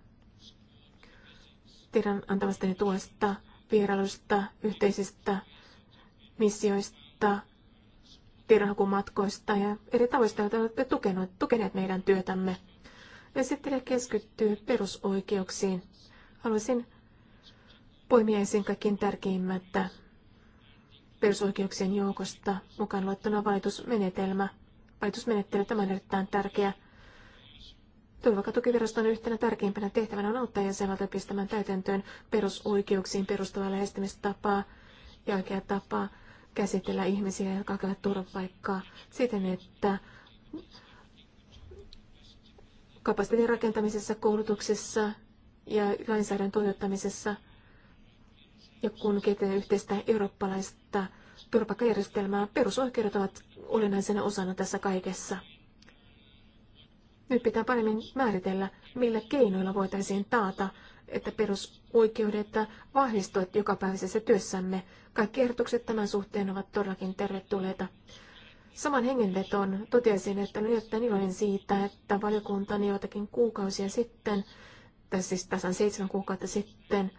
B: teidän antamastani tuesta, vierailusta, yhteisistä missioista, tiedonhakumatkoista ja eri tavoista, joita olette tukeneet, tukeneet meidän työtämme. Esittelijä keskittyy perusoikeuksiin. Haluaisin poimia esiin kaikkein tärkeimmät perusoikeuksien joukosta mukaan luettuna valitusmenetelmä. Valitusmenettely tämä on erittäin tärkeä Turvakatukiviraston yhtenä tärkeimpänä tehtävänä on auttaa jäsenvaltio pistämään täytäntöön perusoikeuksiin perustuvaa lähestymistapaa ja oikea tapaa käsitellä ihmisiä, jotka hakevat turvapaikkaa siten, että kapasiteetin rakentamisessa, koulutuksessa ja lainsäädännön toteuttamisessa ja kun kehitetään yhteistä eurooppalaista turvapaikkajärjestelmää, perusoikeudet ovat olennaisena osana tässä kaikessa. Nyt pitää paremmin määritellä, millä keinoilla voitaisiin taata, että perusoikeudet vahvistuvat jokapäiväisessä työssämme. Kaikki ehdotukset tämän suhteen ovat todellakin tervetulleita. Saman hengenveton totesin, että olen erittäin iloinen siitä, että valiokuntani joitakin kuukausia sitten, tai siis tasan seitsemän kuukautta sitten,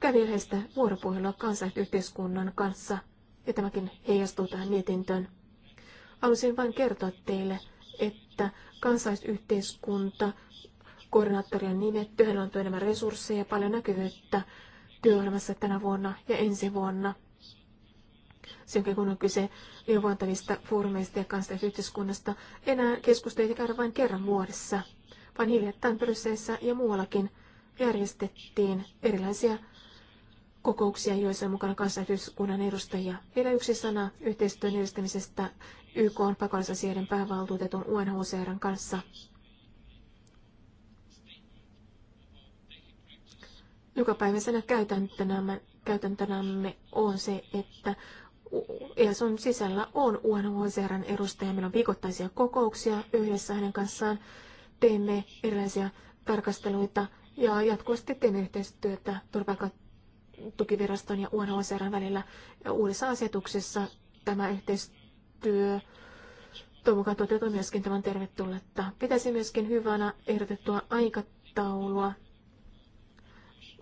B: kävi yhdestä vuoropuhelua kansainvälisyhteiskunnan kanssa, ja tämäkin heijastuu tähän mietintöön. Halusin vain kertoa teille, että kansalaisyhteiskunta, koordinaattorien nimet, työhön on enemmän resursseja ja paljon näkyvyyttä työelämässä tänä vuonna ja ensi vuonna. Sen kun on kyse neuvontavista foorumeista ja kansalaisyhteiskunnasta, enää ei käydä vain kerran vuodessa, vaan hiljattain Brysseissä ja muuallakin järjestettiin erilaisia kokouksia, joissa on mukana kansainväliskunnan edustajia. Vielä yksi sana yhteistyön edistämisestä YK on pakolaisasioiden päävaltuutetun UNHCRn kanssa. Jokapäiväisenä käytäntönämme, käytäntönämme on se, että EASON sisällä on UNHCRn edustaja. Meillä on viikoittaisia kokouksia yhdessä hänen kanssaan. Teemme erilaisia tarkasteluita ja jatkuvasti teemme yhteistyötä turvapaikan tukiviraston ja UNHCRn välillä uudessa asetuksessa tämä yhteistyö toivon mukaan toteutuu myöskin tämän tervetulletta. Pitäisi myöskin hyvänä ehdotettua aikataulua,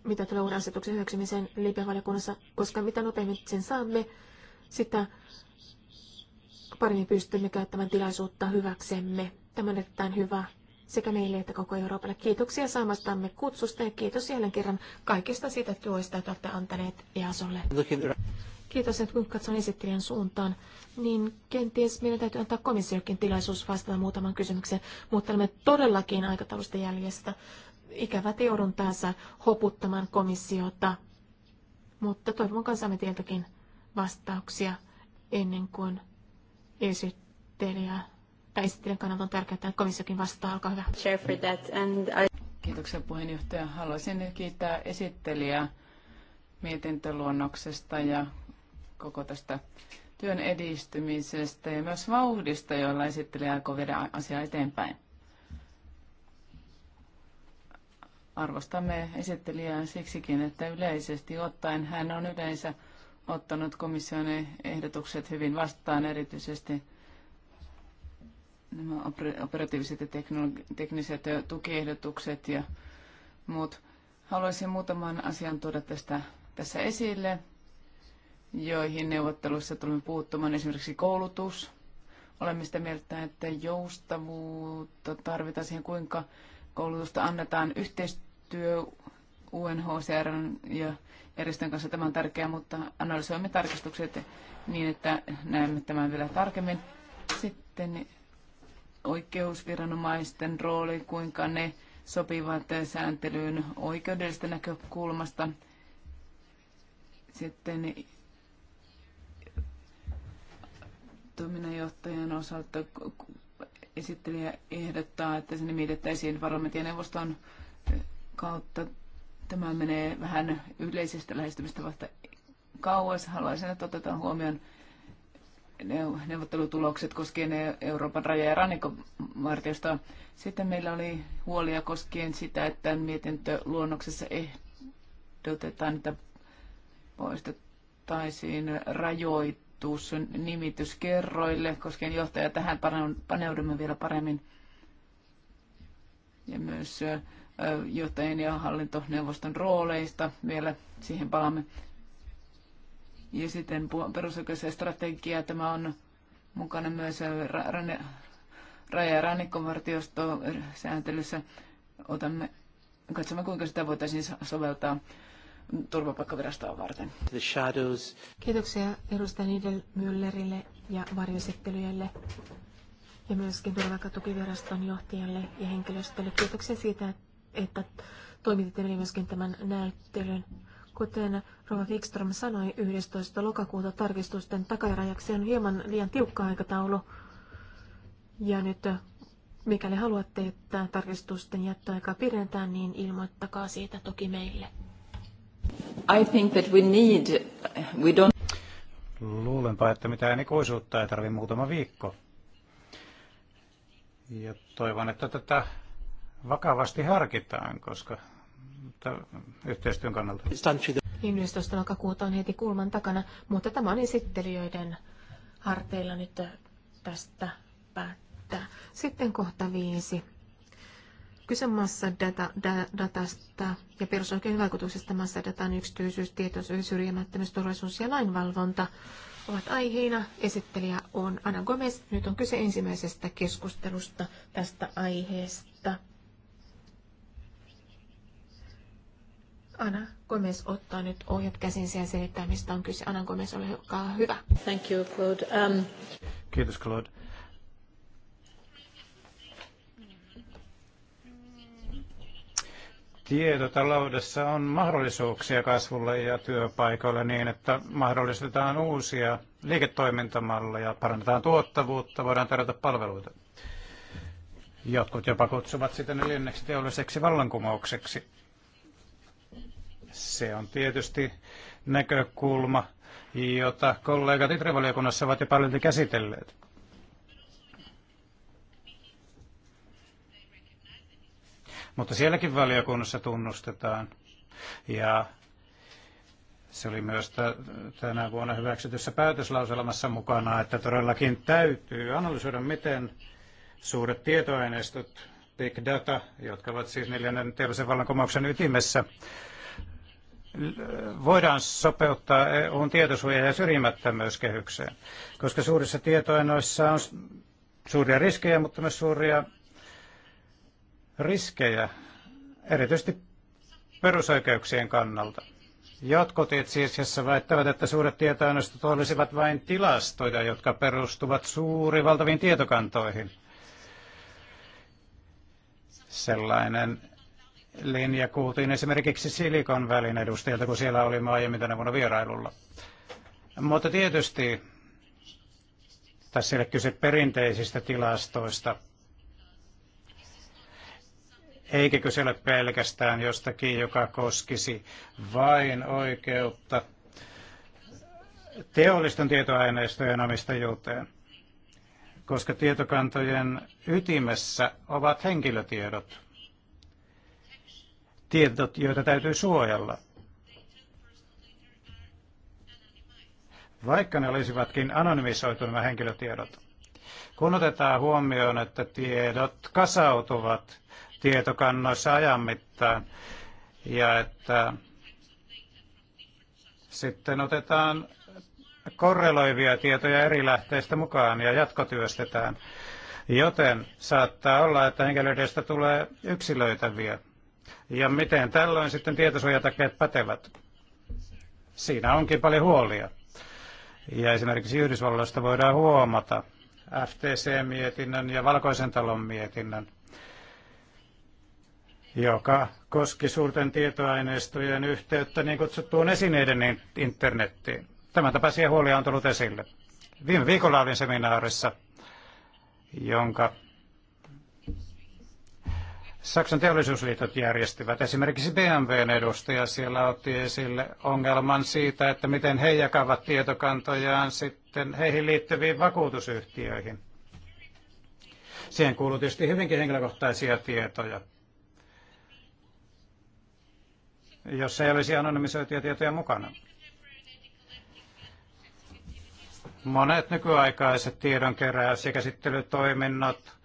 B: mitä tulee uuden asetuksen hyväksymisen liipevaliokunnassa, koska mitä nopeammin sen saamme, sitä paremmin pystymme käyttämään tilaisuutta hyväksemme. Tämä on erittäin hyvä sekä meille että koko Euroopalle. Kiitoksia saamastamme kutsusta ja kiitos jälleen kerran kaikista siitä työstä, että olette antaneet EASOlle. Kiitos, että kun katson esittelijän suuntaan, niin kenties meidän täytyy antaa komissiokin tilaisuus vastata muutaman kysymykseen, mutta olemme todellakin aikataulusta jäljestä. ikävä joudun taas hoputtamaan komissiota, mutta toivon mukaan saamme teiltäkin vastauksia ennen kuin esittelijä tai kannalta tärkeää, että komissiokin vastaa. Olkaa hyvä.
D: Kiitoksia puheenjohtaja. Haluaisin kiittää esittelijää mietintöluonnoksesta ja koko tästä työn edistymisestä ja myös vauhdista, jolla esittelijä aikoo viedä asiaa eteenpäin. Arvostamme esittelijää siksikin, että yleisesti ottaen hän on yleensä ottanut komission ehdotukset hyvin vastaan, erityisesti nämä operatiiviset ja tekniset tukiehdotukset ja muut. Haluaisin muutaman asian tuoda tästä, tässä esille, joihin neuvotteluissa tulemme puuttumaan, esimerkiksi koulutus. Olemme sitä mieltä, että joustavuutta tarvitaan siihen, kuinka koulutusta annetaan yhteistyö UNHCR ja järjestön kanssa. Tämä on tärkeää, mutta analysoimme tarkistukset niin, että näemme tämän vielä tarkemmin. Sitten oikeusviranomaisten rooli, kuinka ne sopivat sääntelyyn oikeudellisesta näkökulmasta. Sitten toiminnanjohtajan osalta esittelijä ehdottaa, että se nimitettäisiin parlamentin neuvoston kautta. Tämä menee vähän yleisestä lähestymistavasta kauas. Haluaisin, että otetaan huomioon neuvottelutulokset koskien e- Euroopan raja- ja rannikkovartiosta. Sitten meillä oli huolia koskien sitä, että mietintöluonnoksessa ehdotetaan, että poistettaisiin rajoitus nimityskerroille koskien johtajaa. Tähän paneudumme vielä paremmin. Ja myös johtajien ja hallintoneuvoston rooleista vielä siihen palaamme ja sitten perusoikeuksien strategia. Tämä on mukana myös raja- ja rannikkovartiostosääntelyssä. Otamme, katsomme, kuinka sitä voitaisiin soveltaa
A: turvapaikkavirastoa varten. The shadows.
B: Kiitoksia edustaja Müllerille ja varjoesittelyjälle ja myöskin turvapaikkatukiviraston johtajalle ja henkilöstölle. Kiitoksia siitä, että toimititte myöskin tämän näyttelyn. Kuten Rova Wikström sanoi, 11. lokakuuta tarkistusten takarajaksi on hieman liian tiukka aikataulu. Ja nyt mikäli haluatte, että tarkistusten jättöaikaa pidetään, niin ilmoittakaa siitä toki meille.
D: I think that we need,
C: we don't... Luulenpa, että mitään ikuisuutta ei tarvitse muutama viikko. Ja toivon, että tätä vakavasti harkitaan, koska yhteistyön kannalta.
B: Niin 11. lokakuuta on heti kulman takana, mutta tämä on esittelijöiden harteilla nyt tästä päättää. Sitten kohta viisi. Kyse massadata, da, datasta ja perusoikeuden vaikutuksesta massadatan yksityisyys, tietoisuus, syrjimättömyys, turvallisuus ja lainvalvonta ovat aiheina. Esittelijä on Ana Gomez. Nyt on kyse ensimmäisestä keskustelusta tästä aiheesta. Anna Gomez ottaa nyt ohjat käsin ja selittää, mistä on kyse. Anna Gomez, ole hyvä. Thank you, Claude. Um...
C: Kiitos, Claude. Tietotaloudessa on mahdollisuuksia kasvulle ja työpaikoille niin, että mahdollistetaan uusia liiketoimintamalleja, parannetaan tuottavuutta, voidaan tarjota palveluita. Jotkut jopa kutsuvat sitä neljänneksi teolliseksi vallankumoukseksi. Se on tietysti näkökulma, jota kollegat Itrevaliokunnassa ovat jo paljon käsitelleet. Mutta sielläkin valiokunnassa tunnustetaan, ja se oli myös tänä vuonna hyväksytyssä päätöslauselmassa mukana, että todellakin täytyy analysoida, miten suuret tietoaineistot, big data, jotka ovat siis neljännen teollisen vallankumouksen ytimessä, voidaan sopeuttaa EUn tietosuoja- ja syrjimättömyyskehykseen, koska suurissa tietoainoissa on suuria riskejä, mutta myös suuria riskejä, erityisesti perusoikeuksien kannalta. Jotkut itse asiassa väittävät, että suuret tietoaineistot olisivat vain tilastoja, jotka perustuvat suuri valtaviin tietokantoihin. Sellainen linja kuultiin esimerkiksi Silikon välin edustajilta, kun siellä oli aiemmin tänä vuonna vierailulla. Mutta tietysti tässä ei ole kyse perinteisistä tilastoista, eikä kyse ole pelkästään jostakin, joka koskisi vain oikeutta teollisten tietoaineistojen omistajuuteen, koska tietokantojen ytimessä ovat henkilötiedot tiedot, joita täytyy suojella. Vaikka ne olisivatkin anonymisoitu nämä henkilötiedot. Kun otetaan huomioon, että tiedot kasautuvat tietokannoissa ajan mittaan ja että sitten otetaan korreloivia tietoja eri lähteistä mukaan ja jatkotyöstetään. Joten saattaa olla, että henkilöistä tulee yksilöitäviä ja miten tällöin sitten tietosuojatakeet pätevät? Siinä onkin paljon huolia. Ja esimerkiksi Yhdysvalloista voidaan huomata FTC-mietinnön ja Valkoisen talon mietinnön, joka koski suurten tietoaineistojen yhteyttä niin kutsuttuun esineiden internettiin. Tämän tapaisia huolia on tullut esille. Viime viikolla olin seminaarissa, jonka Saksan teollisuusliitot järjestivät. Esimerkiksi BMWn edustaja siellä otti esille ongelman siitä, että miten he jakavat tietokantojaan sitten heihin liittyviin vakuutusyhtiöihin. Siihen kuuluu tietysti hyvinkin henkilökohtaisia tietoja. Jos ei olisi anonymisoituja tietoja mukana. Monet nykyaikaiset tiedonkeräys- ja käsittelytoiminnot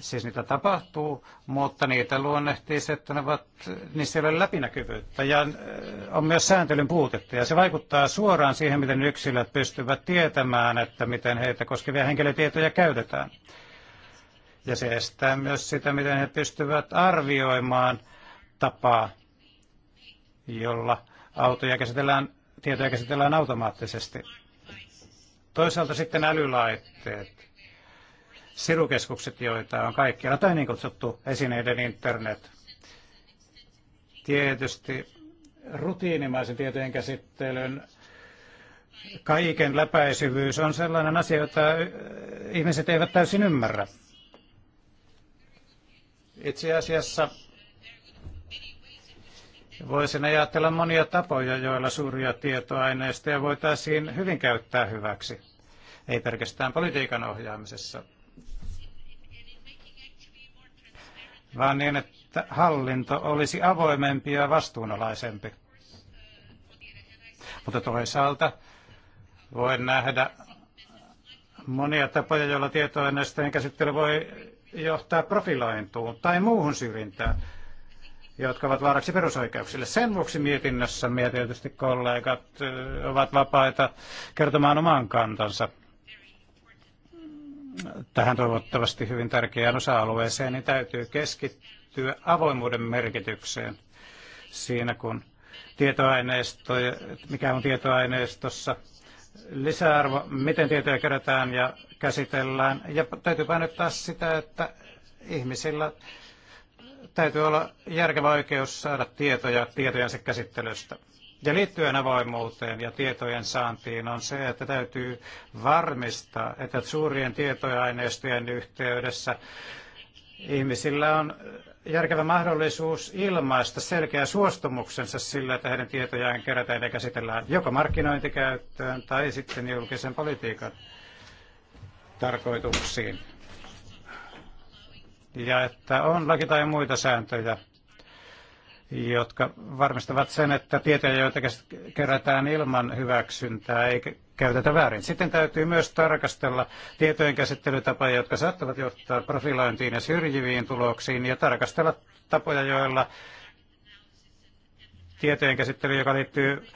C: Siis niitä tapahtuu, mutta niitä luonnehtii se, että ne ovat, niissä ei ole läpinäkyvyyttä ja äh, on myös sääntelyn puutetta. Ja se vaikuttaa suoraan siihen, miten yksilöt pystyvät tietämään, että miten heitä koskevia henkilötietoja käytetään. Ja se estää myös sitä, miten he pystyvät arvioimaan tapaa, jolla autoja käsitellään, tietoja käsitellään automaattisesti. Toisaalta sitten älylaitteet sirukeskukset, joita on kaikkialla, tai niin kutsuttu esineiden internet. Tietysti rutiinimaisen tietojen käsittelyn kaiken läpäisyvyys on sellainen asia, jota ihmiset eivät täysin ymmärrä. Itse asiassa voisin ajatella monia tapoja, joilla suuria tietoaineistoja voitaisiin hyvin käyttää hyväksi, ei pelkästään politiikan ohjaamisessa vaan niin, että hallinto olisi avoimempi ja vastuunalaisempi. Mutta toisaalta voin nähdä monia tapoja, joilla tietoaineistojen käsittely voi johtaa profilointuun tai muuhun syrjintään, jotka ovat vaaraksi perusoikeuksille. Sen vuoksi mietinnössä ja tietysti kollegat ovat vapaita kertomaan oman kantansa tähän toivottavasti hyvin tärkeään osa-alueeseen, niin täytyy keskittyä avoimuuden merkitykseen siinä, kun tietoaineisto, mikä on tietoaineistossa, lisäarvo, miten tietoja kerätään ja käsitellään. Ja täytyy painottaa sitä, että ihmisillä täytyy olla järkevä oikeus saada tietoja tietojensa käsittelystä. Ja liittyen avoimuuteen ja tietojen saantiin on se, että täytyy varmistaa, että suurien tietoaineistojen yhteydessä ihmisillä on järkevä mahdollisuus ilmaista selkeä suostumuksensa sillä, että heidän tietojaan kerätään ja käsitellään joko markkinointikäyttöön tai sitten julkisen politiikan tarkoituksiin. Ja että on laki tai muita sääntöjä, jotka varmistavat sen, että tietoja, joita kerätään ilman hyväksyntää, ei käytetä väärin. Sitten täytyy myös tarkastella tietojen käsittelytapoja, jotka saattavat johtaa profilointiin ja syrjiviin tuloksiin, ja tarkastella tapoja, joilla tietojen käsittely, joka liittyy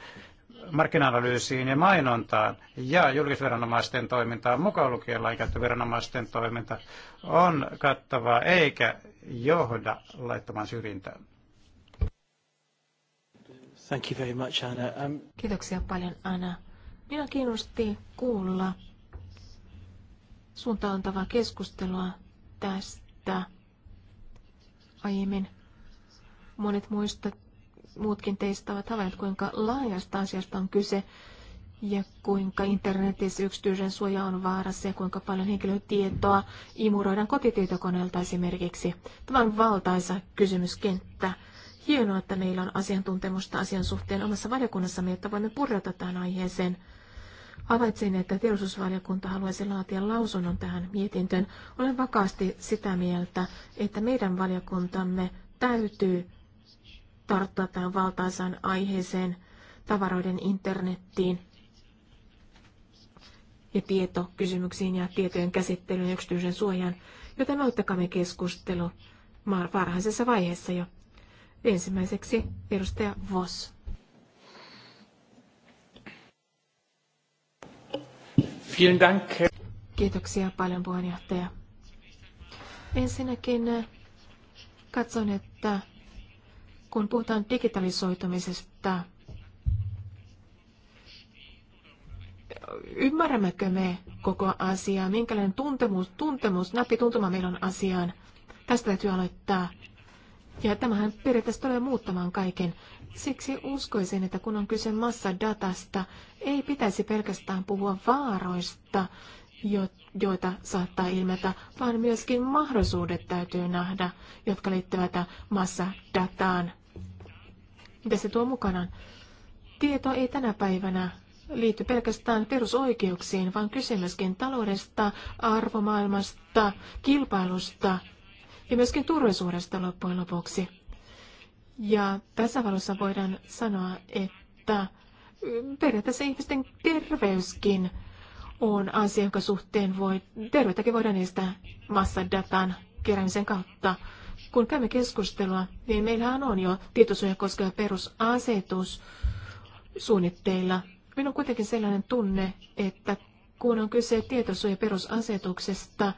C: markkina-analyysiin ja mainontaan ja julkisviranomaisten toimintaan, mukaan lukien lainkäyttöviranomaisten toiminta, on kattavaa eikä johda laittomaan syrjintään. Thank you very much, Anna. Um...
B: Kiitoksia paljon, Anna. Minä kiinnosti kuulla suuntaantavaa keskustelua tästä aiemmin. Monet muista, muutkin teistä ovat havainneet, kuinka laajasta asiasta on kyse ja kuinka internetissä yksityisen suoja on vaarassa ja kuinka paljon henkilötietoa imuroidaan kotitietokoneelta esimerkiksi. Tämä on valtaisa kysymyskenttä Hienoa, että meillä on asiantuntemusta asian suhteen omassa valiokunnassamme, jotta voimme purjata tähän aiheeseen. Havaitsin, että teollisuusvaliokunta haluaisi laatia lausunnon tähän mietintöön. Olen vakaasti sitä mieltä, että meidän valiokuntamme täytyy tarttua tähän valtaisaan aiheeseen tavaroiden internettiin ja tietokysymyksiin ja tietojen käsittelyyn ja yksityisen suojaan, joten aloittakamme keskustelu varhaisessa vaiheessa jo. Ensimmäiseksi edustaja Voss. Kiitoksia paljon puheenjohtaja. Ensinnäkin eh, katson, että kun puhutaan digitalisoitumisesta, ymmärrämmekö me koko asiaa, minkälainen tuntemus, tuntemus, näppituntuma meillä on asiaan. Tästä täytyy aloittaa ja tämähän periaatteessa tulee muuttamaan kaiken. Siksi uskoisin, että kun on kyse massadatasta, ei pitäisi pelkästään puhua vaaroista, joita saattaa ilmetä, vaan myöskin mahdollisuudet täytyy nähdä, jotka liittyvät massadataan. Mitä se tuo mukanaan? Tieto ei tänä päivänä liity pelkästään perusoikeuksiin, vaan kyse myöskin taloudesta, arvomaailmasta, kilpailusta – ja myöskin turvallisuudesta loppujen lopuksi. Ja tässä valossa voidaan sanoa, että mm, periaatteessa ihmisten terveyskin on asia, jonka suhteen voi, terveyttäkin voidaan niistä massadatan keräämisen kautta. Kun käymme keskustelua, niin meillähän on jo tietosuoja koskeva perusasetus suunnitteilla. Minun on kuitenkin sellainen tunne, että kun on kyse tietosuoja perusasetuksesta,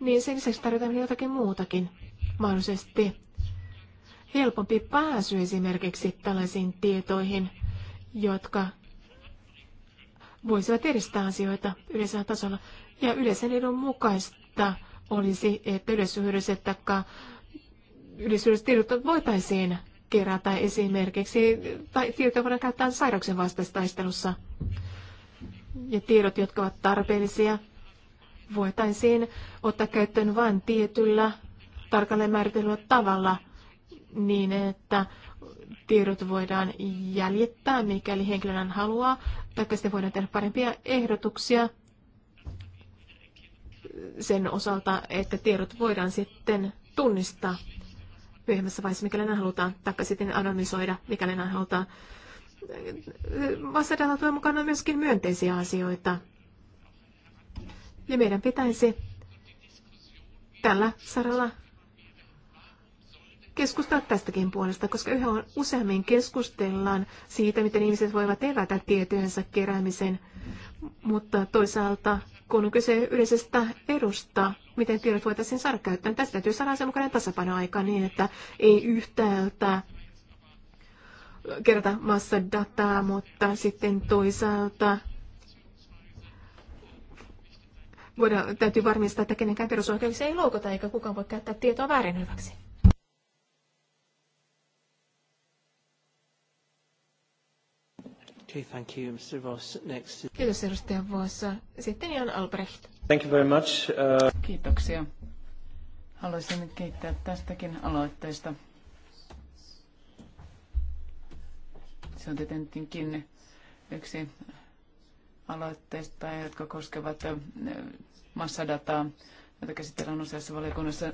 B: niin sen lisäksi tarvitaan jotakin muutakin. Mahdollisesti helpompi pääsy esimerkiksi tällaisiin tietoihin, jotka voisivat edistää asioita yleisellä tasolla. Ja yleisen edun mukaista olisi, että yleisyhdyset tiedot voitaisiin kerätä esimerkiksi, tai tietoja voidaan käyttää sairauksen vastaistaistelussa. Ja tiedot, jotka ovat tarpeellisia voitaisiin ottaa käyttöön vain tietyllä tarkalleen määritellyllä tavalla niin, että tiedot voidaan jäljittää, mikäli henkilön haluaa, tai sitten voidaan tehdä parempia ehdotuksia sen osalta, että tiedot voidaan sitten tunnistaa myöhemmässä vaiheessa, mikäli näin halutaan, tai sitten anonymisoida mikäli näin halutaan. Vastadataa tulee mukana myöskin myönteisiä asioita, ja meidän pitäisi tällä saralla keskustella tästäkin puolesta, koska yhä on useammin keskustellaan siitä, miten ihmiset voivat evätä tietojensa keräämisen, mutta toisaalta kun on kyse yleisestä edusta, miten tiedot voitaisiin saada käyttöön. Tästä täytyy saada mukainen tasapaino aika niin, että ei yhtäältä kerätä massa dataa, mutta sitten toisaalta voidaan, täytyy varmistaa, että kenenkään perusoikeuksia ei loukota eikä kukaan voi käyttää tietoa väärin hyväksi.
A: Okay, thank you, Mr. Voss. Next. Kiitos
B: edustaja Voss. Sitten Jan Albrecht.
C: Thank you very much. Uh...
D: Kiitoksia. Haluaisin kiittää tästäkin aloitteesta. Se on tietenkin yksi aloitteista, jotka koskevat massadataa, jota käsitellään useassa valiokunnassa.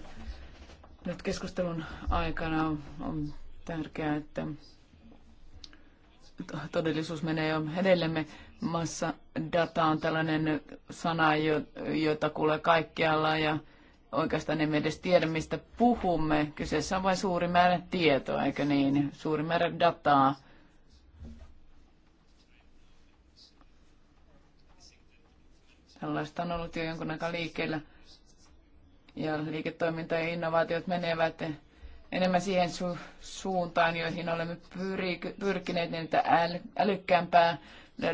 D: Nyt keskustelun aikana on tärkeää, että todellisuus menee jo edellemme. Massadata on tällainen sana, jota kuulee kaikkialla ja oikeastaan emme edes tiedä, mistä puhumme. Kyseessä on vain suuri määrä tietoa, eikö niin? Suuri määrä dataa Tällaista on ollut jo jonkun aikaa liikkeellä. Ja liiketoiminta ja innovaatiot menevät enemmän siihen su- suuntaan, joihin olemme pyri- pyrkineet, niin että äl- älykkäämpää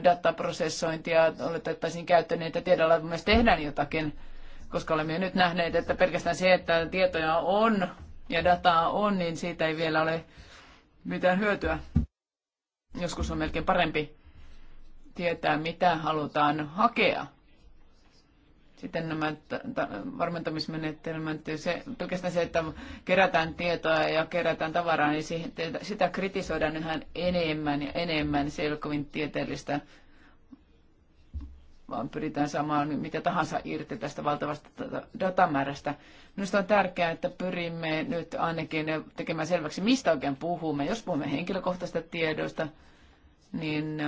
D: dataprosessointia oletettaisiin käyttöön, niin että tiedolla myös tehdään jotakin, koska olemme jo nyt nähneet, että pelkästään se, että tietoja on ja dataa on, niin siitä ei vielä ole mitään hyötyä. Joskus on melkein parempi tietää, mitä halutaan hakea sitten nämä varmentamismenetelmät, se, pelkästään se, että kerätään tietoa ja kerätään tavaraa, niin siihen, sitä kritisoidaan yhä enemmän ja enemmän. Se ei ole kovin tieteellistä, vaan pyritään saamaan mitä tahansa irti tästä valtavasta datamäärästä. Minusta on tärkeää, että pyrimme nyt ainakin tekemään selväksi, mistä oikein puhumme. Jos puhumme henkilökohtaisista tiedoista, niin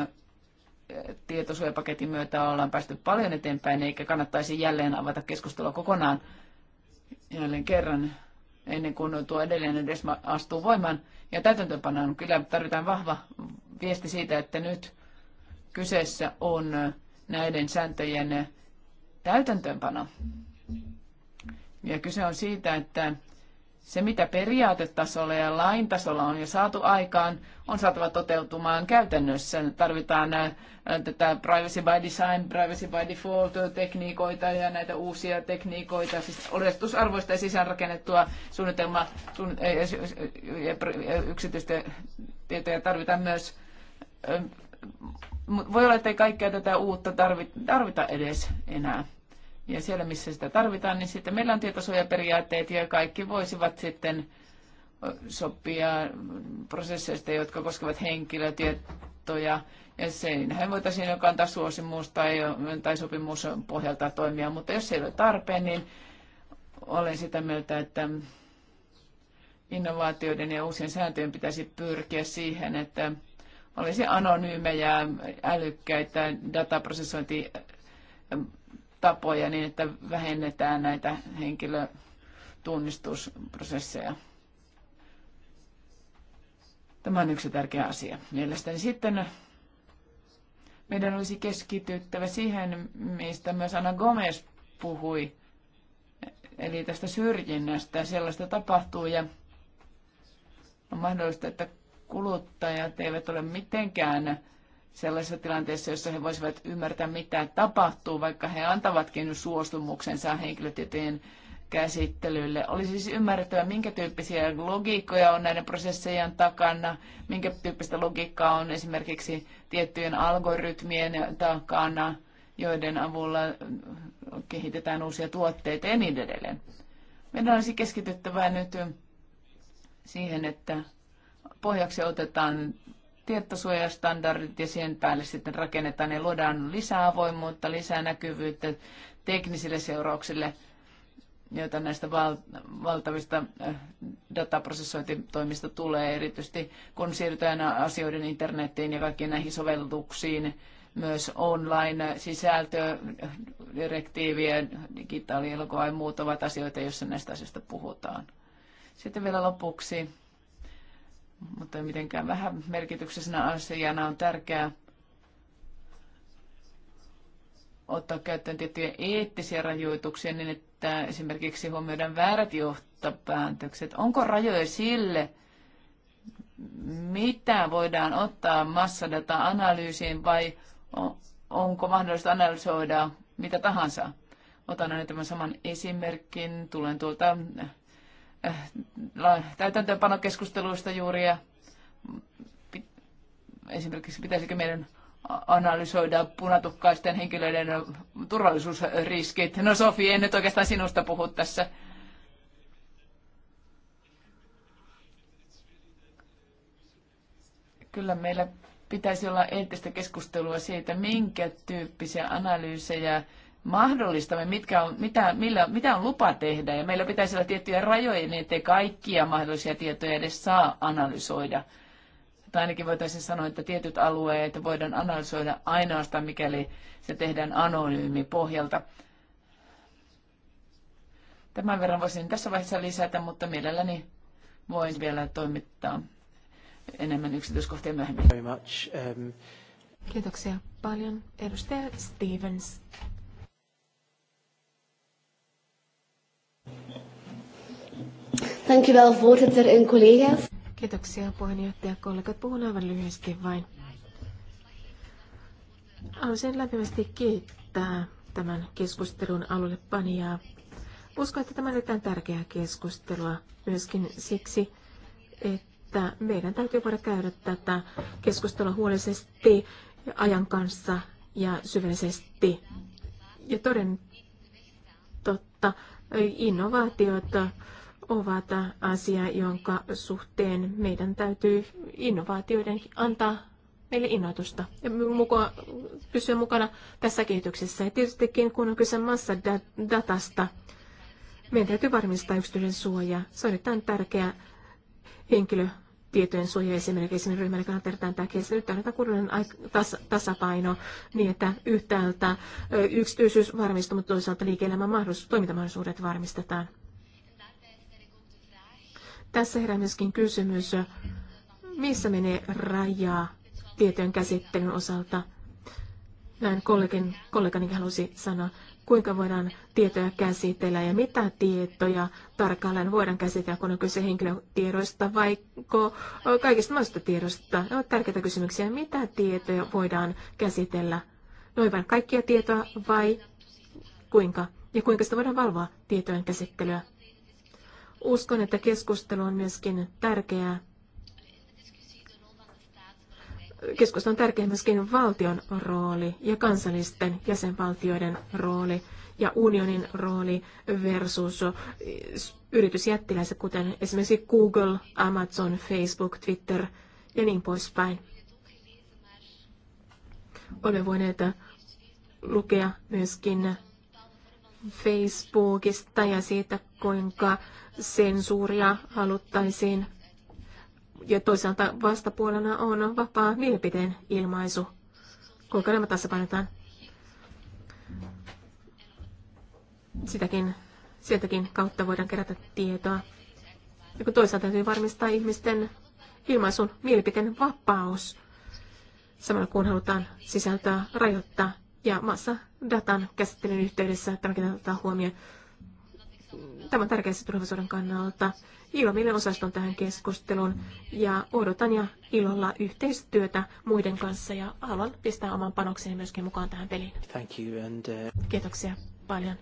D: tietosuojapaketin myötä ollaan päästy paljon eteenpäin, eikä kannattaisi jälleen avata keskustelua kokonaan jälleen kerran ennen kuin tuo edellinen edes astuu voimaan. Ja täytäntöönpanoon kyllä tarvitaan vahva viesti siitä, että nyt kyseessä on näiden sääntöjen täytäntöönpano. Ja kyse on siitä, että se, mitä periaatetasolla ja lain tasolla on jo saatu aikaan, on saatava toteutumaan käytännössä. Tarvitaan äh, tätä privacy by design, privacy by default tekniikoita ja näitä uusia tekniikoita, siis oletusarvoista ja sisäänrakennettua suunnitelmaa ja yksityistä tietoja tarvitaan myös. Ähm, voi olla, että ei kaikkea tätä uutta tarvita edes enää ja siellä, missä sitä tarvitaan, niin sitten meillä on tietosuojaperiaatteet ja kaikki voisivat sitten sopia prosesseista, jotka koskevat henkilötietoja. Ja siinähän voitaisiin jo kantaa suosimus tai, tai sopimus pohjalta toimia, mutta jos se ei ole tarpeen, niin olen sitä mieltä, että innovaatioiden ja uusien sääntöjen pitäisi pyrkiä siihen, että olisi anonyymejä, älykkäitä dataprosessointi tapoja niin, että vähennetään näitä henkilötunnistusprosesseja. Tämä on yksi tärkeä asia. Mielestäni sitten meidän olisi keskityttävä siihen, mistä myös Anna Gomez puhui, eli tästä syrjinnästä. Sellaista tapahtuu ja on mahdollista, että kuluttajat eivät ole mitenkään sellaisessa tilanteessa, jossa he voisivat ymmärtää, mitä tapahtuu, vaikka he antavatkin suostumuksensa henkilötietojen käsittelylle. Olisi siis ymmärrettävä, minkä tyyppisiä logiikkoja on näiden prosessien takana, minkä tyyppistä logiikkaa on esimerkiksi tiettyjen algoritmien takana, joiden avulla kehitetään uusia tuotteita ja niin edelleen. Meidän olisi keskityttävä nyt siihen, että pohjaksi otetaan tietosuojastandardit ja sen päälle sitten rakennetaan ja luodaan lisää avoimuutta, lisää näkyvyyttä teknisille seurauksille, joita näistä val- valtavista dataprosessointitoimista tulee, erityisesti kun siirrytään asioiden internettiin ja kaikkiin näihin sovelluksiin, myös online-sisältödirektiiviä, digitaalielokuva ja muut ovat asioita, joissa näistä asioista puhutaan. Sitten vielä lopuksi mutta mitenkään vähän merkityksenä asiana on tärkeää ottaa käyttöön tiettyjä eettisiä rajoituksia niin, että esimerkiksi huomioidaan väärät johtopäätökset. Onko rajoja sille, mitä voidaan ottaa massadata-analyysiin vai onko mahdollista analysoida mitä tahansa? Otan aina tämän saman esimerkin. Tulen tuolta Äh, täytäntöönpanokeskusteluista juuri ja esimerkiksi pitäisikö meidän analysoida punatukkaisten henkilöiden turvallisuusriskit. No Sofi, en nyt oikeastaan sinusta puhu tässä. Kyllä meillä pitäisi olla eettistä keskustelua siitä, minkä tyyppisiä analyysejä mahdollistamme, mitkä on, mitä, millä, mitä on lupa tehdä. Ja meillä pitäisi olla tiettyjä rajoja, niin ettei kaikkia mahdollisia tietoja edes saa analysoida. Tai ainakin voitaisiin sanoa, että tietyt alueet voidaan analysoida ainoastaan, mikäli se tehdään anonyymi pohjalta. Tämän verran voisin tässä vaiheessa lisätä, mutta mielelläni voin vielä toimittaa enemmän yksityiskohtia myöhemmin. Very much. Um...
B: Kiitoksia paljon. Edustaja Stevens. Dankjewel, voorzitter en collega's. Kiitoksia puheenjohtaja kollegat. Puhun aivan lyhyesti vain. Haluaisin lämpimästi kiittää tämän keskustelun alulle panijaa. Uskon, että tämä on erittäin tärkeää keskustelua myöskin siksi, että meidän täytyy voida käydä tätä keskustelua huolellisesti ajan kanssa ja syvällisesti. Ja toden totta, Innovaatiot ovat asia, jonka suhteen meidän täytyy innovaatioiden antaa meille innoitusta ja mukaan, pysyä mukana tässä kehityksessä. Ja tietystikin kun on kyse massadatasta, meidän täytyy varmistaa yksityisen suoja. Se on erittäin tärkeä henkilö tietojen suoja esimerkiksi ryhmälle kannattaa tämä tärkeää. Nyt tarvitaan kunnollinen tasapaino niin, että yhtäältä yksityisyys varmistuu, mutta toisaalta liike-elämän mahdollisuus, toimintamahdollisuudet varmistetaan. Tässä herää myöskin kysymys, missä menee raja tietojen käsittelyn osalta. Näin kollegin, kollegani halusi sanoa kuinka voidaan tietoja käsitellä ja mitä tietoja tarkalleen voidaan käsitellä, kun on kyse henkilötiedoista vai kaikista muista tiedoista. Ne ovat tärkeitä kysymyksiä. Mitä tietoja voidaan käsitellä? Noin vain kaikkia tietoa vai kuinka? Ja kuinka sitä voidaan valvoa tietojen käsittelyä? Uskon, että keskustelu on myöskin tärkeää keskusta on tärkeä myöskin valtion rooli ja kansallisten jäsenvaltioiden rooli ja unionin rooli versus eh, yritysjättiläiset, kuten esimerkiksi Google, Amazon, Facebook, Twitter ja niin poispäin. Olemme voineet lukea myöskin Facebookista ja siitä, kuinka sensuuria haluttaisiin ja toisaalta vastapuolena on vapaa mielipiteen ilmaisu. Kuinka nämä tasapainotaan? Sitäkin, sieltäkin kautta voidaan kerätä tietoa. Ja kun toisaalta täytyy varmistaa ihmisten ilmaisun mielipiteen vapaus, samalla kun halutaan sisältöä rajoittaa. Ja massa datan käsittelyn yhteydessä tämäkin otetaan huomioon. Tämä on tärkeää turvallisuuden siis kannalta. Ilomille osaston tähän keskusteluun ja odotan ja ilolla yhteistyötä muiden kanssa ja haluan pistää oman panokseni myöskin mukaan tähän peliin.
A: Thank you and, uh...
B: Kiitoksia paljon.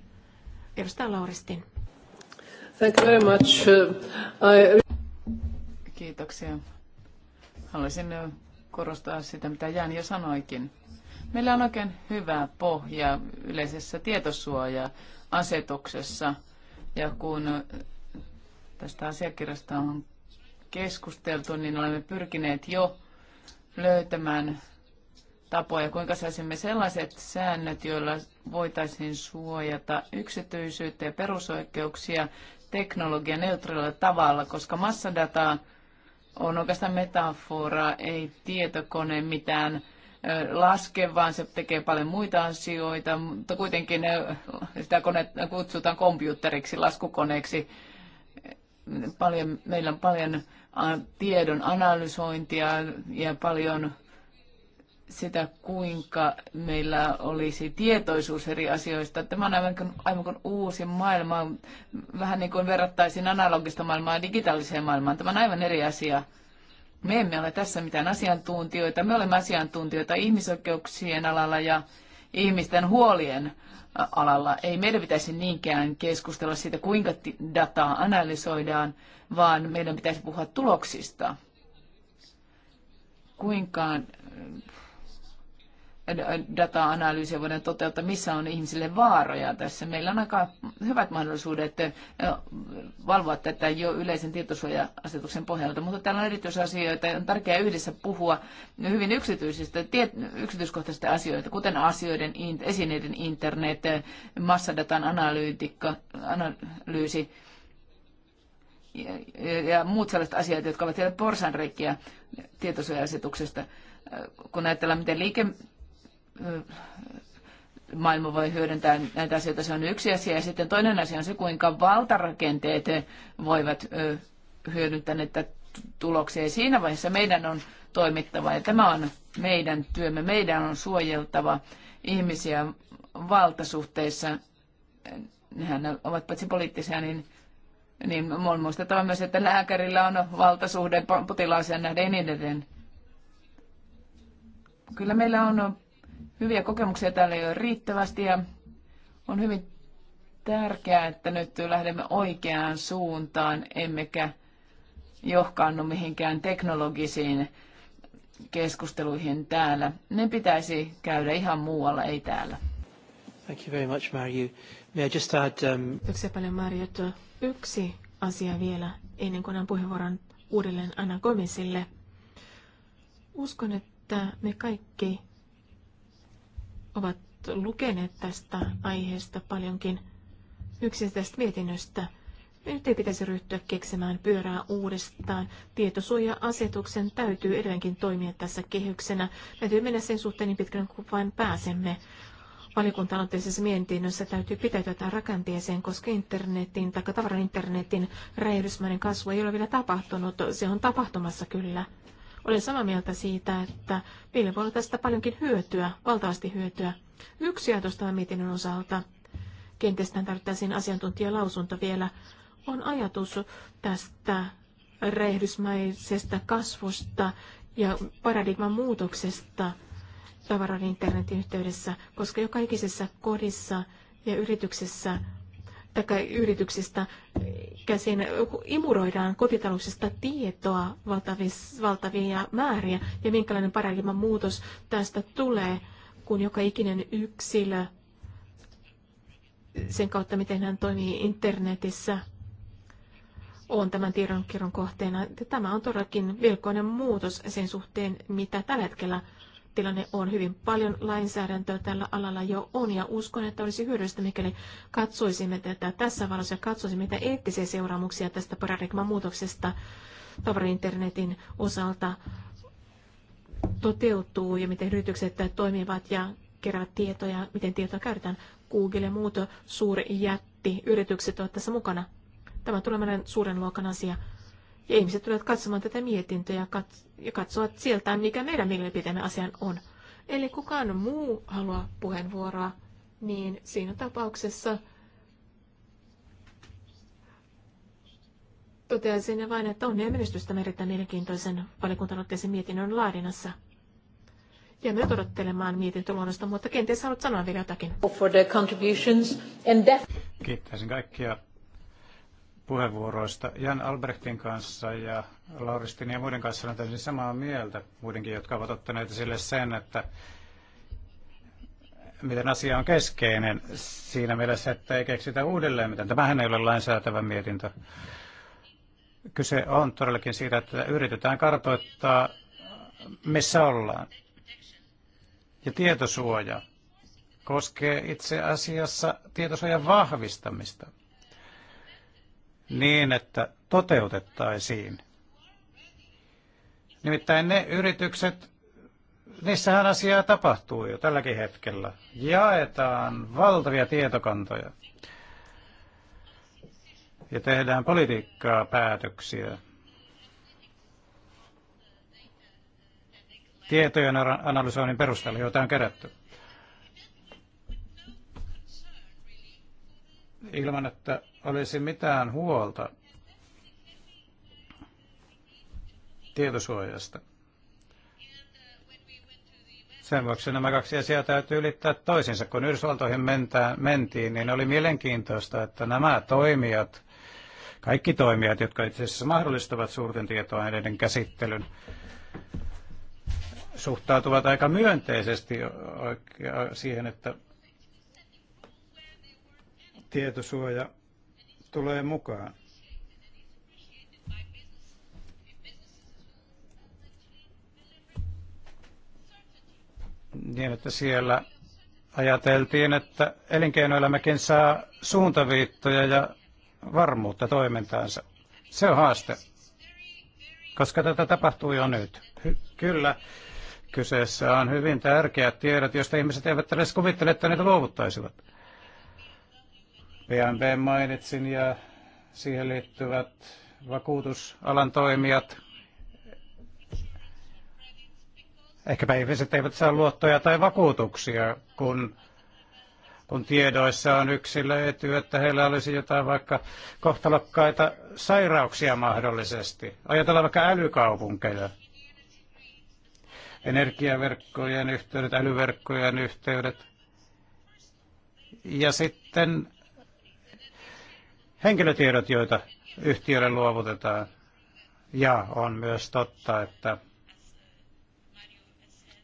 B: Edustaja Lauristin.
A: Thank you very much. Uh,
D: I... Kiitoksia. Haluaisin uh, korostaa sitä, mitä Jan jo sanoikin. Meillä on oikein hyvä pohja yleisessä tietosuoja-asetuksessa – ja kun tästä asiakirjasta on keskusteltu, niin olemme pyrkineet jo löytämään tapoja, kuinka saisimme sellaiset säännöt, joilla voitaisiin suojata yksityisyyttä ja perusoikeuksia teknologian neutraalilla tavalla, koska massadata on oikeastaan metafora, ei tietokone mitään laske, vaan se tekee paljon muita asioita, mutta kuitenkin eh, sitä kone kutsutaan kompiutteriksi, laskukoneeksi. Paljon, meillä on paljon tiedon analysointia ja paljon sitä, kuinka meillä olisi tietoisuus eri asioista. Tämä on aivan kuin, aivan kuin uusi maailma, vähän niin kuin verrattaisiin analogista maailmaa digitaaliseen maailmaan. Tämä on aivan eri asia. Me emme ole tässä mitään asiantuntijoita. Me olemme asiantuntijoita ihmisoikeuksien alalla ja ihmisten huolien alalla. Ei meidän pitäisi niinkään keskustella siitä, kuinka dataa analysoidaan, vaan meidän pitäisi puhua tuloksista. Kuinka data-analyysiä voidaan toteuttaa, missä on ihmisille vaaroja tässä. Meillä on aika hyvät mahdollisuudet valvoa tätä jo yleisen tietosuoja-asetuksen pohjalta, mutta täällä on erityisasioita ja on tärkeää yhdessä puhua hyvin yksityisistä, tiet, yksityiskohtaisista asioista, kuten asioiden, esineiden internet, massadatan analyytikka, analyysi ja, ja muut sellaiset asiat, jotka ovat vielä porsanreikiä tietosuoja-asetuksesta kun ajatellaan, miten liike, maailma voi hyödyntää näitä asioita, se on yksi asia. Ja sitten toinen asia on se, kuinka valtarakenteet voivat hyödyntää näitä tuloksia. Ja siinä vaiheessa meidän on toimittava ja tämä on meidän työmme. Meidän on suojeltava ihmisiä valtasuhteissa. Nehän ovat paitsi poliittisia, niin niin on muistettava myös, että lääkärillä on valtasuhde potilaaseen nähden ja niin edelleen. Kyllä meillä on Hyviä kokemuksia täällä ei ole riittävästi ja on hyvin tärkeää, että nyt lähdemme oikeaan suuntaan, emmekä johkaannu mihinkään teknologisiin keskusteluihin täällä.
B: Ne pitäisi käydä ihan muualla, ei täällä.
A: Thank you very much, Mario. May I just add, um...
B: Yksi paljon, Mario. Yksi asia vielä ennen kuin puheenvuoron uudelleen Anna Komisille. Uskon, että me kaikki ovat lukeneet tästä aiheesta paljonkin yksittäisestä mietinnöstä. Nyt ei pitäisi ryhtyä keksimään pyörää uudestaan. Tietosuoja-asetuksen täytyy edelleenkin toimia tässä kehyksenä. Täytyy mennä sen suhteen niin pitkään kuin vain pääsemme. Valikunta-aloitteisessa mietinnössä täytyy pitäytyä tähän rakenteeseen, koska internetin tai tavaran internetin räjähdysmäinen kasvu ei ole vielä tapahtunut. Se on tapahtumassa kyllä. Olen samaa mieltä siitä, että meillä voi olla tästä paljonkin hyötyä, valtavasti hyötyä. Yksi ajatus tämän mietinnön osalta, kenties tämän tarvittaisiin asiantuntijalausunto vielä, on ajatus tästä räjähdysmäisestä kasvusta ja paradigman muutoksesta tavaran internetin yhteydessä, koska joka ikisessä kodissa ja yrityksessä tai yrityksistä käsin imuroidaan kotitalouksista tietoa valtavia määriä ja minkälainen paradigman muutos tästä tulee, kun joka ikinen yksilö sen kautta, miten hän toimii internetissä, on tämän tiedonkierron kohteena. Tämä on todellakin melkoinen muutos sen suhteen, mitä tällä hetkellä tilanne on. Hyvin paljon lainsäädäntöä tällä alalla jo on ja uskon, että olisi hyödyllistä, mikäli katsoisimme tätä tässä valossa ja katsoisimme, mitä eettisiä seuraamuksia tästä paradigman muutoksesta tavarainternetin osalta toteutuu ja miten yritykset toimivat ja keräävät tietoja, miten tietoa käytetään. Google ja muut suurjättiyritykset ovat tässä mukana. Tämä tulee meidän suuren luokan asia ja ihmiset tulevat katsomaan tätä mietintöä ja katsovat sieltä, mikä meidän mielipiteemme asian on. Eli kukaan muu haluaa puheenvuoroa, niin siinä tapauksessa toteaisin vain, että onnea menestystä erittäin mielenkiintoisen valiokuntanoitteisen mietinnön laadinnassa. Ja me odottelemaan mietintöluonnosta, mutta kenties haluat sanoa vielä jotakin. For the contributions and
C: Kiittäisin kaikkia puheenvuoroista. Jan Albrechtin kanssa ja Lauristin ja muiden kanssa olen täysin samaa mieltä, muidenkin, jotka ovat ottaneet esille sen, että miten asia on keskeinen siinä mielessä, että ei keksitä uudelleen miten. Tämähän ei ole lainsäätävä mietintö. Kyse on todellakin siitä, että yritetään kartoittaa, missä ollaan. Ja tietosuoja koskee itse asiassa tietosuojan vahvistamista – niin, että toteutettaisiin. Nimittäin ne yritykset, niissähän asiaa tapahtuu jo tälläkin hetkellä. Jaetaan valtavia tietokantoja ja tehdään politiikkaa päätöksiä. Tietojen analysoinnin perusteella, joita on kerätty. Ilman, että olisi mitään huolta tietosuojasta. Sen vuoksi nämä kaksi asiaa täytyy ylittää toisinsa. Kun Yhdysvaltoihin mentään, mentiin, niin oli mielenkiintoista, että nämä toimijat, kaikki toimijat, jotka itse asiassa mahdollistavat suurten tietoaineiden käsittelyn, suhtautuvat aika myönteisesti siihen, että tietosuoja tulee mukaan. Niin, että siellä ajateltiin, että elinkeinoelämäkin saa suuntaviittoja ja varmuutta toimintaansa. Se on haaste, koska tätä tapahtuu jo nyt. Hy- kyllä, kyseessä on hyvin tärkeät tiedot, joista ihmiset eivät edes kuvittele, että niitä luovuttaisivat. VNB mainitsin ja siihen liittyvät vakuutusalan toimijat. Ehkäpä ihmiset eivät saa luottoja tai vakuutuksia, kun, kun tiedoissa on yksilöity, että heillä olisi jotain vaikka kohtalokkaita sairauksia mahdollisesti. Ajatellaan vaikka älykaupunkeja. Energiaverkkojen yhteydet, älyverkkojen yhteydet. Ja sitten henkilötiedot, joita yhtiölle luovutetaan. Ja on myös totta, että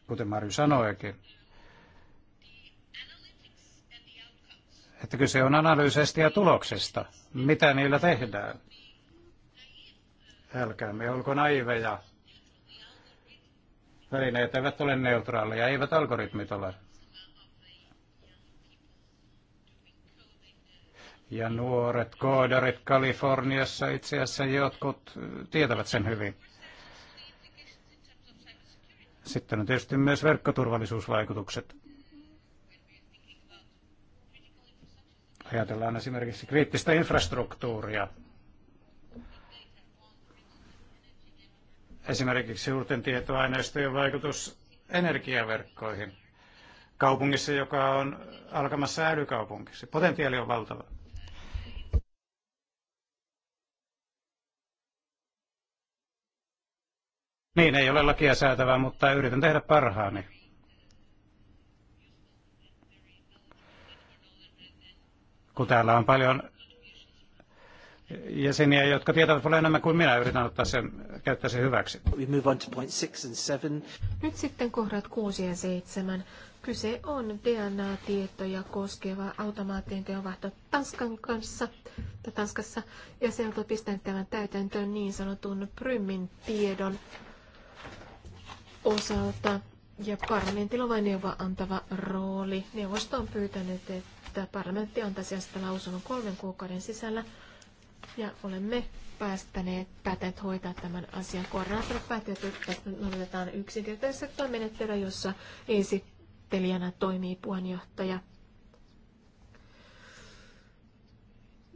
C: kuten Marju sanoikin, että kyse on analyysestä ja tuloksesta, Mitä niillä tehdään? Älkäämme olko naiveja. Välineet eivät ole neutraaleja, eivät algoritmit ole. Ja nuoret koodarit Kaliforniassa itse asiassa jotkut tietävät sen hyvin. Sitten on tietysti myös verkkoturvallisuusvaikutukset. Ajatellaan esimerkiksi kriittistä infrastruktuuria. Esimerkiksi suurten tietoaineistojen vaikutus energiaverkkoihin kaupungissa, joka on alkamassa älykaupunkiksi. Potentiaali on valtava. Niin, ei ole lakia säätävää, mutta yritän tehdä parhaani. Kun täällä on paljon jäseniä, jotka tietävät paljon enemmän kuin minä, yritän ottaa sen, käyttää sen hyväksi.
B: Nyt sitten kohdat 6 ja 7. Kyse on DNA-tietoja koskeva automaattinen teonvaihto Tanskan kanssa, tai Tanskassa, ja se on pistänyt tämän täytäntöön niin sanotun Prymin tiedon osalta. Ja parlamentilla on vain neuvoa antava rooli. Neuvosto on pyytänyt, että parlamentti antaisi asiasta lausunnon kolmen kuukauden sisällä. Ja olemme päästäneet päätet hoitaa tämän asian. Koordinaattorit päättivät, että noudatetaan yksinkertaisessa menettelyä, jossa esittelijänä toimii puheenjohtaja.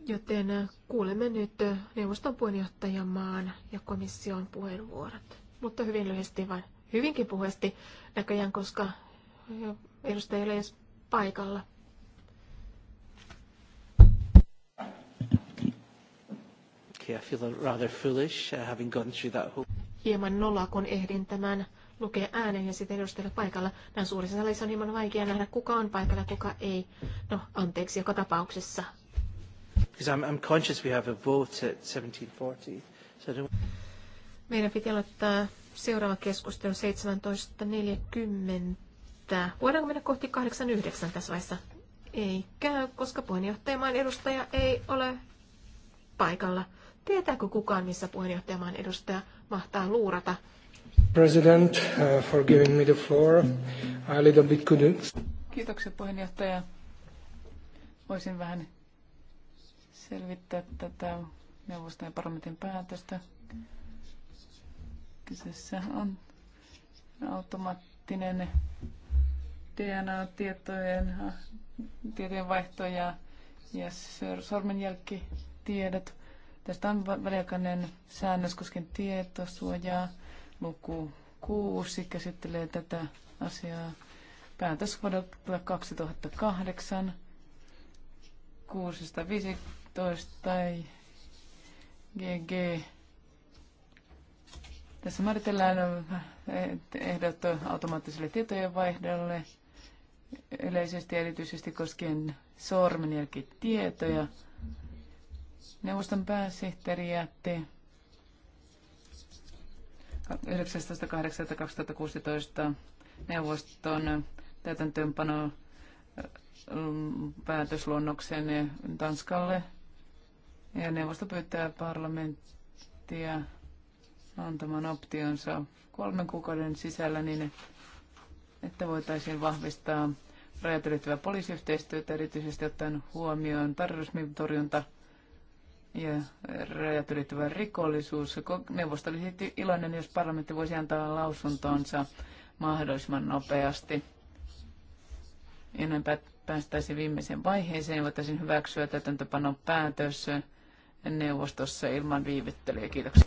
B: Joten kuulemme nyt neuvoston puheenjohtajamaan ja komission puheenvuorot. Mutta hyvin lyhyesti vain hyvinkin puheesti näköjään, koska edustaja ei ole edes paikalla.
A: Okay, I feel rather foolish uh, having gone through that whole...
B: Hieman nolla, kun ehdin tämän lukea äänen ja sitten edustella paikalla. Näin suurissa salissa on hieman vaikea nähdä, kuka on paikalla ja kuka ei. No, anteeksi joka tapauksessa.
A: I'm, I'm conscious we have a vote at 17.40. So don't...
B: Meidän piti aloittaa Seuraava keskustelu 17.40. Voidaanko mennä kohti 8.9 tässä vaiheessa? Ei käy, koska puheenjohtajamaan edustaja ei ole paikalla. Tietääkö kukaan, missä puheenjohtajamaan edustaja mahtaa luurata?
C: President, uh, for giving me the floor. a little bit couldn't.
D: Kiitoksia puheenjohtaja. Voisin vähän selvittää tätä neuvoston ja parlamentin päätöstä. Kyseessä on automaattinen DNA-tietojen tietojen vaihto ja, ja sormenjälkitiedot. Tästä on väliaikainen säännös koskien tietosuojaa. Luku 6 käsittelee tätä asiaa. Päätös vuodelta 2008 615 GG tässä määritellään eh, ehdot automaattiselle tietojenvaihdolle yleisesti ja erityisesti koskien sormenjälkitietoja. Neuvoston pääsihteeri jätti 19.8.2016 neuvoston täytäntöönpano eh, päätösluonnoksen Tanskalle. Ja neuvosto pyytää parlamenttia antamaan optionsa kolmen kuukauden sisällä niin, että voitaisiin vahvistaa rajat ylittävää poliisiyhteistyötä, erityisesti ottaen huomioon terrorismin torjunta ja rajat ylittävä rikollisuus. Neuvosto olisi iloinen, jos parlamentti voisi antaa lausuntonsa mahdollisimman nopeasti. Ja näin päästäisiin viimeiseen vaiheeseen ja voitaisiin hyväksyä täytäntöpanon päätös neuvostossa ilman viivyttelyä. Kiitoksia.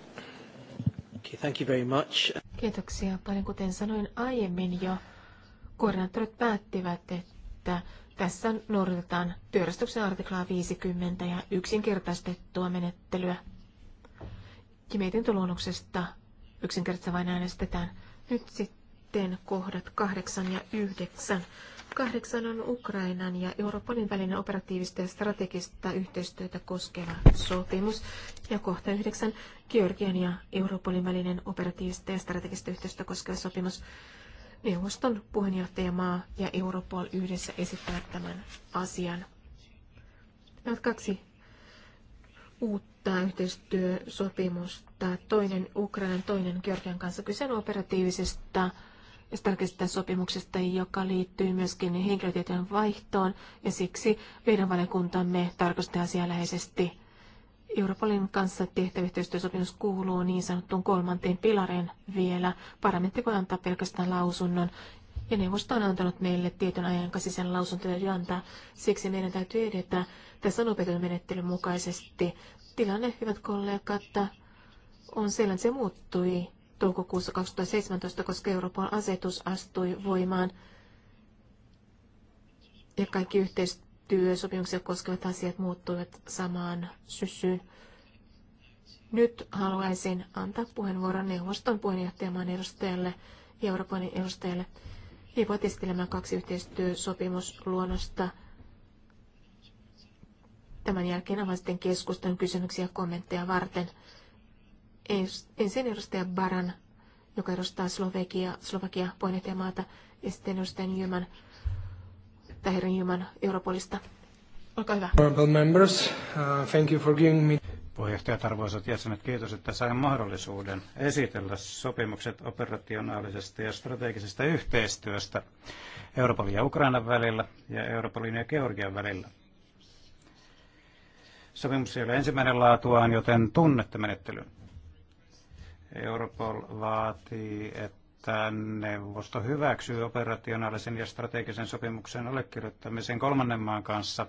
A: Okay, thank you very much.
B: Kiitoksia paljon. Kuten sanoin aiemmin jo, koordinaattorit päättivät, että tässä noudatetaan työjärjestyksen artiklaa 50 ja yksinkertaistettua menettelyä. Ja mietintöluonnoksesta yksinkertaisesti vain äänestetään. Nyt sitten kohdat 8 ja 9 8 on Ukrainan ja Euroopanin välinen operatiivista ja strategista yhteistyötä koskeva sopimus. Ja kohta 9 Georgian ja Euroopanin välinen operatiivista ja strategista yhteistyötä koskeva sopimus. Neuvoston puheenjohtajamaa ja Europol yhdessä esittävät tämän asian. Nämä ovat kaksi uutta yhteistyösopimusta. Toinen Ukrainan, toinen Georgian kanssa. Kyse on operatiivisesta ja sopimuksesta, joka liittyy myöskin henkilötietojen vaihtoon, ja siksi meidän valiokuntamme tarkastaa asiaa läheisesti. Europolin kanssa tehtävä yhteistyösopimus kuuluu niin sanottuun kolmanteen pilareen vielä. Parlamentti voi antaa pelkästään lausunnon, ja neuvosto on antanut meille tietyn ajan sisällä lausuntoja täytyy antaa. Siksi meidän täytyy edetä tässä nopeutetun menettelyn mukaisesti. Tilanne, hyvät kollegat, on sellainen, että se muuttui toukokuussa 2017, koska Euroopan asetus astui voimaan ja kaikki yhteistyösopimuksia koskevat asiat muuttuivat samaan syssyyn. Nyt haluaisin antaa puheenvuoron neuvoston puheenjohtajamaan edustajalle ja Euroopan edustajalle. He voivat esittelemään kaksi yhteistyösopimusluonnosta. Tämän jälkeen avaan sitten keskustelun kysymyksiä ja kommentteja varten ensin edustaja Baran, joka edustaa Slovakia, Slovakia puheenjohtajamaata, ja sitten edustaja Newman, Tahirin Newman Europolista. Olkaa hyvä.
C: Members, uh, thank you for giving me... Puheenjohtajat, arvoisat jäsenet, kiitos, että sain mahdollisuuden esitellä sopimukset operationaalisesta ja strategisesta yhteistyöstä Euroopan ja Ukrainan välillä ja Euroopan ja Georgian välillä. Sopimus ei ole ensimmäinen laatuaan, joten tunnette menettelyn. Europol vaatii, että neuvosto hyväksyy operationaalisen ja strategisen sopimuksen allekirjoittamisen kolmannen maan kanssa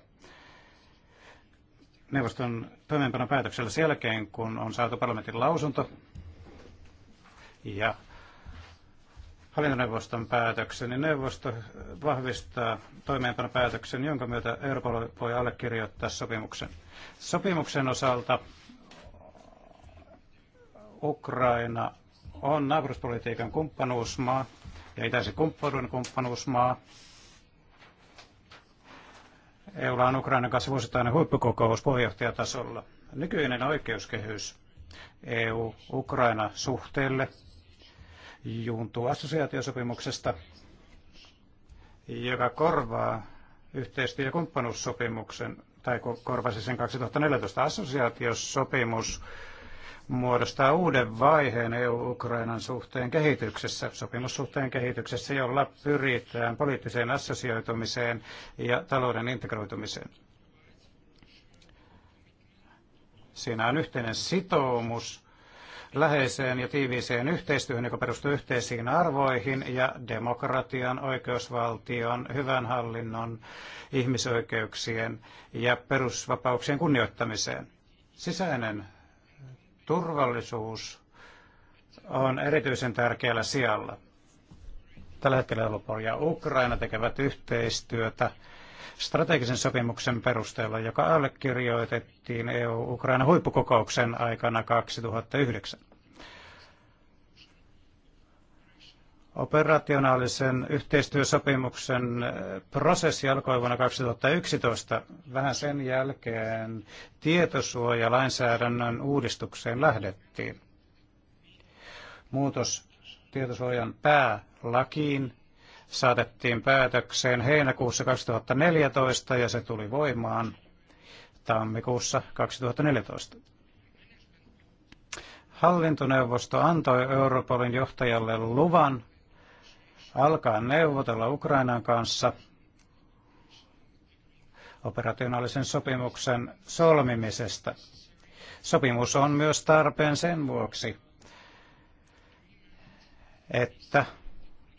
C: neuvoston toimeenpanon päätöksellä sen jälkeen, kun on saatu parlamentin lausunto ja hallintoneuvoston päätöksen, niin neuvosto vahvistaa päätöksen, jonka myötä Europol voi allekirjoittaa sopimuksen. Sopimuksen osalta Ukraina on naapuruspolitiikan kumppanuusmaa ja itäisen kumppanuuden kumppanuusmaa. EUlla on Ukrainan kanssa vuosittainen huippukokous puheenjohtajatasolla. Nykyinen oikeuskehys EU-Ukraina-suhteelle juuntuu assosiaatiosopimuksesta, joka korvaa yhteistyö- ja kumppanuussopimuksen, tai korvasi sen 2014 assosiaatiosopimus muodostaa uuden vaiheen EU-Ukrainan suhteen kehityksessä, sopimussuhteen kehityksessä, jolla pyritään poliittiseen assosioitumiseen ja talouden integroitumiseen. Siinä on yhteinen sitoumus läheiseen ja tiiviiseen yhteistyöhön, joka perustuu yhteisiin arvoihin ja demokratian, oikeusvaltion, hyvän hallinnon, ihmisoikeuksien ja perusvapauksien kunnioittamiseen. Sisäinen turvallisuus on erityisen tärkeällä sijalla. Tällä hetkellä Europol ja Ukraina tekevät yhteistyötä strategisen sopimuksen perusteella, joka allekirjoitettiin EU-Ukraina huippukokouksen aikana 2009. Operationaalisen yhteistyösopimuksen eh, prosessi alkoi vuonna 2011, vähän sen jälkeen tietosuojalainsäädännön uudistukseen lähdettiin. Muutos tietosuojan päälakiin saatettiin päätökseen heinäkuussa 2014 ja se tuli voimaan tammikuussa 2014. Hallintoneuvosto antoi Europolin johtajalle luvan alkaa neuvotella Ukrainan kanssa operationaalisen sopimuksen solmimisesta. Sopimus on myös tarpeen sen vuoksi, että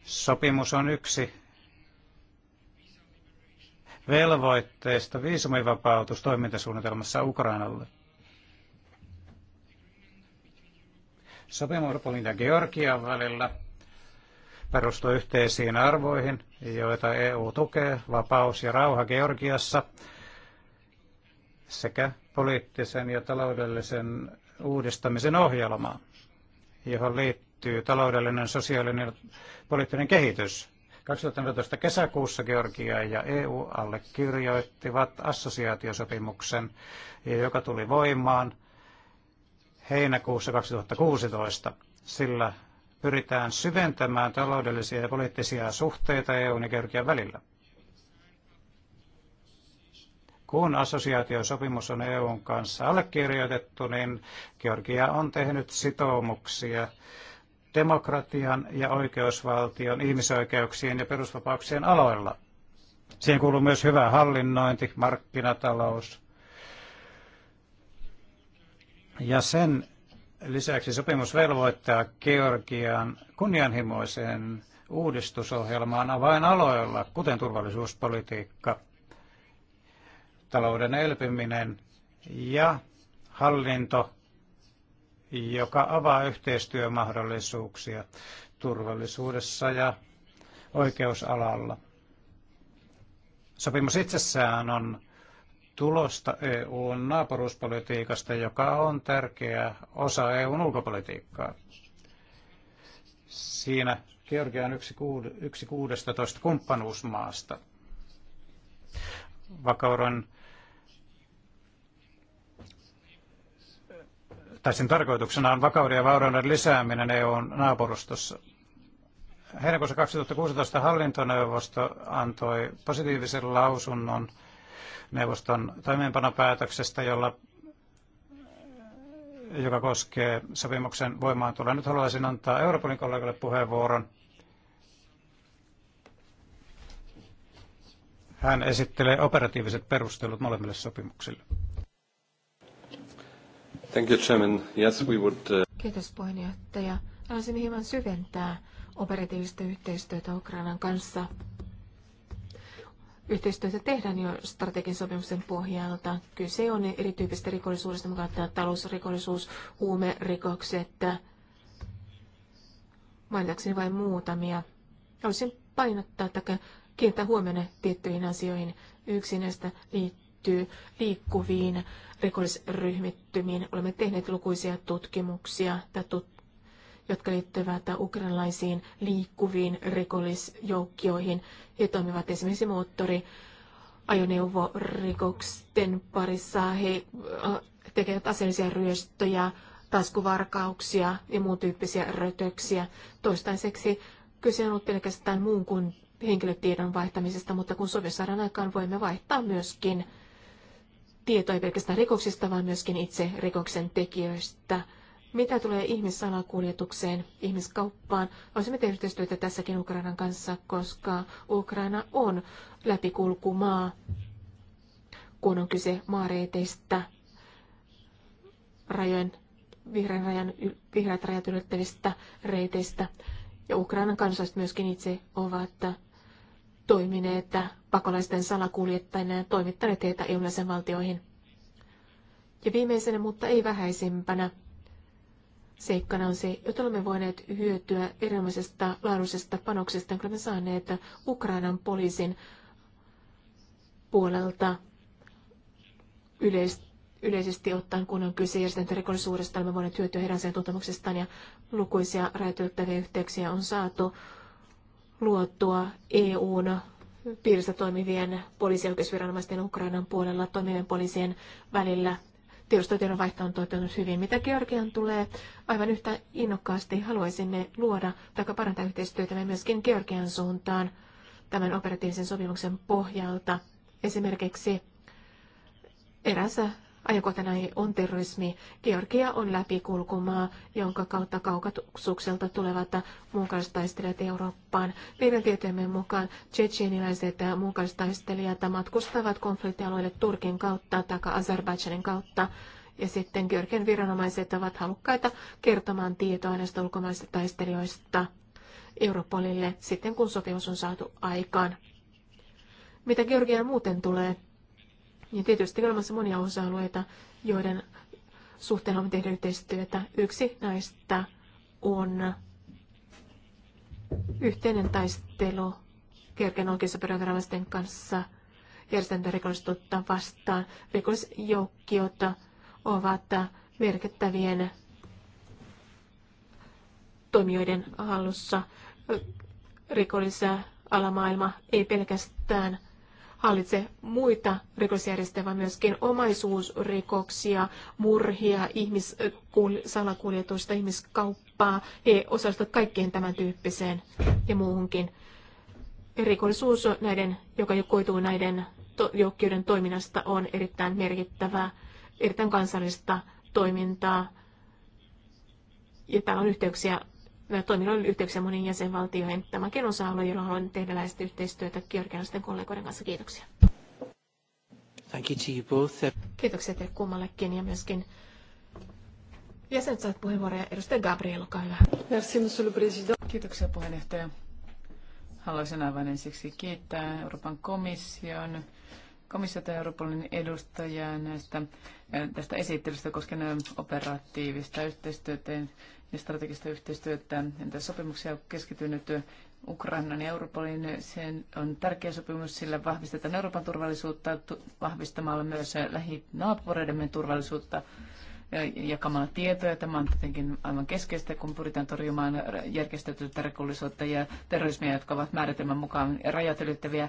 C: sopimus on yksi velvoitteista toimintasuunnitelmassa Ukrainalle. Sopimus ja Georgian välillä – perustuu yhteisiin arvoihin, joita EU tukee, vapaus ja rauha Georgiassa sekä poliittisen ja taloudellisen uudistamisen ohjelma, johon liittyy taloudellinen, sosiaalinen ja poliittinen kehitys. 2014 kesäkuussa Georgia ja EU allekirjoittivat assosiaatiosopimuksen, joka tuli voimaan heinäkuussa 2016. Sillä pyritään syventämään taloudellisia ja poliittisia suhteita EUn ja Georgian välillä. Kun assosiaatiosopimus on EUn kanssa allekirjoitettu, niin Georgia on tehnyt sitoumuksia demokratian ja oikeusvaltion, ihmisoikeuksien ja perusvapauksien aloilla. Siihen kuuluu myös hyvä hallinnointi, markkinatalous. Ja sen Lisäksi sopimus velvoittaa Georgian kunnianhimoiseen uudistusohjelmaan avainaloilla, kuten turvallisuuspolitiikka, talouden elpyminen ja hallinto, joka avaa yhteistyömahdollisuuksia turvallisuudessa ja oikeusalalla. Sopimus itsessään on tulosta EUn naapuruuspolitiikasta, joka on tärkeä osa EUn ulkopolitiikkaa. Siinä Georgia on yksi, kuud- yksi 16 kumppanuusmaasta. Vakauran tai sen tarkoituksena on vakauden ja vaurauden lisääminen EUn naapurustossa. Heinäkuussa 2016 hallintoneuvosto antoi positiivisen lausunnon neuvoston toimeenpanopäätöksestä, jolla, joka koskee sopimuksen voimaantuloa. Nyt haluaisin antaa Euroopan kollegalle puheenvuoron. Hän esittelee operatiiviset perustelut molemmille sopimuksille.
A: Thank you, Chairman. Yes, we would, uh...
B: Kiitos puheenjohtaja. Haluaisin hieman syventää operatiivista yhteistyötä Ukrainan kanssa. Yhteistyötä tehdään jo strategin sopimuksen pohjalta. Kyse on erityyppistä rikollisuudesta, mukaan talousrikollisuus, huumerikokset, mainitakseni vain muutamia. Haluaisin painottaa tai kiinnittää huomioon tiettyihin asioihin. Yksi näistä liittyy liikkuviin rikollisryhmittymiin. Olemme tehneet lukuisia tutkimuksia tai tut- jotka liittyvät ukrainalaisiin liikkuviin rikollisjoukkioihin. He toimivat esimerkiksi moottori ajoneuvorikosten parissa. He äh, tekevät aseellisia ryöstöjä, taskuvarkauksia ja muun tyyppisiä rötöksiä. Toistaiseksi kyse on ollut pelkästään muun kuin henkilötiedon vaihtamisesta, mutta kun sovi aikaan, voimme vaihtaa myöskin tietoa ei pelkästään rikoksista, vaan myöskin itse rikoksen tekijöistä – mitä tulee ihmissalakuljetukseen, ihmiskauppaan, olisimme tehneet yhteistyötä tässäkin Ukrainan kanssa, koska Ukraina on läpikulkumaa, kun on kyse maareiteistä, rajojen, vihreän rajan, vihreät rajat ylittävistä reiteistä. Ja Ukrainan kansalaiset myöskin itse ovat toimineet pakolaisten salakuljettajina ja toimittaneet heitä eu valtioihin. Ja viimeisenä, mutta ei vähäisimpänä, seikkana on se, että olemme voineet hyötyä erilaisesta laadullisesta panoksesta, jonka olemme saaneet Ukrainan poliisin puolelta yleis- yleisesti ottaen, kun on kyse järjestäntä rikollisuudesta, olemme voineet hyötyä heidän asiantuntemuksestaan ja lukuisia rajoittavia yhteyksiä on saatu luottua EUn piirissä toimivien poliisioikeusviranomaisten Ukrainan puolella toimivien poliisien välillä tiedostotiedon vaihto on toteutunut hyvin. Mitä Georgian tulee, aivan yhtä innokkaasti haluaisimme luoda tai parantaa yhteistyötämme myöskin Georgian suuntaan tämän operatiivisen sopimuksen pohjalta. Esimerkiksi eräs Ajankohtana on terrorismi. Georgia on läpikulkumaa, jonka kautta kaukasukselta tulevat muukalaistaistelijat Eurooppaan. Meidän tietojemme mukaan tsetseniläiset muukalaistaistelijat matkustavat konfliktialueelle Turkin kautta tai Azerbaidžanin kautta. Ja sitten Georgian viranomaiset ovat halukkaita kertomaan tietoa näistä ulkomaisista taistelijoista Europolille sitten, kun sopimus on saatu aikaan. Mitä Georgiaan muuten tulee, ja tietysti on olemassa monia osa-alueita, joiden suhteen on tehdä yhteistyötä. Yksi näistä on yhteinen taistelu kerken oikeassa kanssa järjestäntä rikollisuutta vastaan. Rikollisjoukkiot ovat merkittävien toimijoiden hallussa. Rikollisia alamaailma ei pelkästään – hallitse muita rikosjärjestöjä, vaan myöskin omaisuusrikoksia, murhia, ihmissalakuljetusta, ihmiskauppaa. He osallistuvat kaikkeen tämän tyyppiseen ja muuhunkin. Rikollisuus, näiden, joka koituu näiden to- joukkojen toiminnasta, on erittäin merkittävää, erittäin kansallista toimintaa. Ja täällä on yhteyksiä on yhteyksiä moniin jäsenvaltioihin. Tämäkin osa-alue, jolla haluan tehdä läheistä yhteistyötä georgialaisten kollegoiden kanssa. Kiitoksia.
A: Thank you to you both.
B: Kiitoksia teille kummallekin ja myöskin jäsenet saat puheenvuoroja. Edustaja Gabriel, olkaa hyvä. Merci, monsieur le président. Kiitoksia puheenjohtaja.
D: Haluaisin aivan ensiksi kiittää Euroopan komission komissiota Euroopan edustajaa näistä, eh, tästä esittelystä koskien eh, operatiivista yhteistyötä ja strategista yhteistyötä. Entä sopimuksia on keskitynyt Ukrainan ja Europolin. Sen on tärkeä sopimus, sillä vahvistetaan Euroopan turvallisuutta vahvistamalla myös lähinaapureidemme turvallisuutta jakamalla tietoja. Tämä on tietenkin aivan keskeistä, kun pyritään torjumaan järjestettyä rikollisuutta ja terrorismia, jotka ovat määritelmän mukaan rajat ylittäviä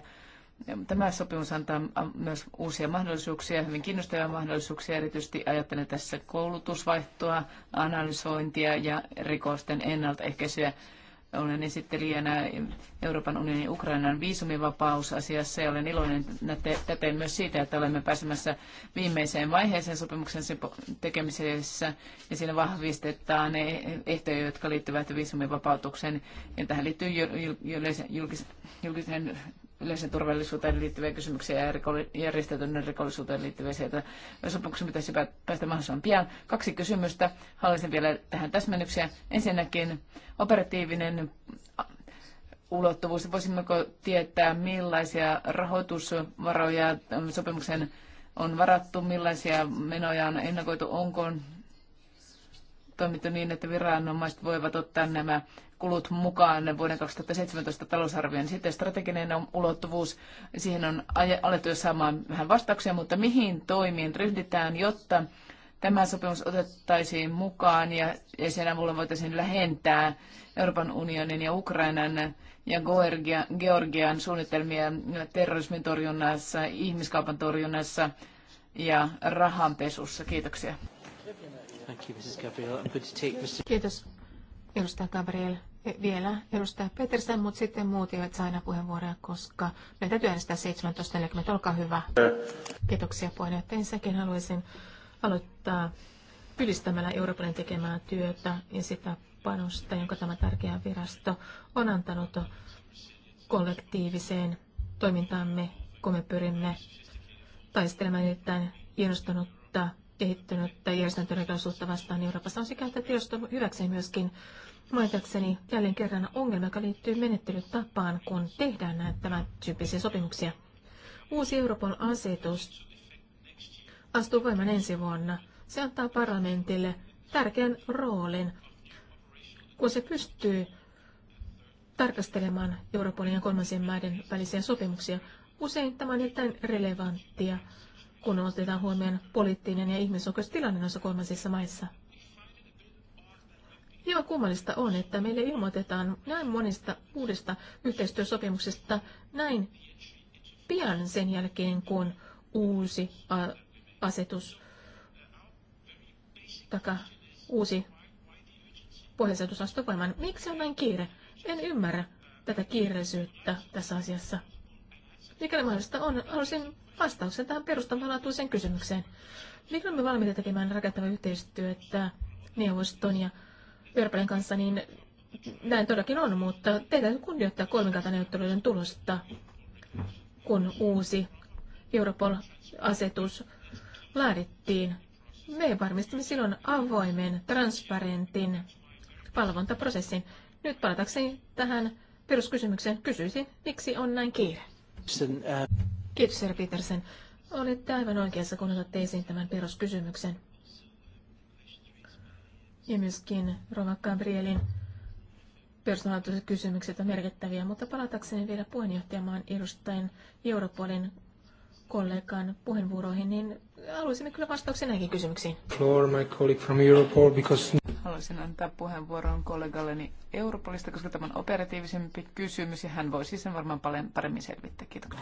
D: Tämä sopimus antaa myös uusia mahdollisuuksia, hyvin kiinnostavia mahdollisuuksia, erityisesti ajattelen tässä koulutusvaihtoa, analysointia ja rikosten ennaltaehkäisyä. Olen esittelijänä Euroopan unionin Ukrainan viisumivapausasiassa ja olen iloinen täten myös siitä, että olemme pääsemässä viimeiseen vaiheeseen sopimuksen tekemisessä ja siinä vahvistetaan ne ehtoja, jotka liittyvät viisumivapautukseen. Ja tähän liittyy julkisen yleisen turvallisuuteen liittyviä kysymyksiä ja järjestäytyneen rikollisuuteen liittyviä sieltä. Sopimuksen pitäisi päästä mahdollisimman pian. Kaksi kysymystä. Haluaisin vielä tähän täsmennyksiä. Ensinnäkin operatiivinen ulottuvuus. Voisimmeko tietää, millaisia rahoitusvaroja mm, sopimuksen on varattu, millaisia menoja on ennakoitu, onko toimittu niin, että viranomaiset voivat ottaa nämä kulut mukaan vuoden 2017 talousarvioon. Sitten strateginen ulottuvuus, siihen on alettu jo saamaan vähän vastauksia, mutta mihin toimiin ryhdytään, jotta tämä sopimus otettaisiin mukaan ja, ja sen avulla voitaisiin lähentää Euroopan unionin ja Ukrainan ja Georgian suunnitelmia terrorismin torjunnassa, ihmiskaupan torjunnassa ja
A: rahanpesussa. Kiitoksia. Thank you, Mrs. Gabriel. I'm going to take Mr.
B: Kiitos, edustaja Gabriel. E, vielä edustaja Petersen, mutta sitten muut eivät saa aina puheenvuoroja, koska meidän täytyy äänestää 17.40. Olkaa hyvä. Kiitoksia puheenjohtaja. Ensinnäkin haluaisin aloittaa ylistämällä Euroopan tekemää työtä ja sitä panosta, jonka tämä tärkeä virasto on antanut kollektiiviseen toimintaamme, kun me pyrimme taistelemaan erittäin innostunutta kehittynyttä järjestäytynyt osuutta vastaan niin Euroopassa on sekä, että tiedosto hyväkseen myöskin mainitakseni jälleen kerran ongelma, joka liittyy menettelytapaan, kun tehdään näitä tämän tyyppisiä sopimuksia. Uusi Euroopan asetus astuu voimaan ensi vuonna. Se antaa parlamentille tärkeän roolin, kun se pystyy tarkastelemaan Euroopan ja kolmansien maiden välisiä sopimuksia. Usein tämä on erittäin relevanttia kun otetaan huomioon poliittinen ja ihmisoikeustilanne noissa kolmansissa maissa. Hieman kummallista on, että meille ilmoitetaan näin monista uudesta yhteistyösopimuksesta näin pian sen jälkeen, kun uusi asetus taka uusi pohjaisetus astuu voimaan. Miksi on näin kiire? En ymmärrä tätä kiireisyyttä tässä asiassa. Mikäli mahdollista on, haluaisin vastauksen tähän perustavanlaatuiseen kysymykseen. Mikä me valmiita tekemään rakentavaa yhteistyötä neuvoston ja Euroopan kanssa, niin näin todellakin on, mutta teidän kunnioittaa kolmikantaneuvotteluiden tulosta, kun uusi Europol-asetus laadittiin. Me varmistimme silloin avoimen, transparentin valvontaprosessin. Nyt palatakseni tähän peruskysymykseen kysyisin, miksi on näin kiire? Äh, Kiitos, Sir Petersen. Olette aivan oikeassa, kun otatte esiin tämän peruskysymyksen. Ja myöskin Rova Gabrielin persoonalliset kysymykset on merkittäviä, mutta palatakseni vielä puheenjohtajamaan edustajan Europolin kollegan puheenvuoroihin, niin haluaisimme kyllä vastauksia näihin kysymyksiin.
C: Floor, my colleague from Europol, because...
D: Haluaisin antaa puheenvuoron kollegalleni Europolista, koska tämä on operatiivisempi kysymys ja hän voisi sen varmaan paljon paremmin selvittää. Kiitoksia.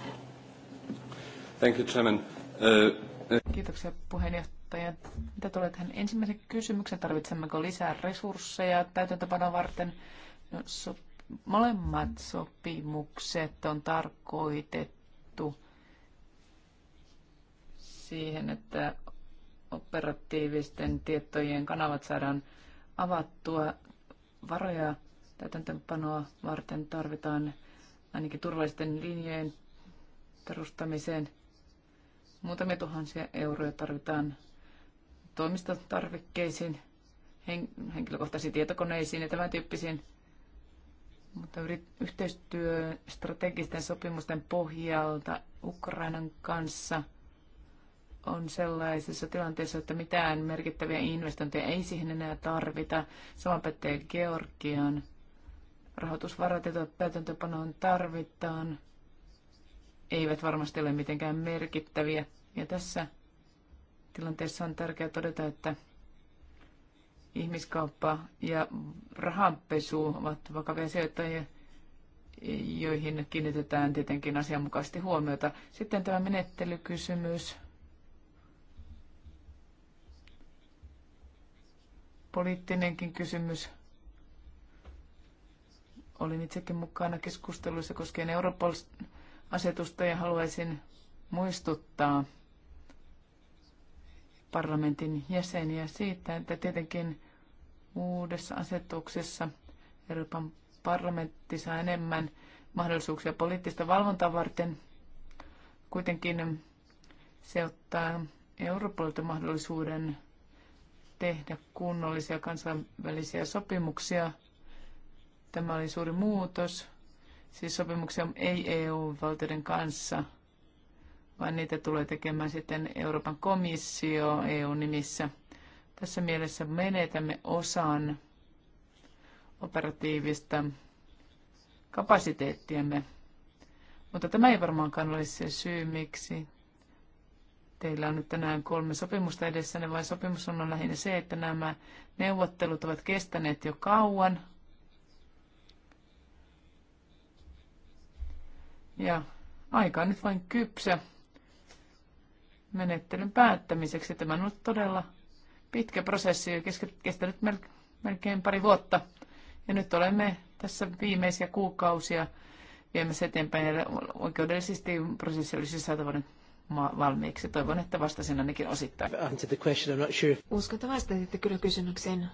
D: Thank you, uh, uh, Kiitoksia puheenjohtaja. Mitä tulee tähän ensimmäisen kysymyksen, tarvitsemmeko lisää resursseja täytäntöpanoa varten? No, so, molemmat sopimukset on tarkoitettu siihen, että operatiivisten tietojen kanavat saadaan avattua. Varoja täytäntöönpanoa varten tarvitaan ainakin turvallisten linjojen perustamiseen Muutamia tuhansia euroja tarvitaan toimistotarvikkeisiin, henkilökohtaisiin tietokoneisiin ja tämän tyyppisiin. Mutta yhteistyö strategisten sopimusten pohjalta Ukrainan kanssa on sellaisessa tilanteessa, että mitään merkittäviä investointeja ei siihen enää tarvita. Sama pätee Georgian. Rahoitusvarat, joita täytäntöpanoon tarvitaan, eivät varmasti ole mitenkään merkittäviä. Ja tässä tilanteessa on tärkeää todeta, että ihmiskauppa ja rahanpesu ovat vakavia sijoittajia, joihin kiinnitetään tietenkin asianmukaisesti huomiota. Sitten tämä menettelykysymys. Poliittinenkin kysymys. Olin itsekin mukana keskusteluissa koskien Europol asetusta ja haluaisin muistuttaa parlamentin jäseniä siitä, että tietenkin uudessa asetuksessa Euroopan parlamentti saa enemmän mahdollisuuksia poliittista valvontaa varten. Kuitenkin se ottaa Euroopalta mahdollisuuden tehdä kunnollisia kansainvälisiä sopimuksia. Tämä oli suuri muutos siis sopimuksia ei-EU-valtioiden kanssa, vaan niitä tulee tekemään sitten Euroopan komissio EU-nimissä. Tässä mielessä menetämme osan operatiivista kapasiteettiamme. Mutta tämä ei varmaankaan ole se syy, miksi teillä on nyt tänään kolme sopimusta edessänne, vai sopimus on lähinnä se, että nämä neuvottelut ovat kestäneet jo kauan – Ja aika on nyt vain kypsä menettelyn päättämiseksi. Tämä on ollut todella pitkä prosessi ja kestänyt melkein pari vuotta. Ja nyt olemme tässä viimeisiä kuukausia viemässä eteenpäin ja oikeudellisesti prosessi olisi saatava valmiiksi. Toivon, että vastasin ainakin osittain.
A: Sure.
B: Uskon, että vastasitte kyllä kysymykseen.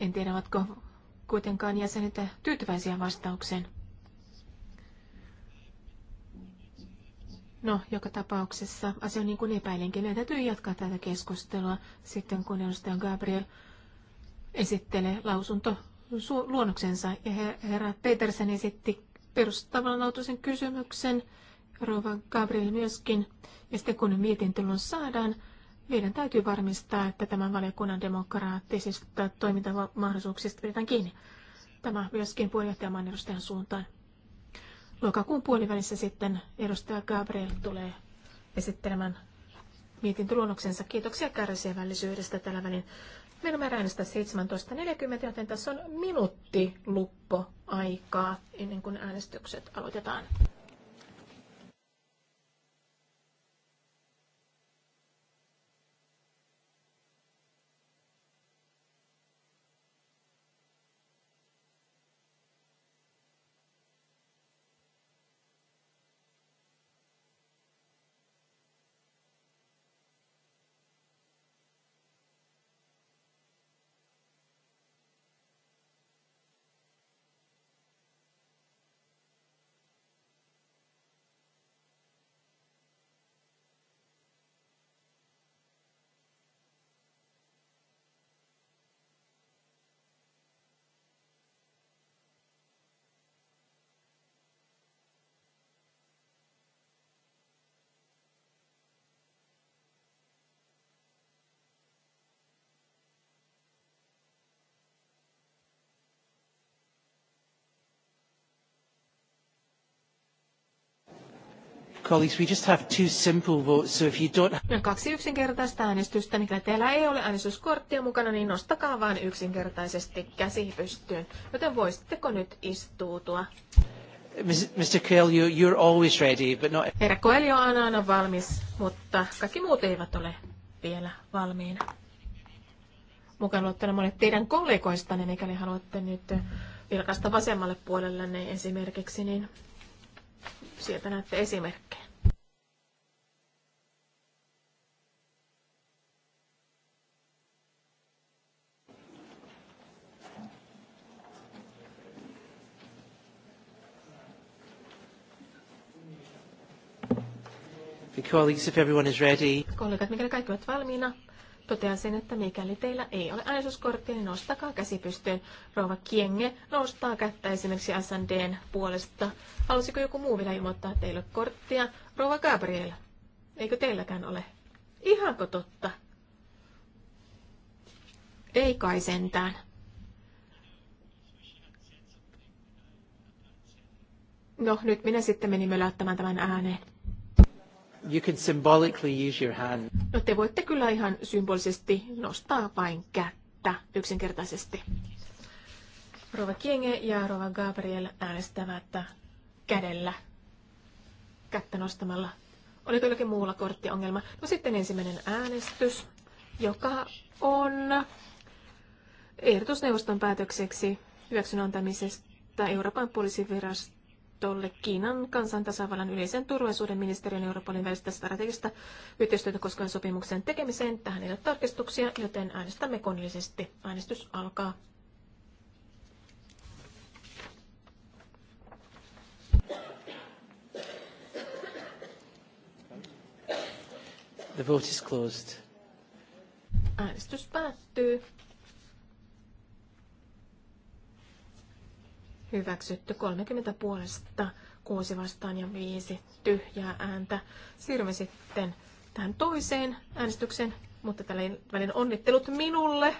B: En tiedä, ovatko kuitenkaan jäsenet tyytyväisiä vastaukseen. No, joka tapauksessa asia on niin kuin epäilenkin. Meidän täytyy jatkaa tätä keskustelua sitten, kun edustaja Gabriel esittelee lausunto luonnoksensa. Ja herra Petersen esitti perustavanlaatuisen kysymyksen, rouva Gabriel myöskin. Ja sitten kun mietintölun saadaan, meidän täytyy varmistaa, että tämän valiokunnan demokraattisista toimintamahdollisuuksista pidetään kiinni. Tämä myöskin puheenjohtajamaan edustajan suuntaan. Lokakuun puolivälissä sitten edustaja Gabriel tulee esittelemään mietintöluonnoksensa. Kiitoksia kärsivällisyydestä tällä välin. Meillä määrä äänestää 17.40, joten tässä on minuutti luppo aikaa ennen kuin äänestykset aloitetaan.
A: Colleagues, we just have two simple votes, so if you don't...
B: No, kaksi yksinkertaista äänestystä, mikä niin teillä ei ole äänestyskorttia mukana, niin nostakaa vain yksinkertaisesti käsi pystyyn. Joten voisitteko nyt istuutua?
A: Mr. Coelho, you're always ready, but not... Herra
B: Coelho on aina valmis, mutta kaikki muut eivät ole vielä valmiina. Mukaan luottuna monet teidän kollegoistanne, mikäli haluatte nyt vilkaista vasemmalle puolelle niin esimerkiksi, niin Sieltä näette esimerkkejä.
A: Colleagues, if everyone is ready.
B: Kollegat, mikäli kaikki ovat valmiina, Totean sen, että mikäli teillä ei ole äänestyskorttia, niin nostakaa käsi pystyyn. Rouva Kienge nostaa kättä esimerkiksi SNDn puolesta. Halusiko joku muu vielä ilmoittaa teille korttia? Rouva Gabriel, eikö teilläkään ole? Ihanko totta? Ei kai sentään. No, nyt minä sitten menin mölättämään tämän ääneen.
A: You can symbolically use your hand.
B: No te voitte kyllä ihan symbolisesti nostaa vain kättä yksinkertaisesti. Rova Kienge ja Rova Gabriel äänestävät kädellä kättä nostamalla. Oliko jollakin muulla korttiongelma? No sitten ensimmäinen äänestys, joka on ehdotusneuvoston päätökseksi hyväksyn antamisesta Euroopan poliisivirasto tuolle Kiinan kansantasavallan yleisen turvallisuuden ministeriön Euroopan välistä strategista yhteistyötä koskevan sopimuksen tekemiseen. Tähän ei ole tarkistuksia, joten äänestämme koneellisesti. Äänestys alkaa.
A: The vote is closed.
B: Äänestys päättyy. hyväksytty 30 puolesta, 6 vastaan ja 5 tyhjää ääntä. Siirrymme sitten tähän toiseen äänestykseen, mutta tällä välin onnittelut minulle.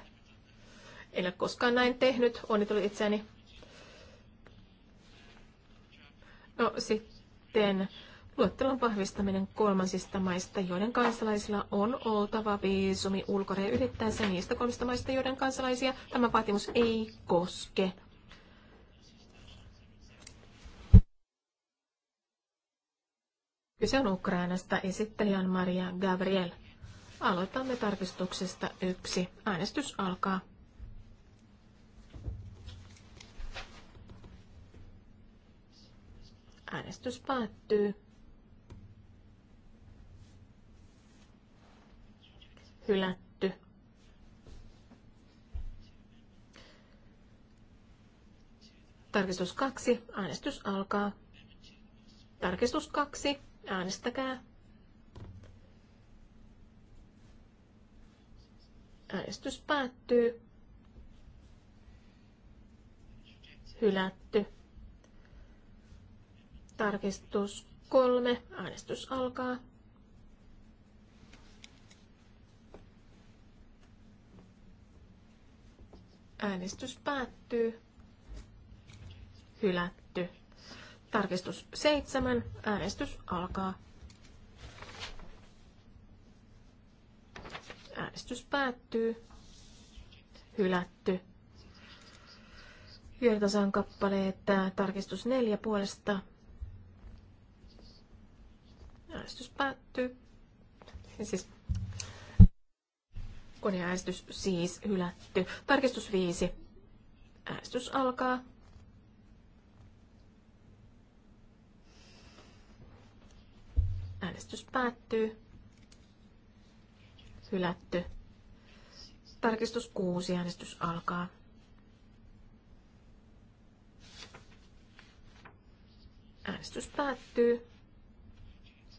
B: En ole koskaan näin tehnyt, onnittelut itseäni. No sitten luettelon vahvistaminen kolmansista maista, joiden kansalaisilla on oltava viisumi ulkoraja ylittäessä niistä kolmista maista, joiden kansalaisia tämä vaatimus ei koske. Kyse on Ukrainasta. esittelijän Maria Gabriel. Aloitamme tarkistuksesta yksi. Äänestys alkaa. Äänestys päättyy. Hylätty. Tarkistus kaksi. Äänestys alkaa. Tarkistus kaksi. Äänestäkää. Äänestys päättyy. Hylätty. Tarkistus kolme. Äänestys alkaa. Äänestys päättyy. Hylätty. Tarkistus 7. Äänestys alkaa. Äänestys päättyy. Hylätty. Virtasan kappale, että tarkistus 4 puolesta. Äänestys päättyy. siis koneäänestys siis hylätty. Tarkistus 5. Äänestys alkaa. Äänestys päättyy. Hylätty. Tarkistus 6. Äänestys alkaa. Äänestys päättyy.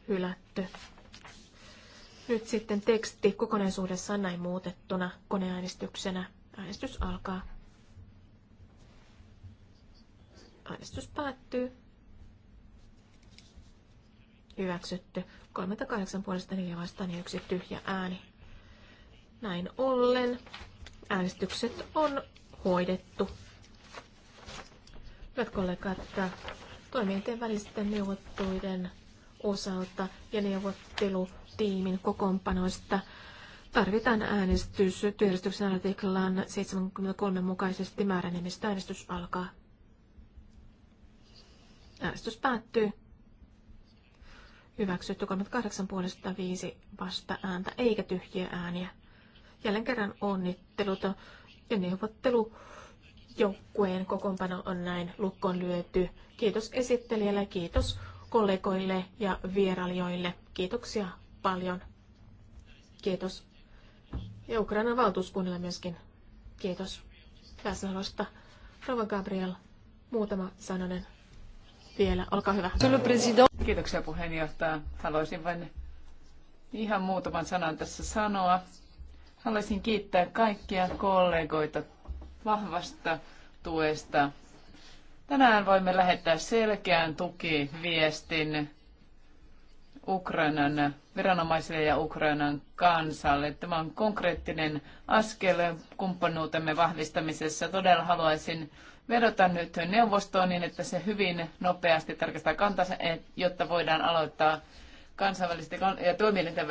B: Hylätty. Nyt sitten teksti kokonaisuudessaan näin muutettuna koneäänestyksenä. Äänestys alkaa. Äänestys päättyy hyväksytty. 38 puolesta 4 vastaan ja yksi tyhjä ääni. Näin ollen äänestykset on hoidettu. Hyvät kollegat, toimijoiden välisten neuvotteluiden osalta ja neuvottelutiimin kokoonpanoista tarvitaan äänestys työjärjestyksen artiklan 73 mukaisesti määräenemmistö äänestys alkaa. Äänestys päättyy. Hyväksytty 38 puolesta 5 vasta ääntä eikä tyhjiä ääniä. Jälleen kerran onnittelut ja neuvottelu joukkueen kokoonpano on näin lukkoon lyöty. Kiitos esittelijälle, kiitos kollegoille ja vierailijoille. Kiitoksia paljon. Kiitos. Ja Ukrainan valtuuskunnille myöskin. Kiitos läsnäolosta. Rova Gabriel, muutama sananen vielä. Olkaa hyvä. Kiitoksia
D: puheenjohtaja. Haluaisin vain ihan muutaman sanan tässä sanoa. Haluaisin kiittää kaikkia kollegoita vahvasta tuesta. Tänään voimme lähettää selkeän tukiviestin Ukrainan viranomaisille ja Ukrainan kansalle. Tämä on konkreettinen askel kumppanuutemme vahvistamisessa. Todella haluaisin vedota nyt neuvostoon niin, että se hyvin nopeasti tarkastaa kantansa, jotta voidaan aloittaa kansainväliset ja toimielinten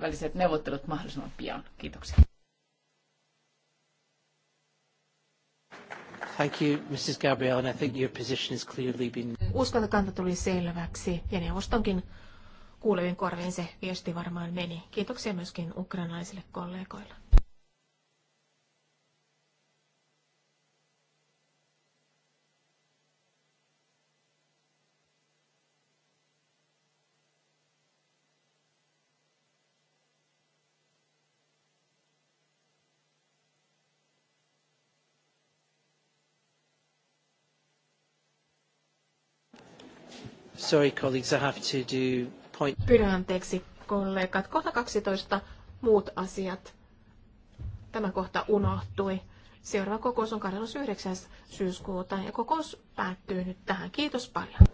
D: väliset neuvottelut mahdollisimman pian.
A: Kiitoksia. Thank you, Mrs. Gabriel, and I think your position is clearly been...
B: Uskon, että kanta tuli selväksi, ja neuvostonkin kuulevin korviin se viesti varmaan meni. Kiitoksia myöskin ukrainalaisille kollegoille.
A: Sorry, colleagues, I have to do point...
B: Pyydän anteeksi, kollegat. Kohta 12 muut asiat. Tämä kohta unohtui. Seuraava kokous on 29. syyskuuta ja kokous päättyy nyt tähän. Kiitos paljon.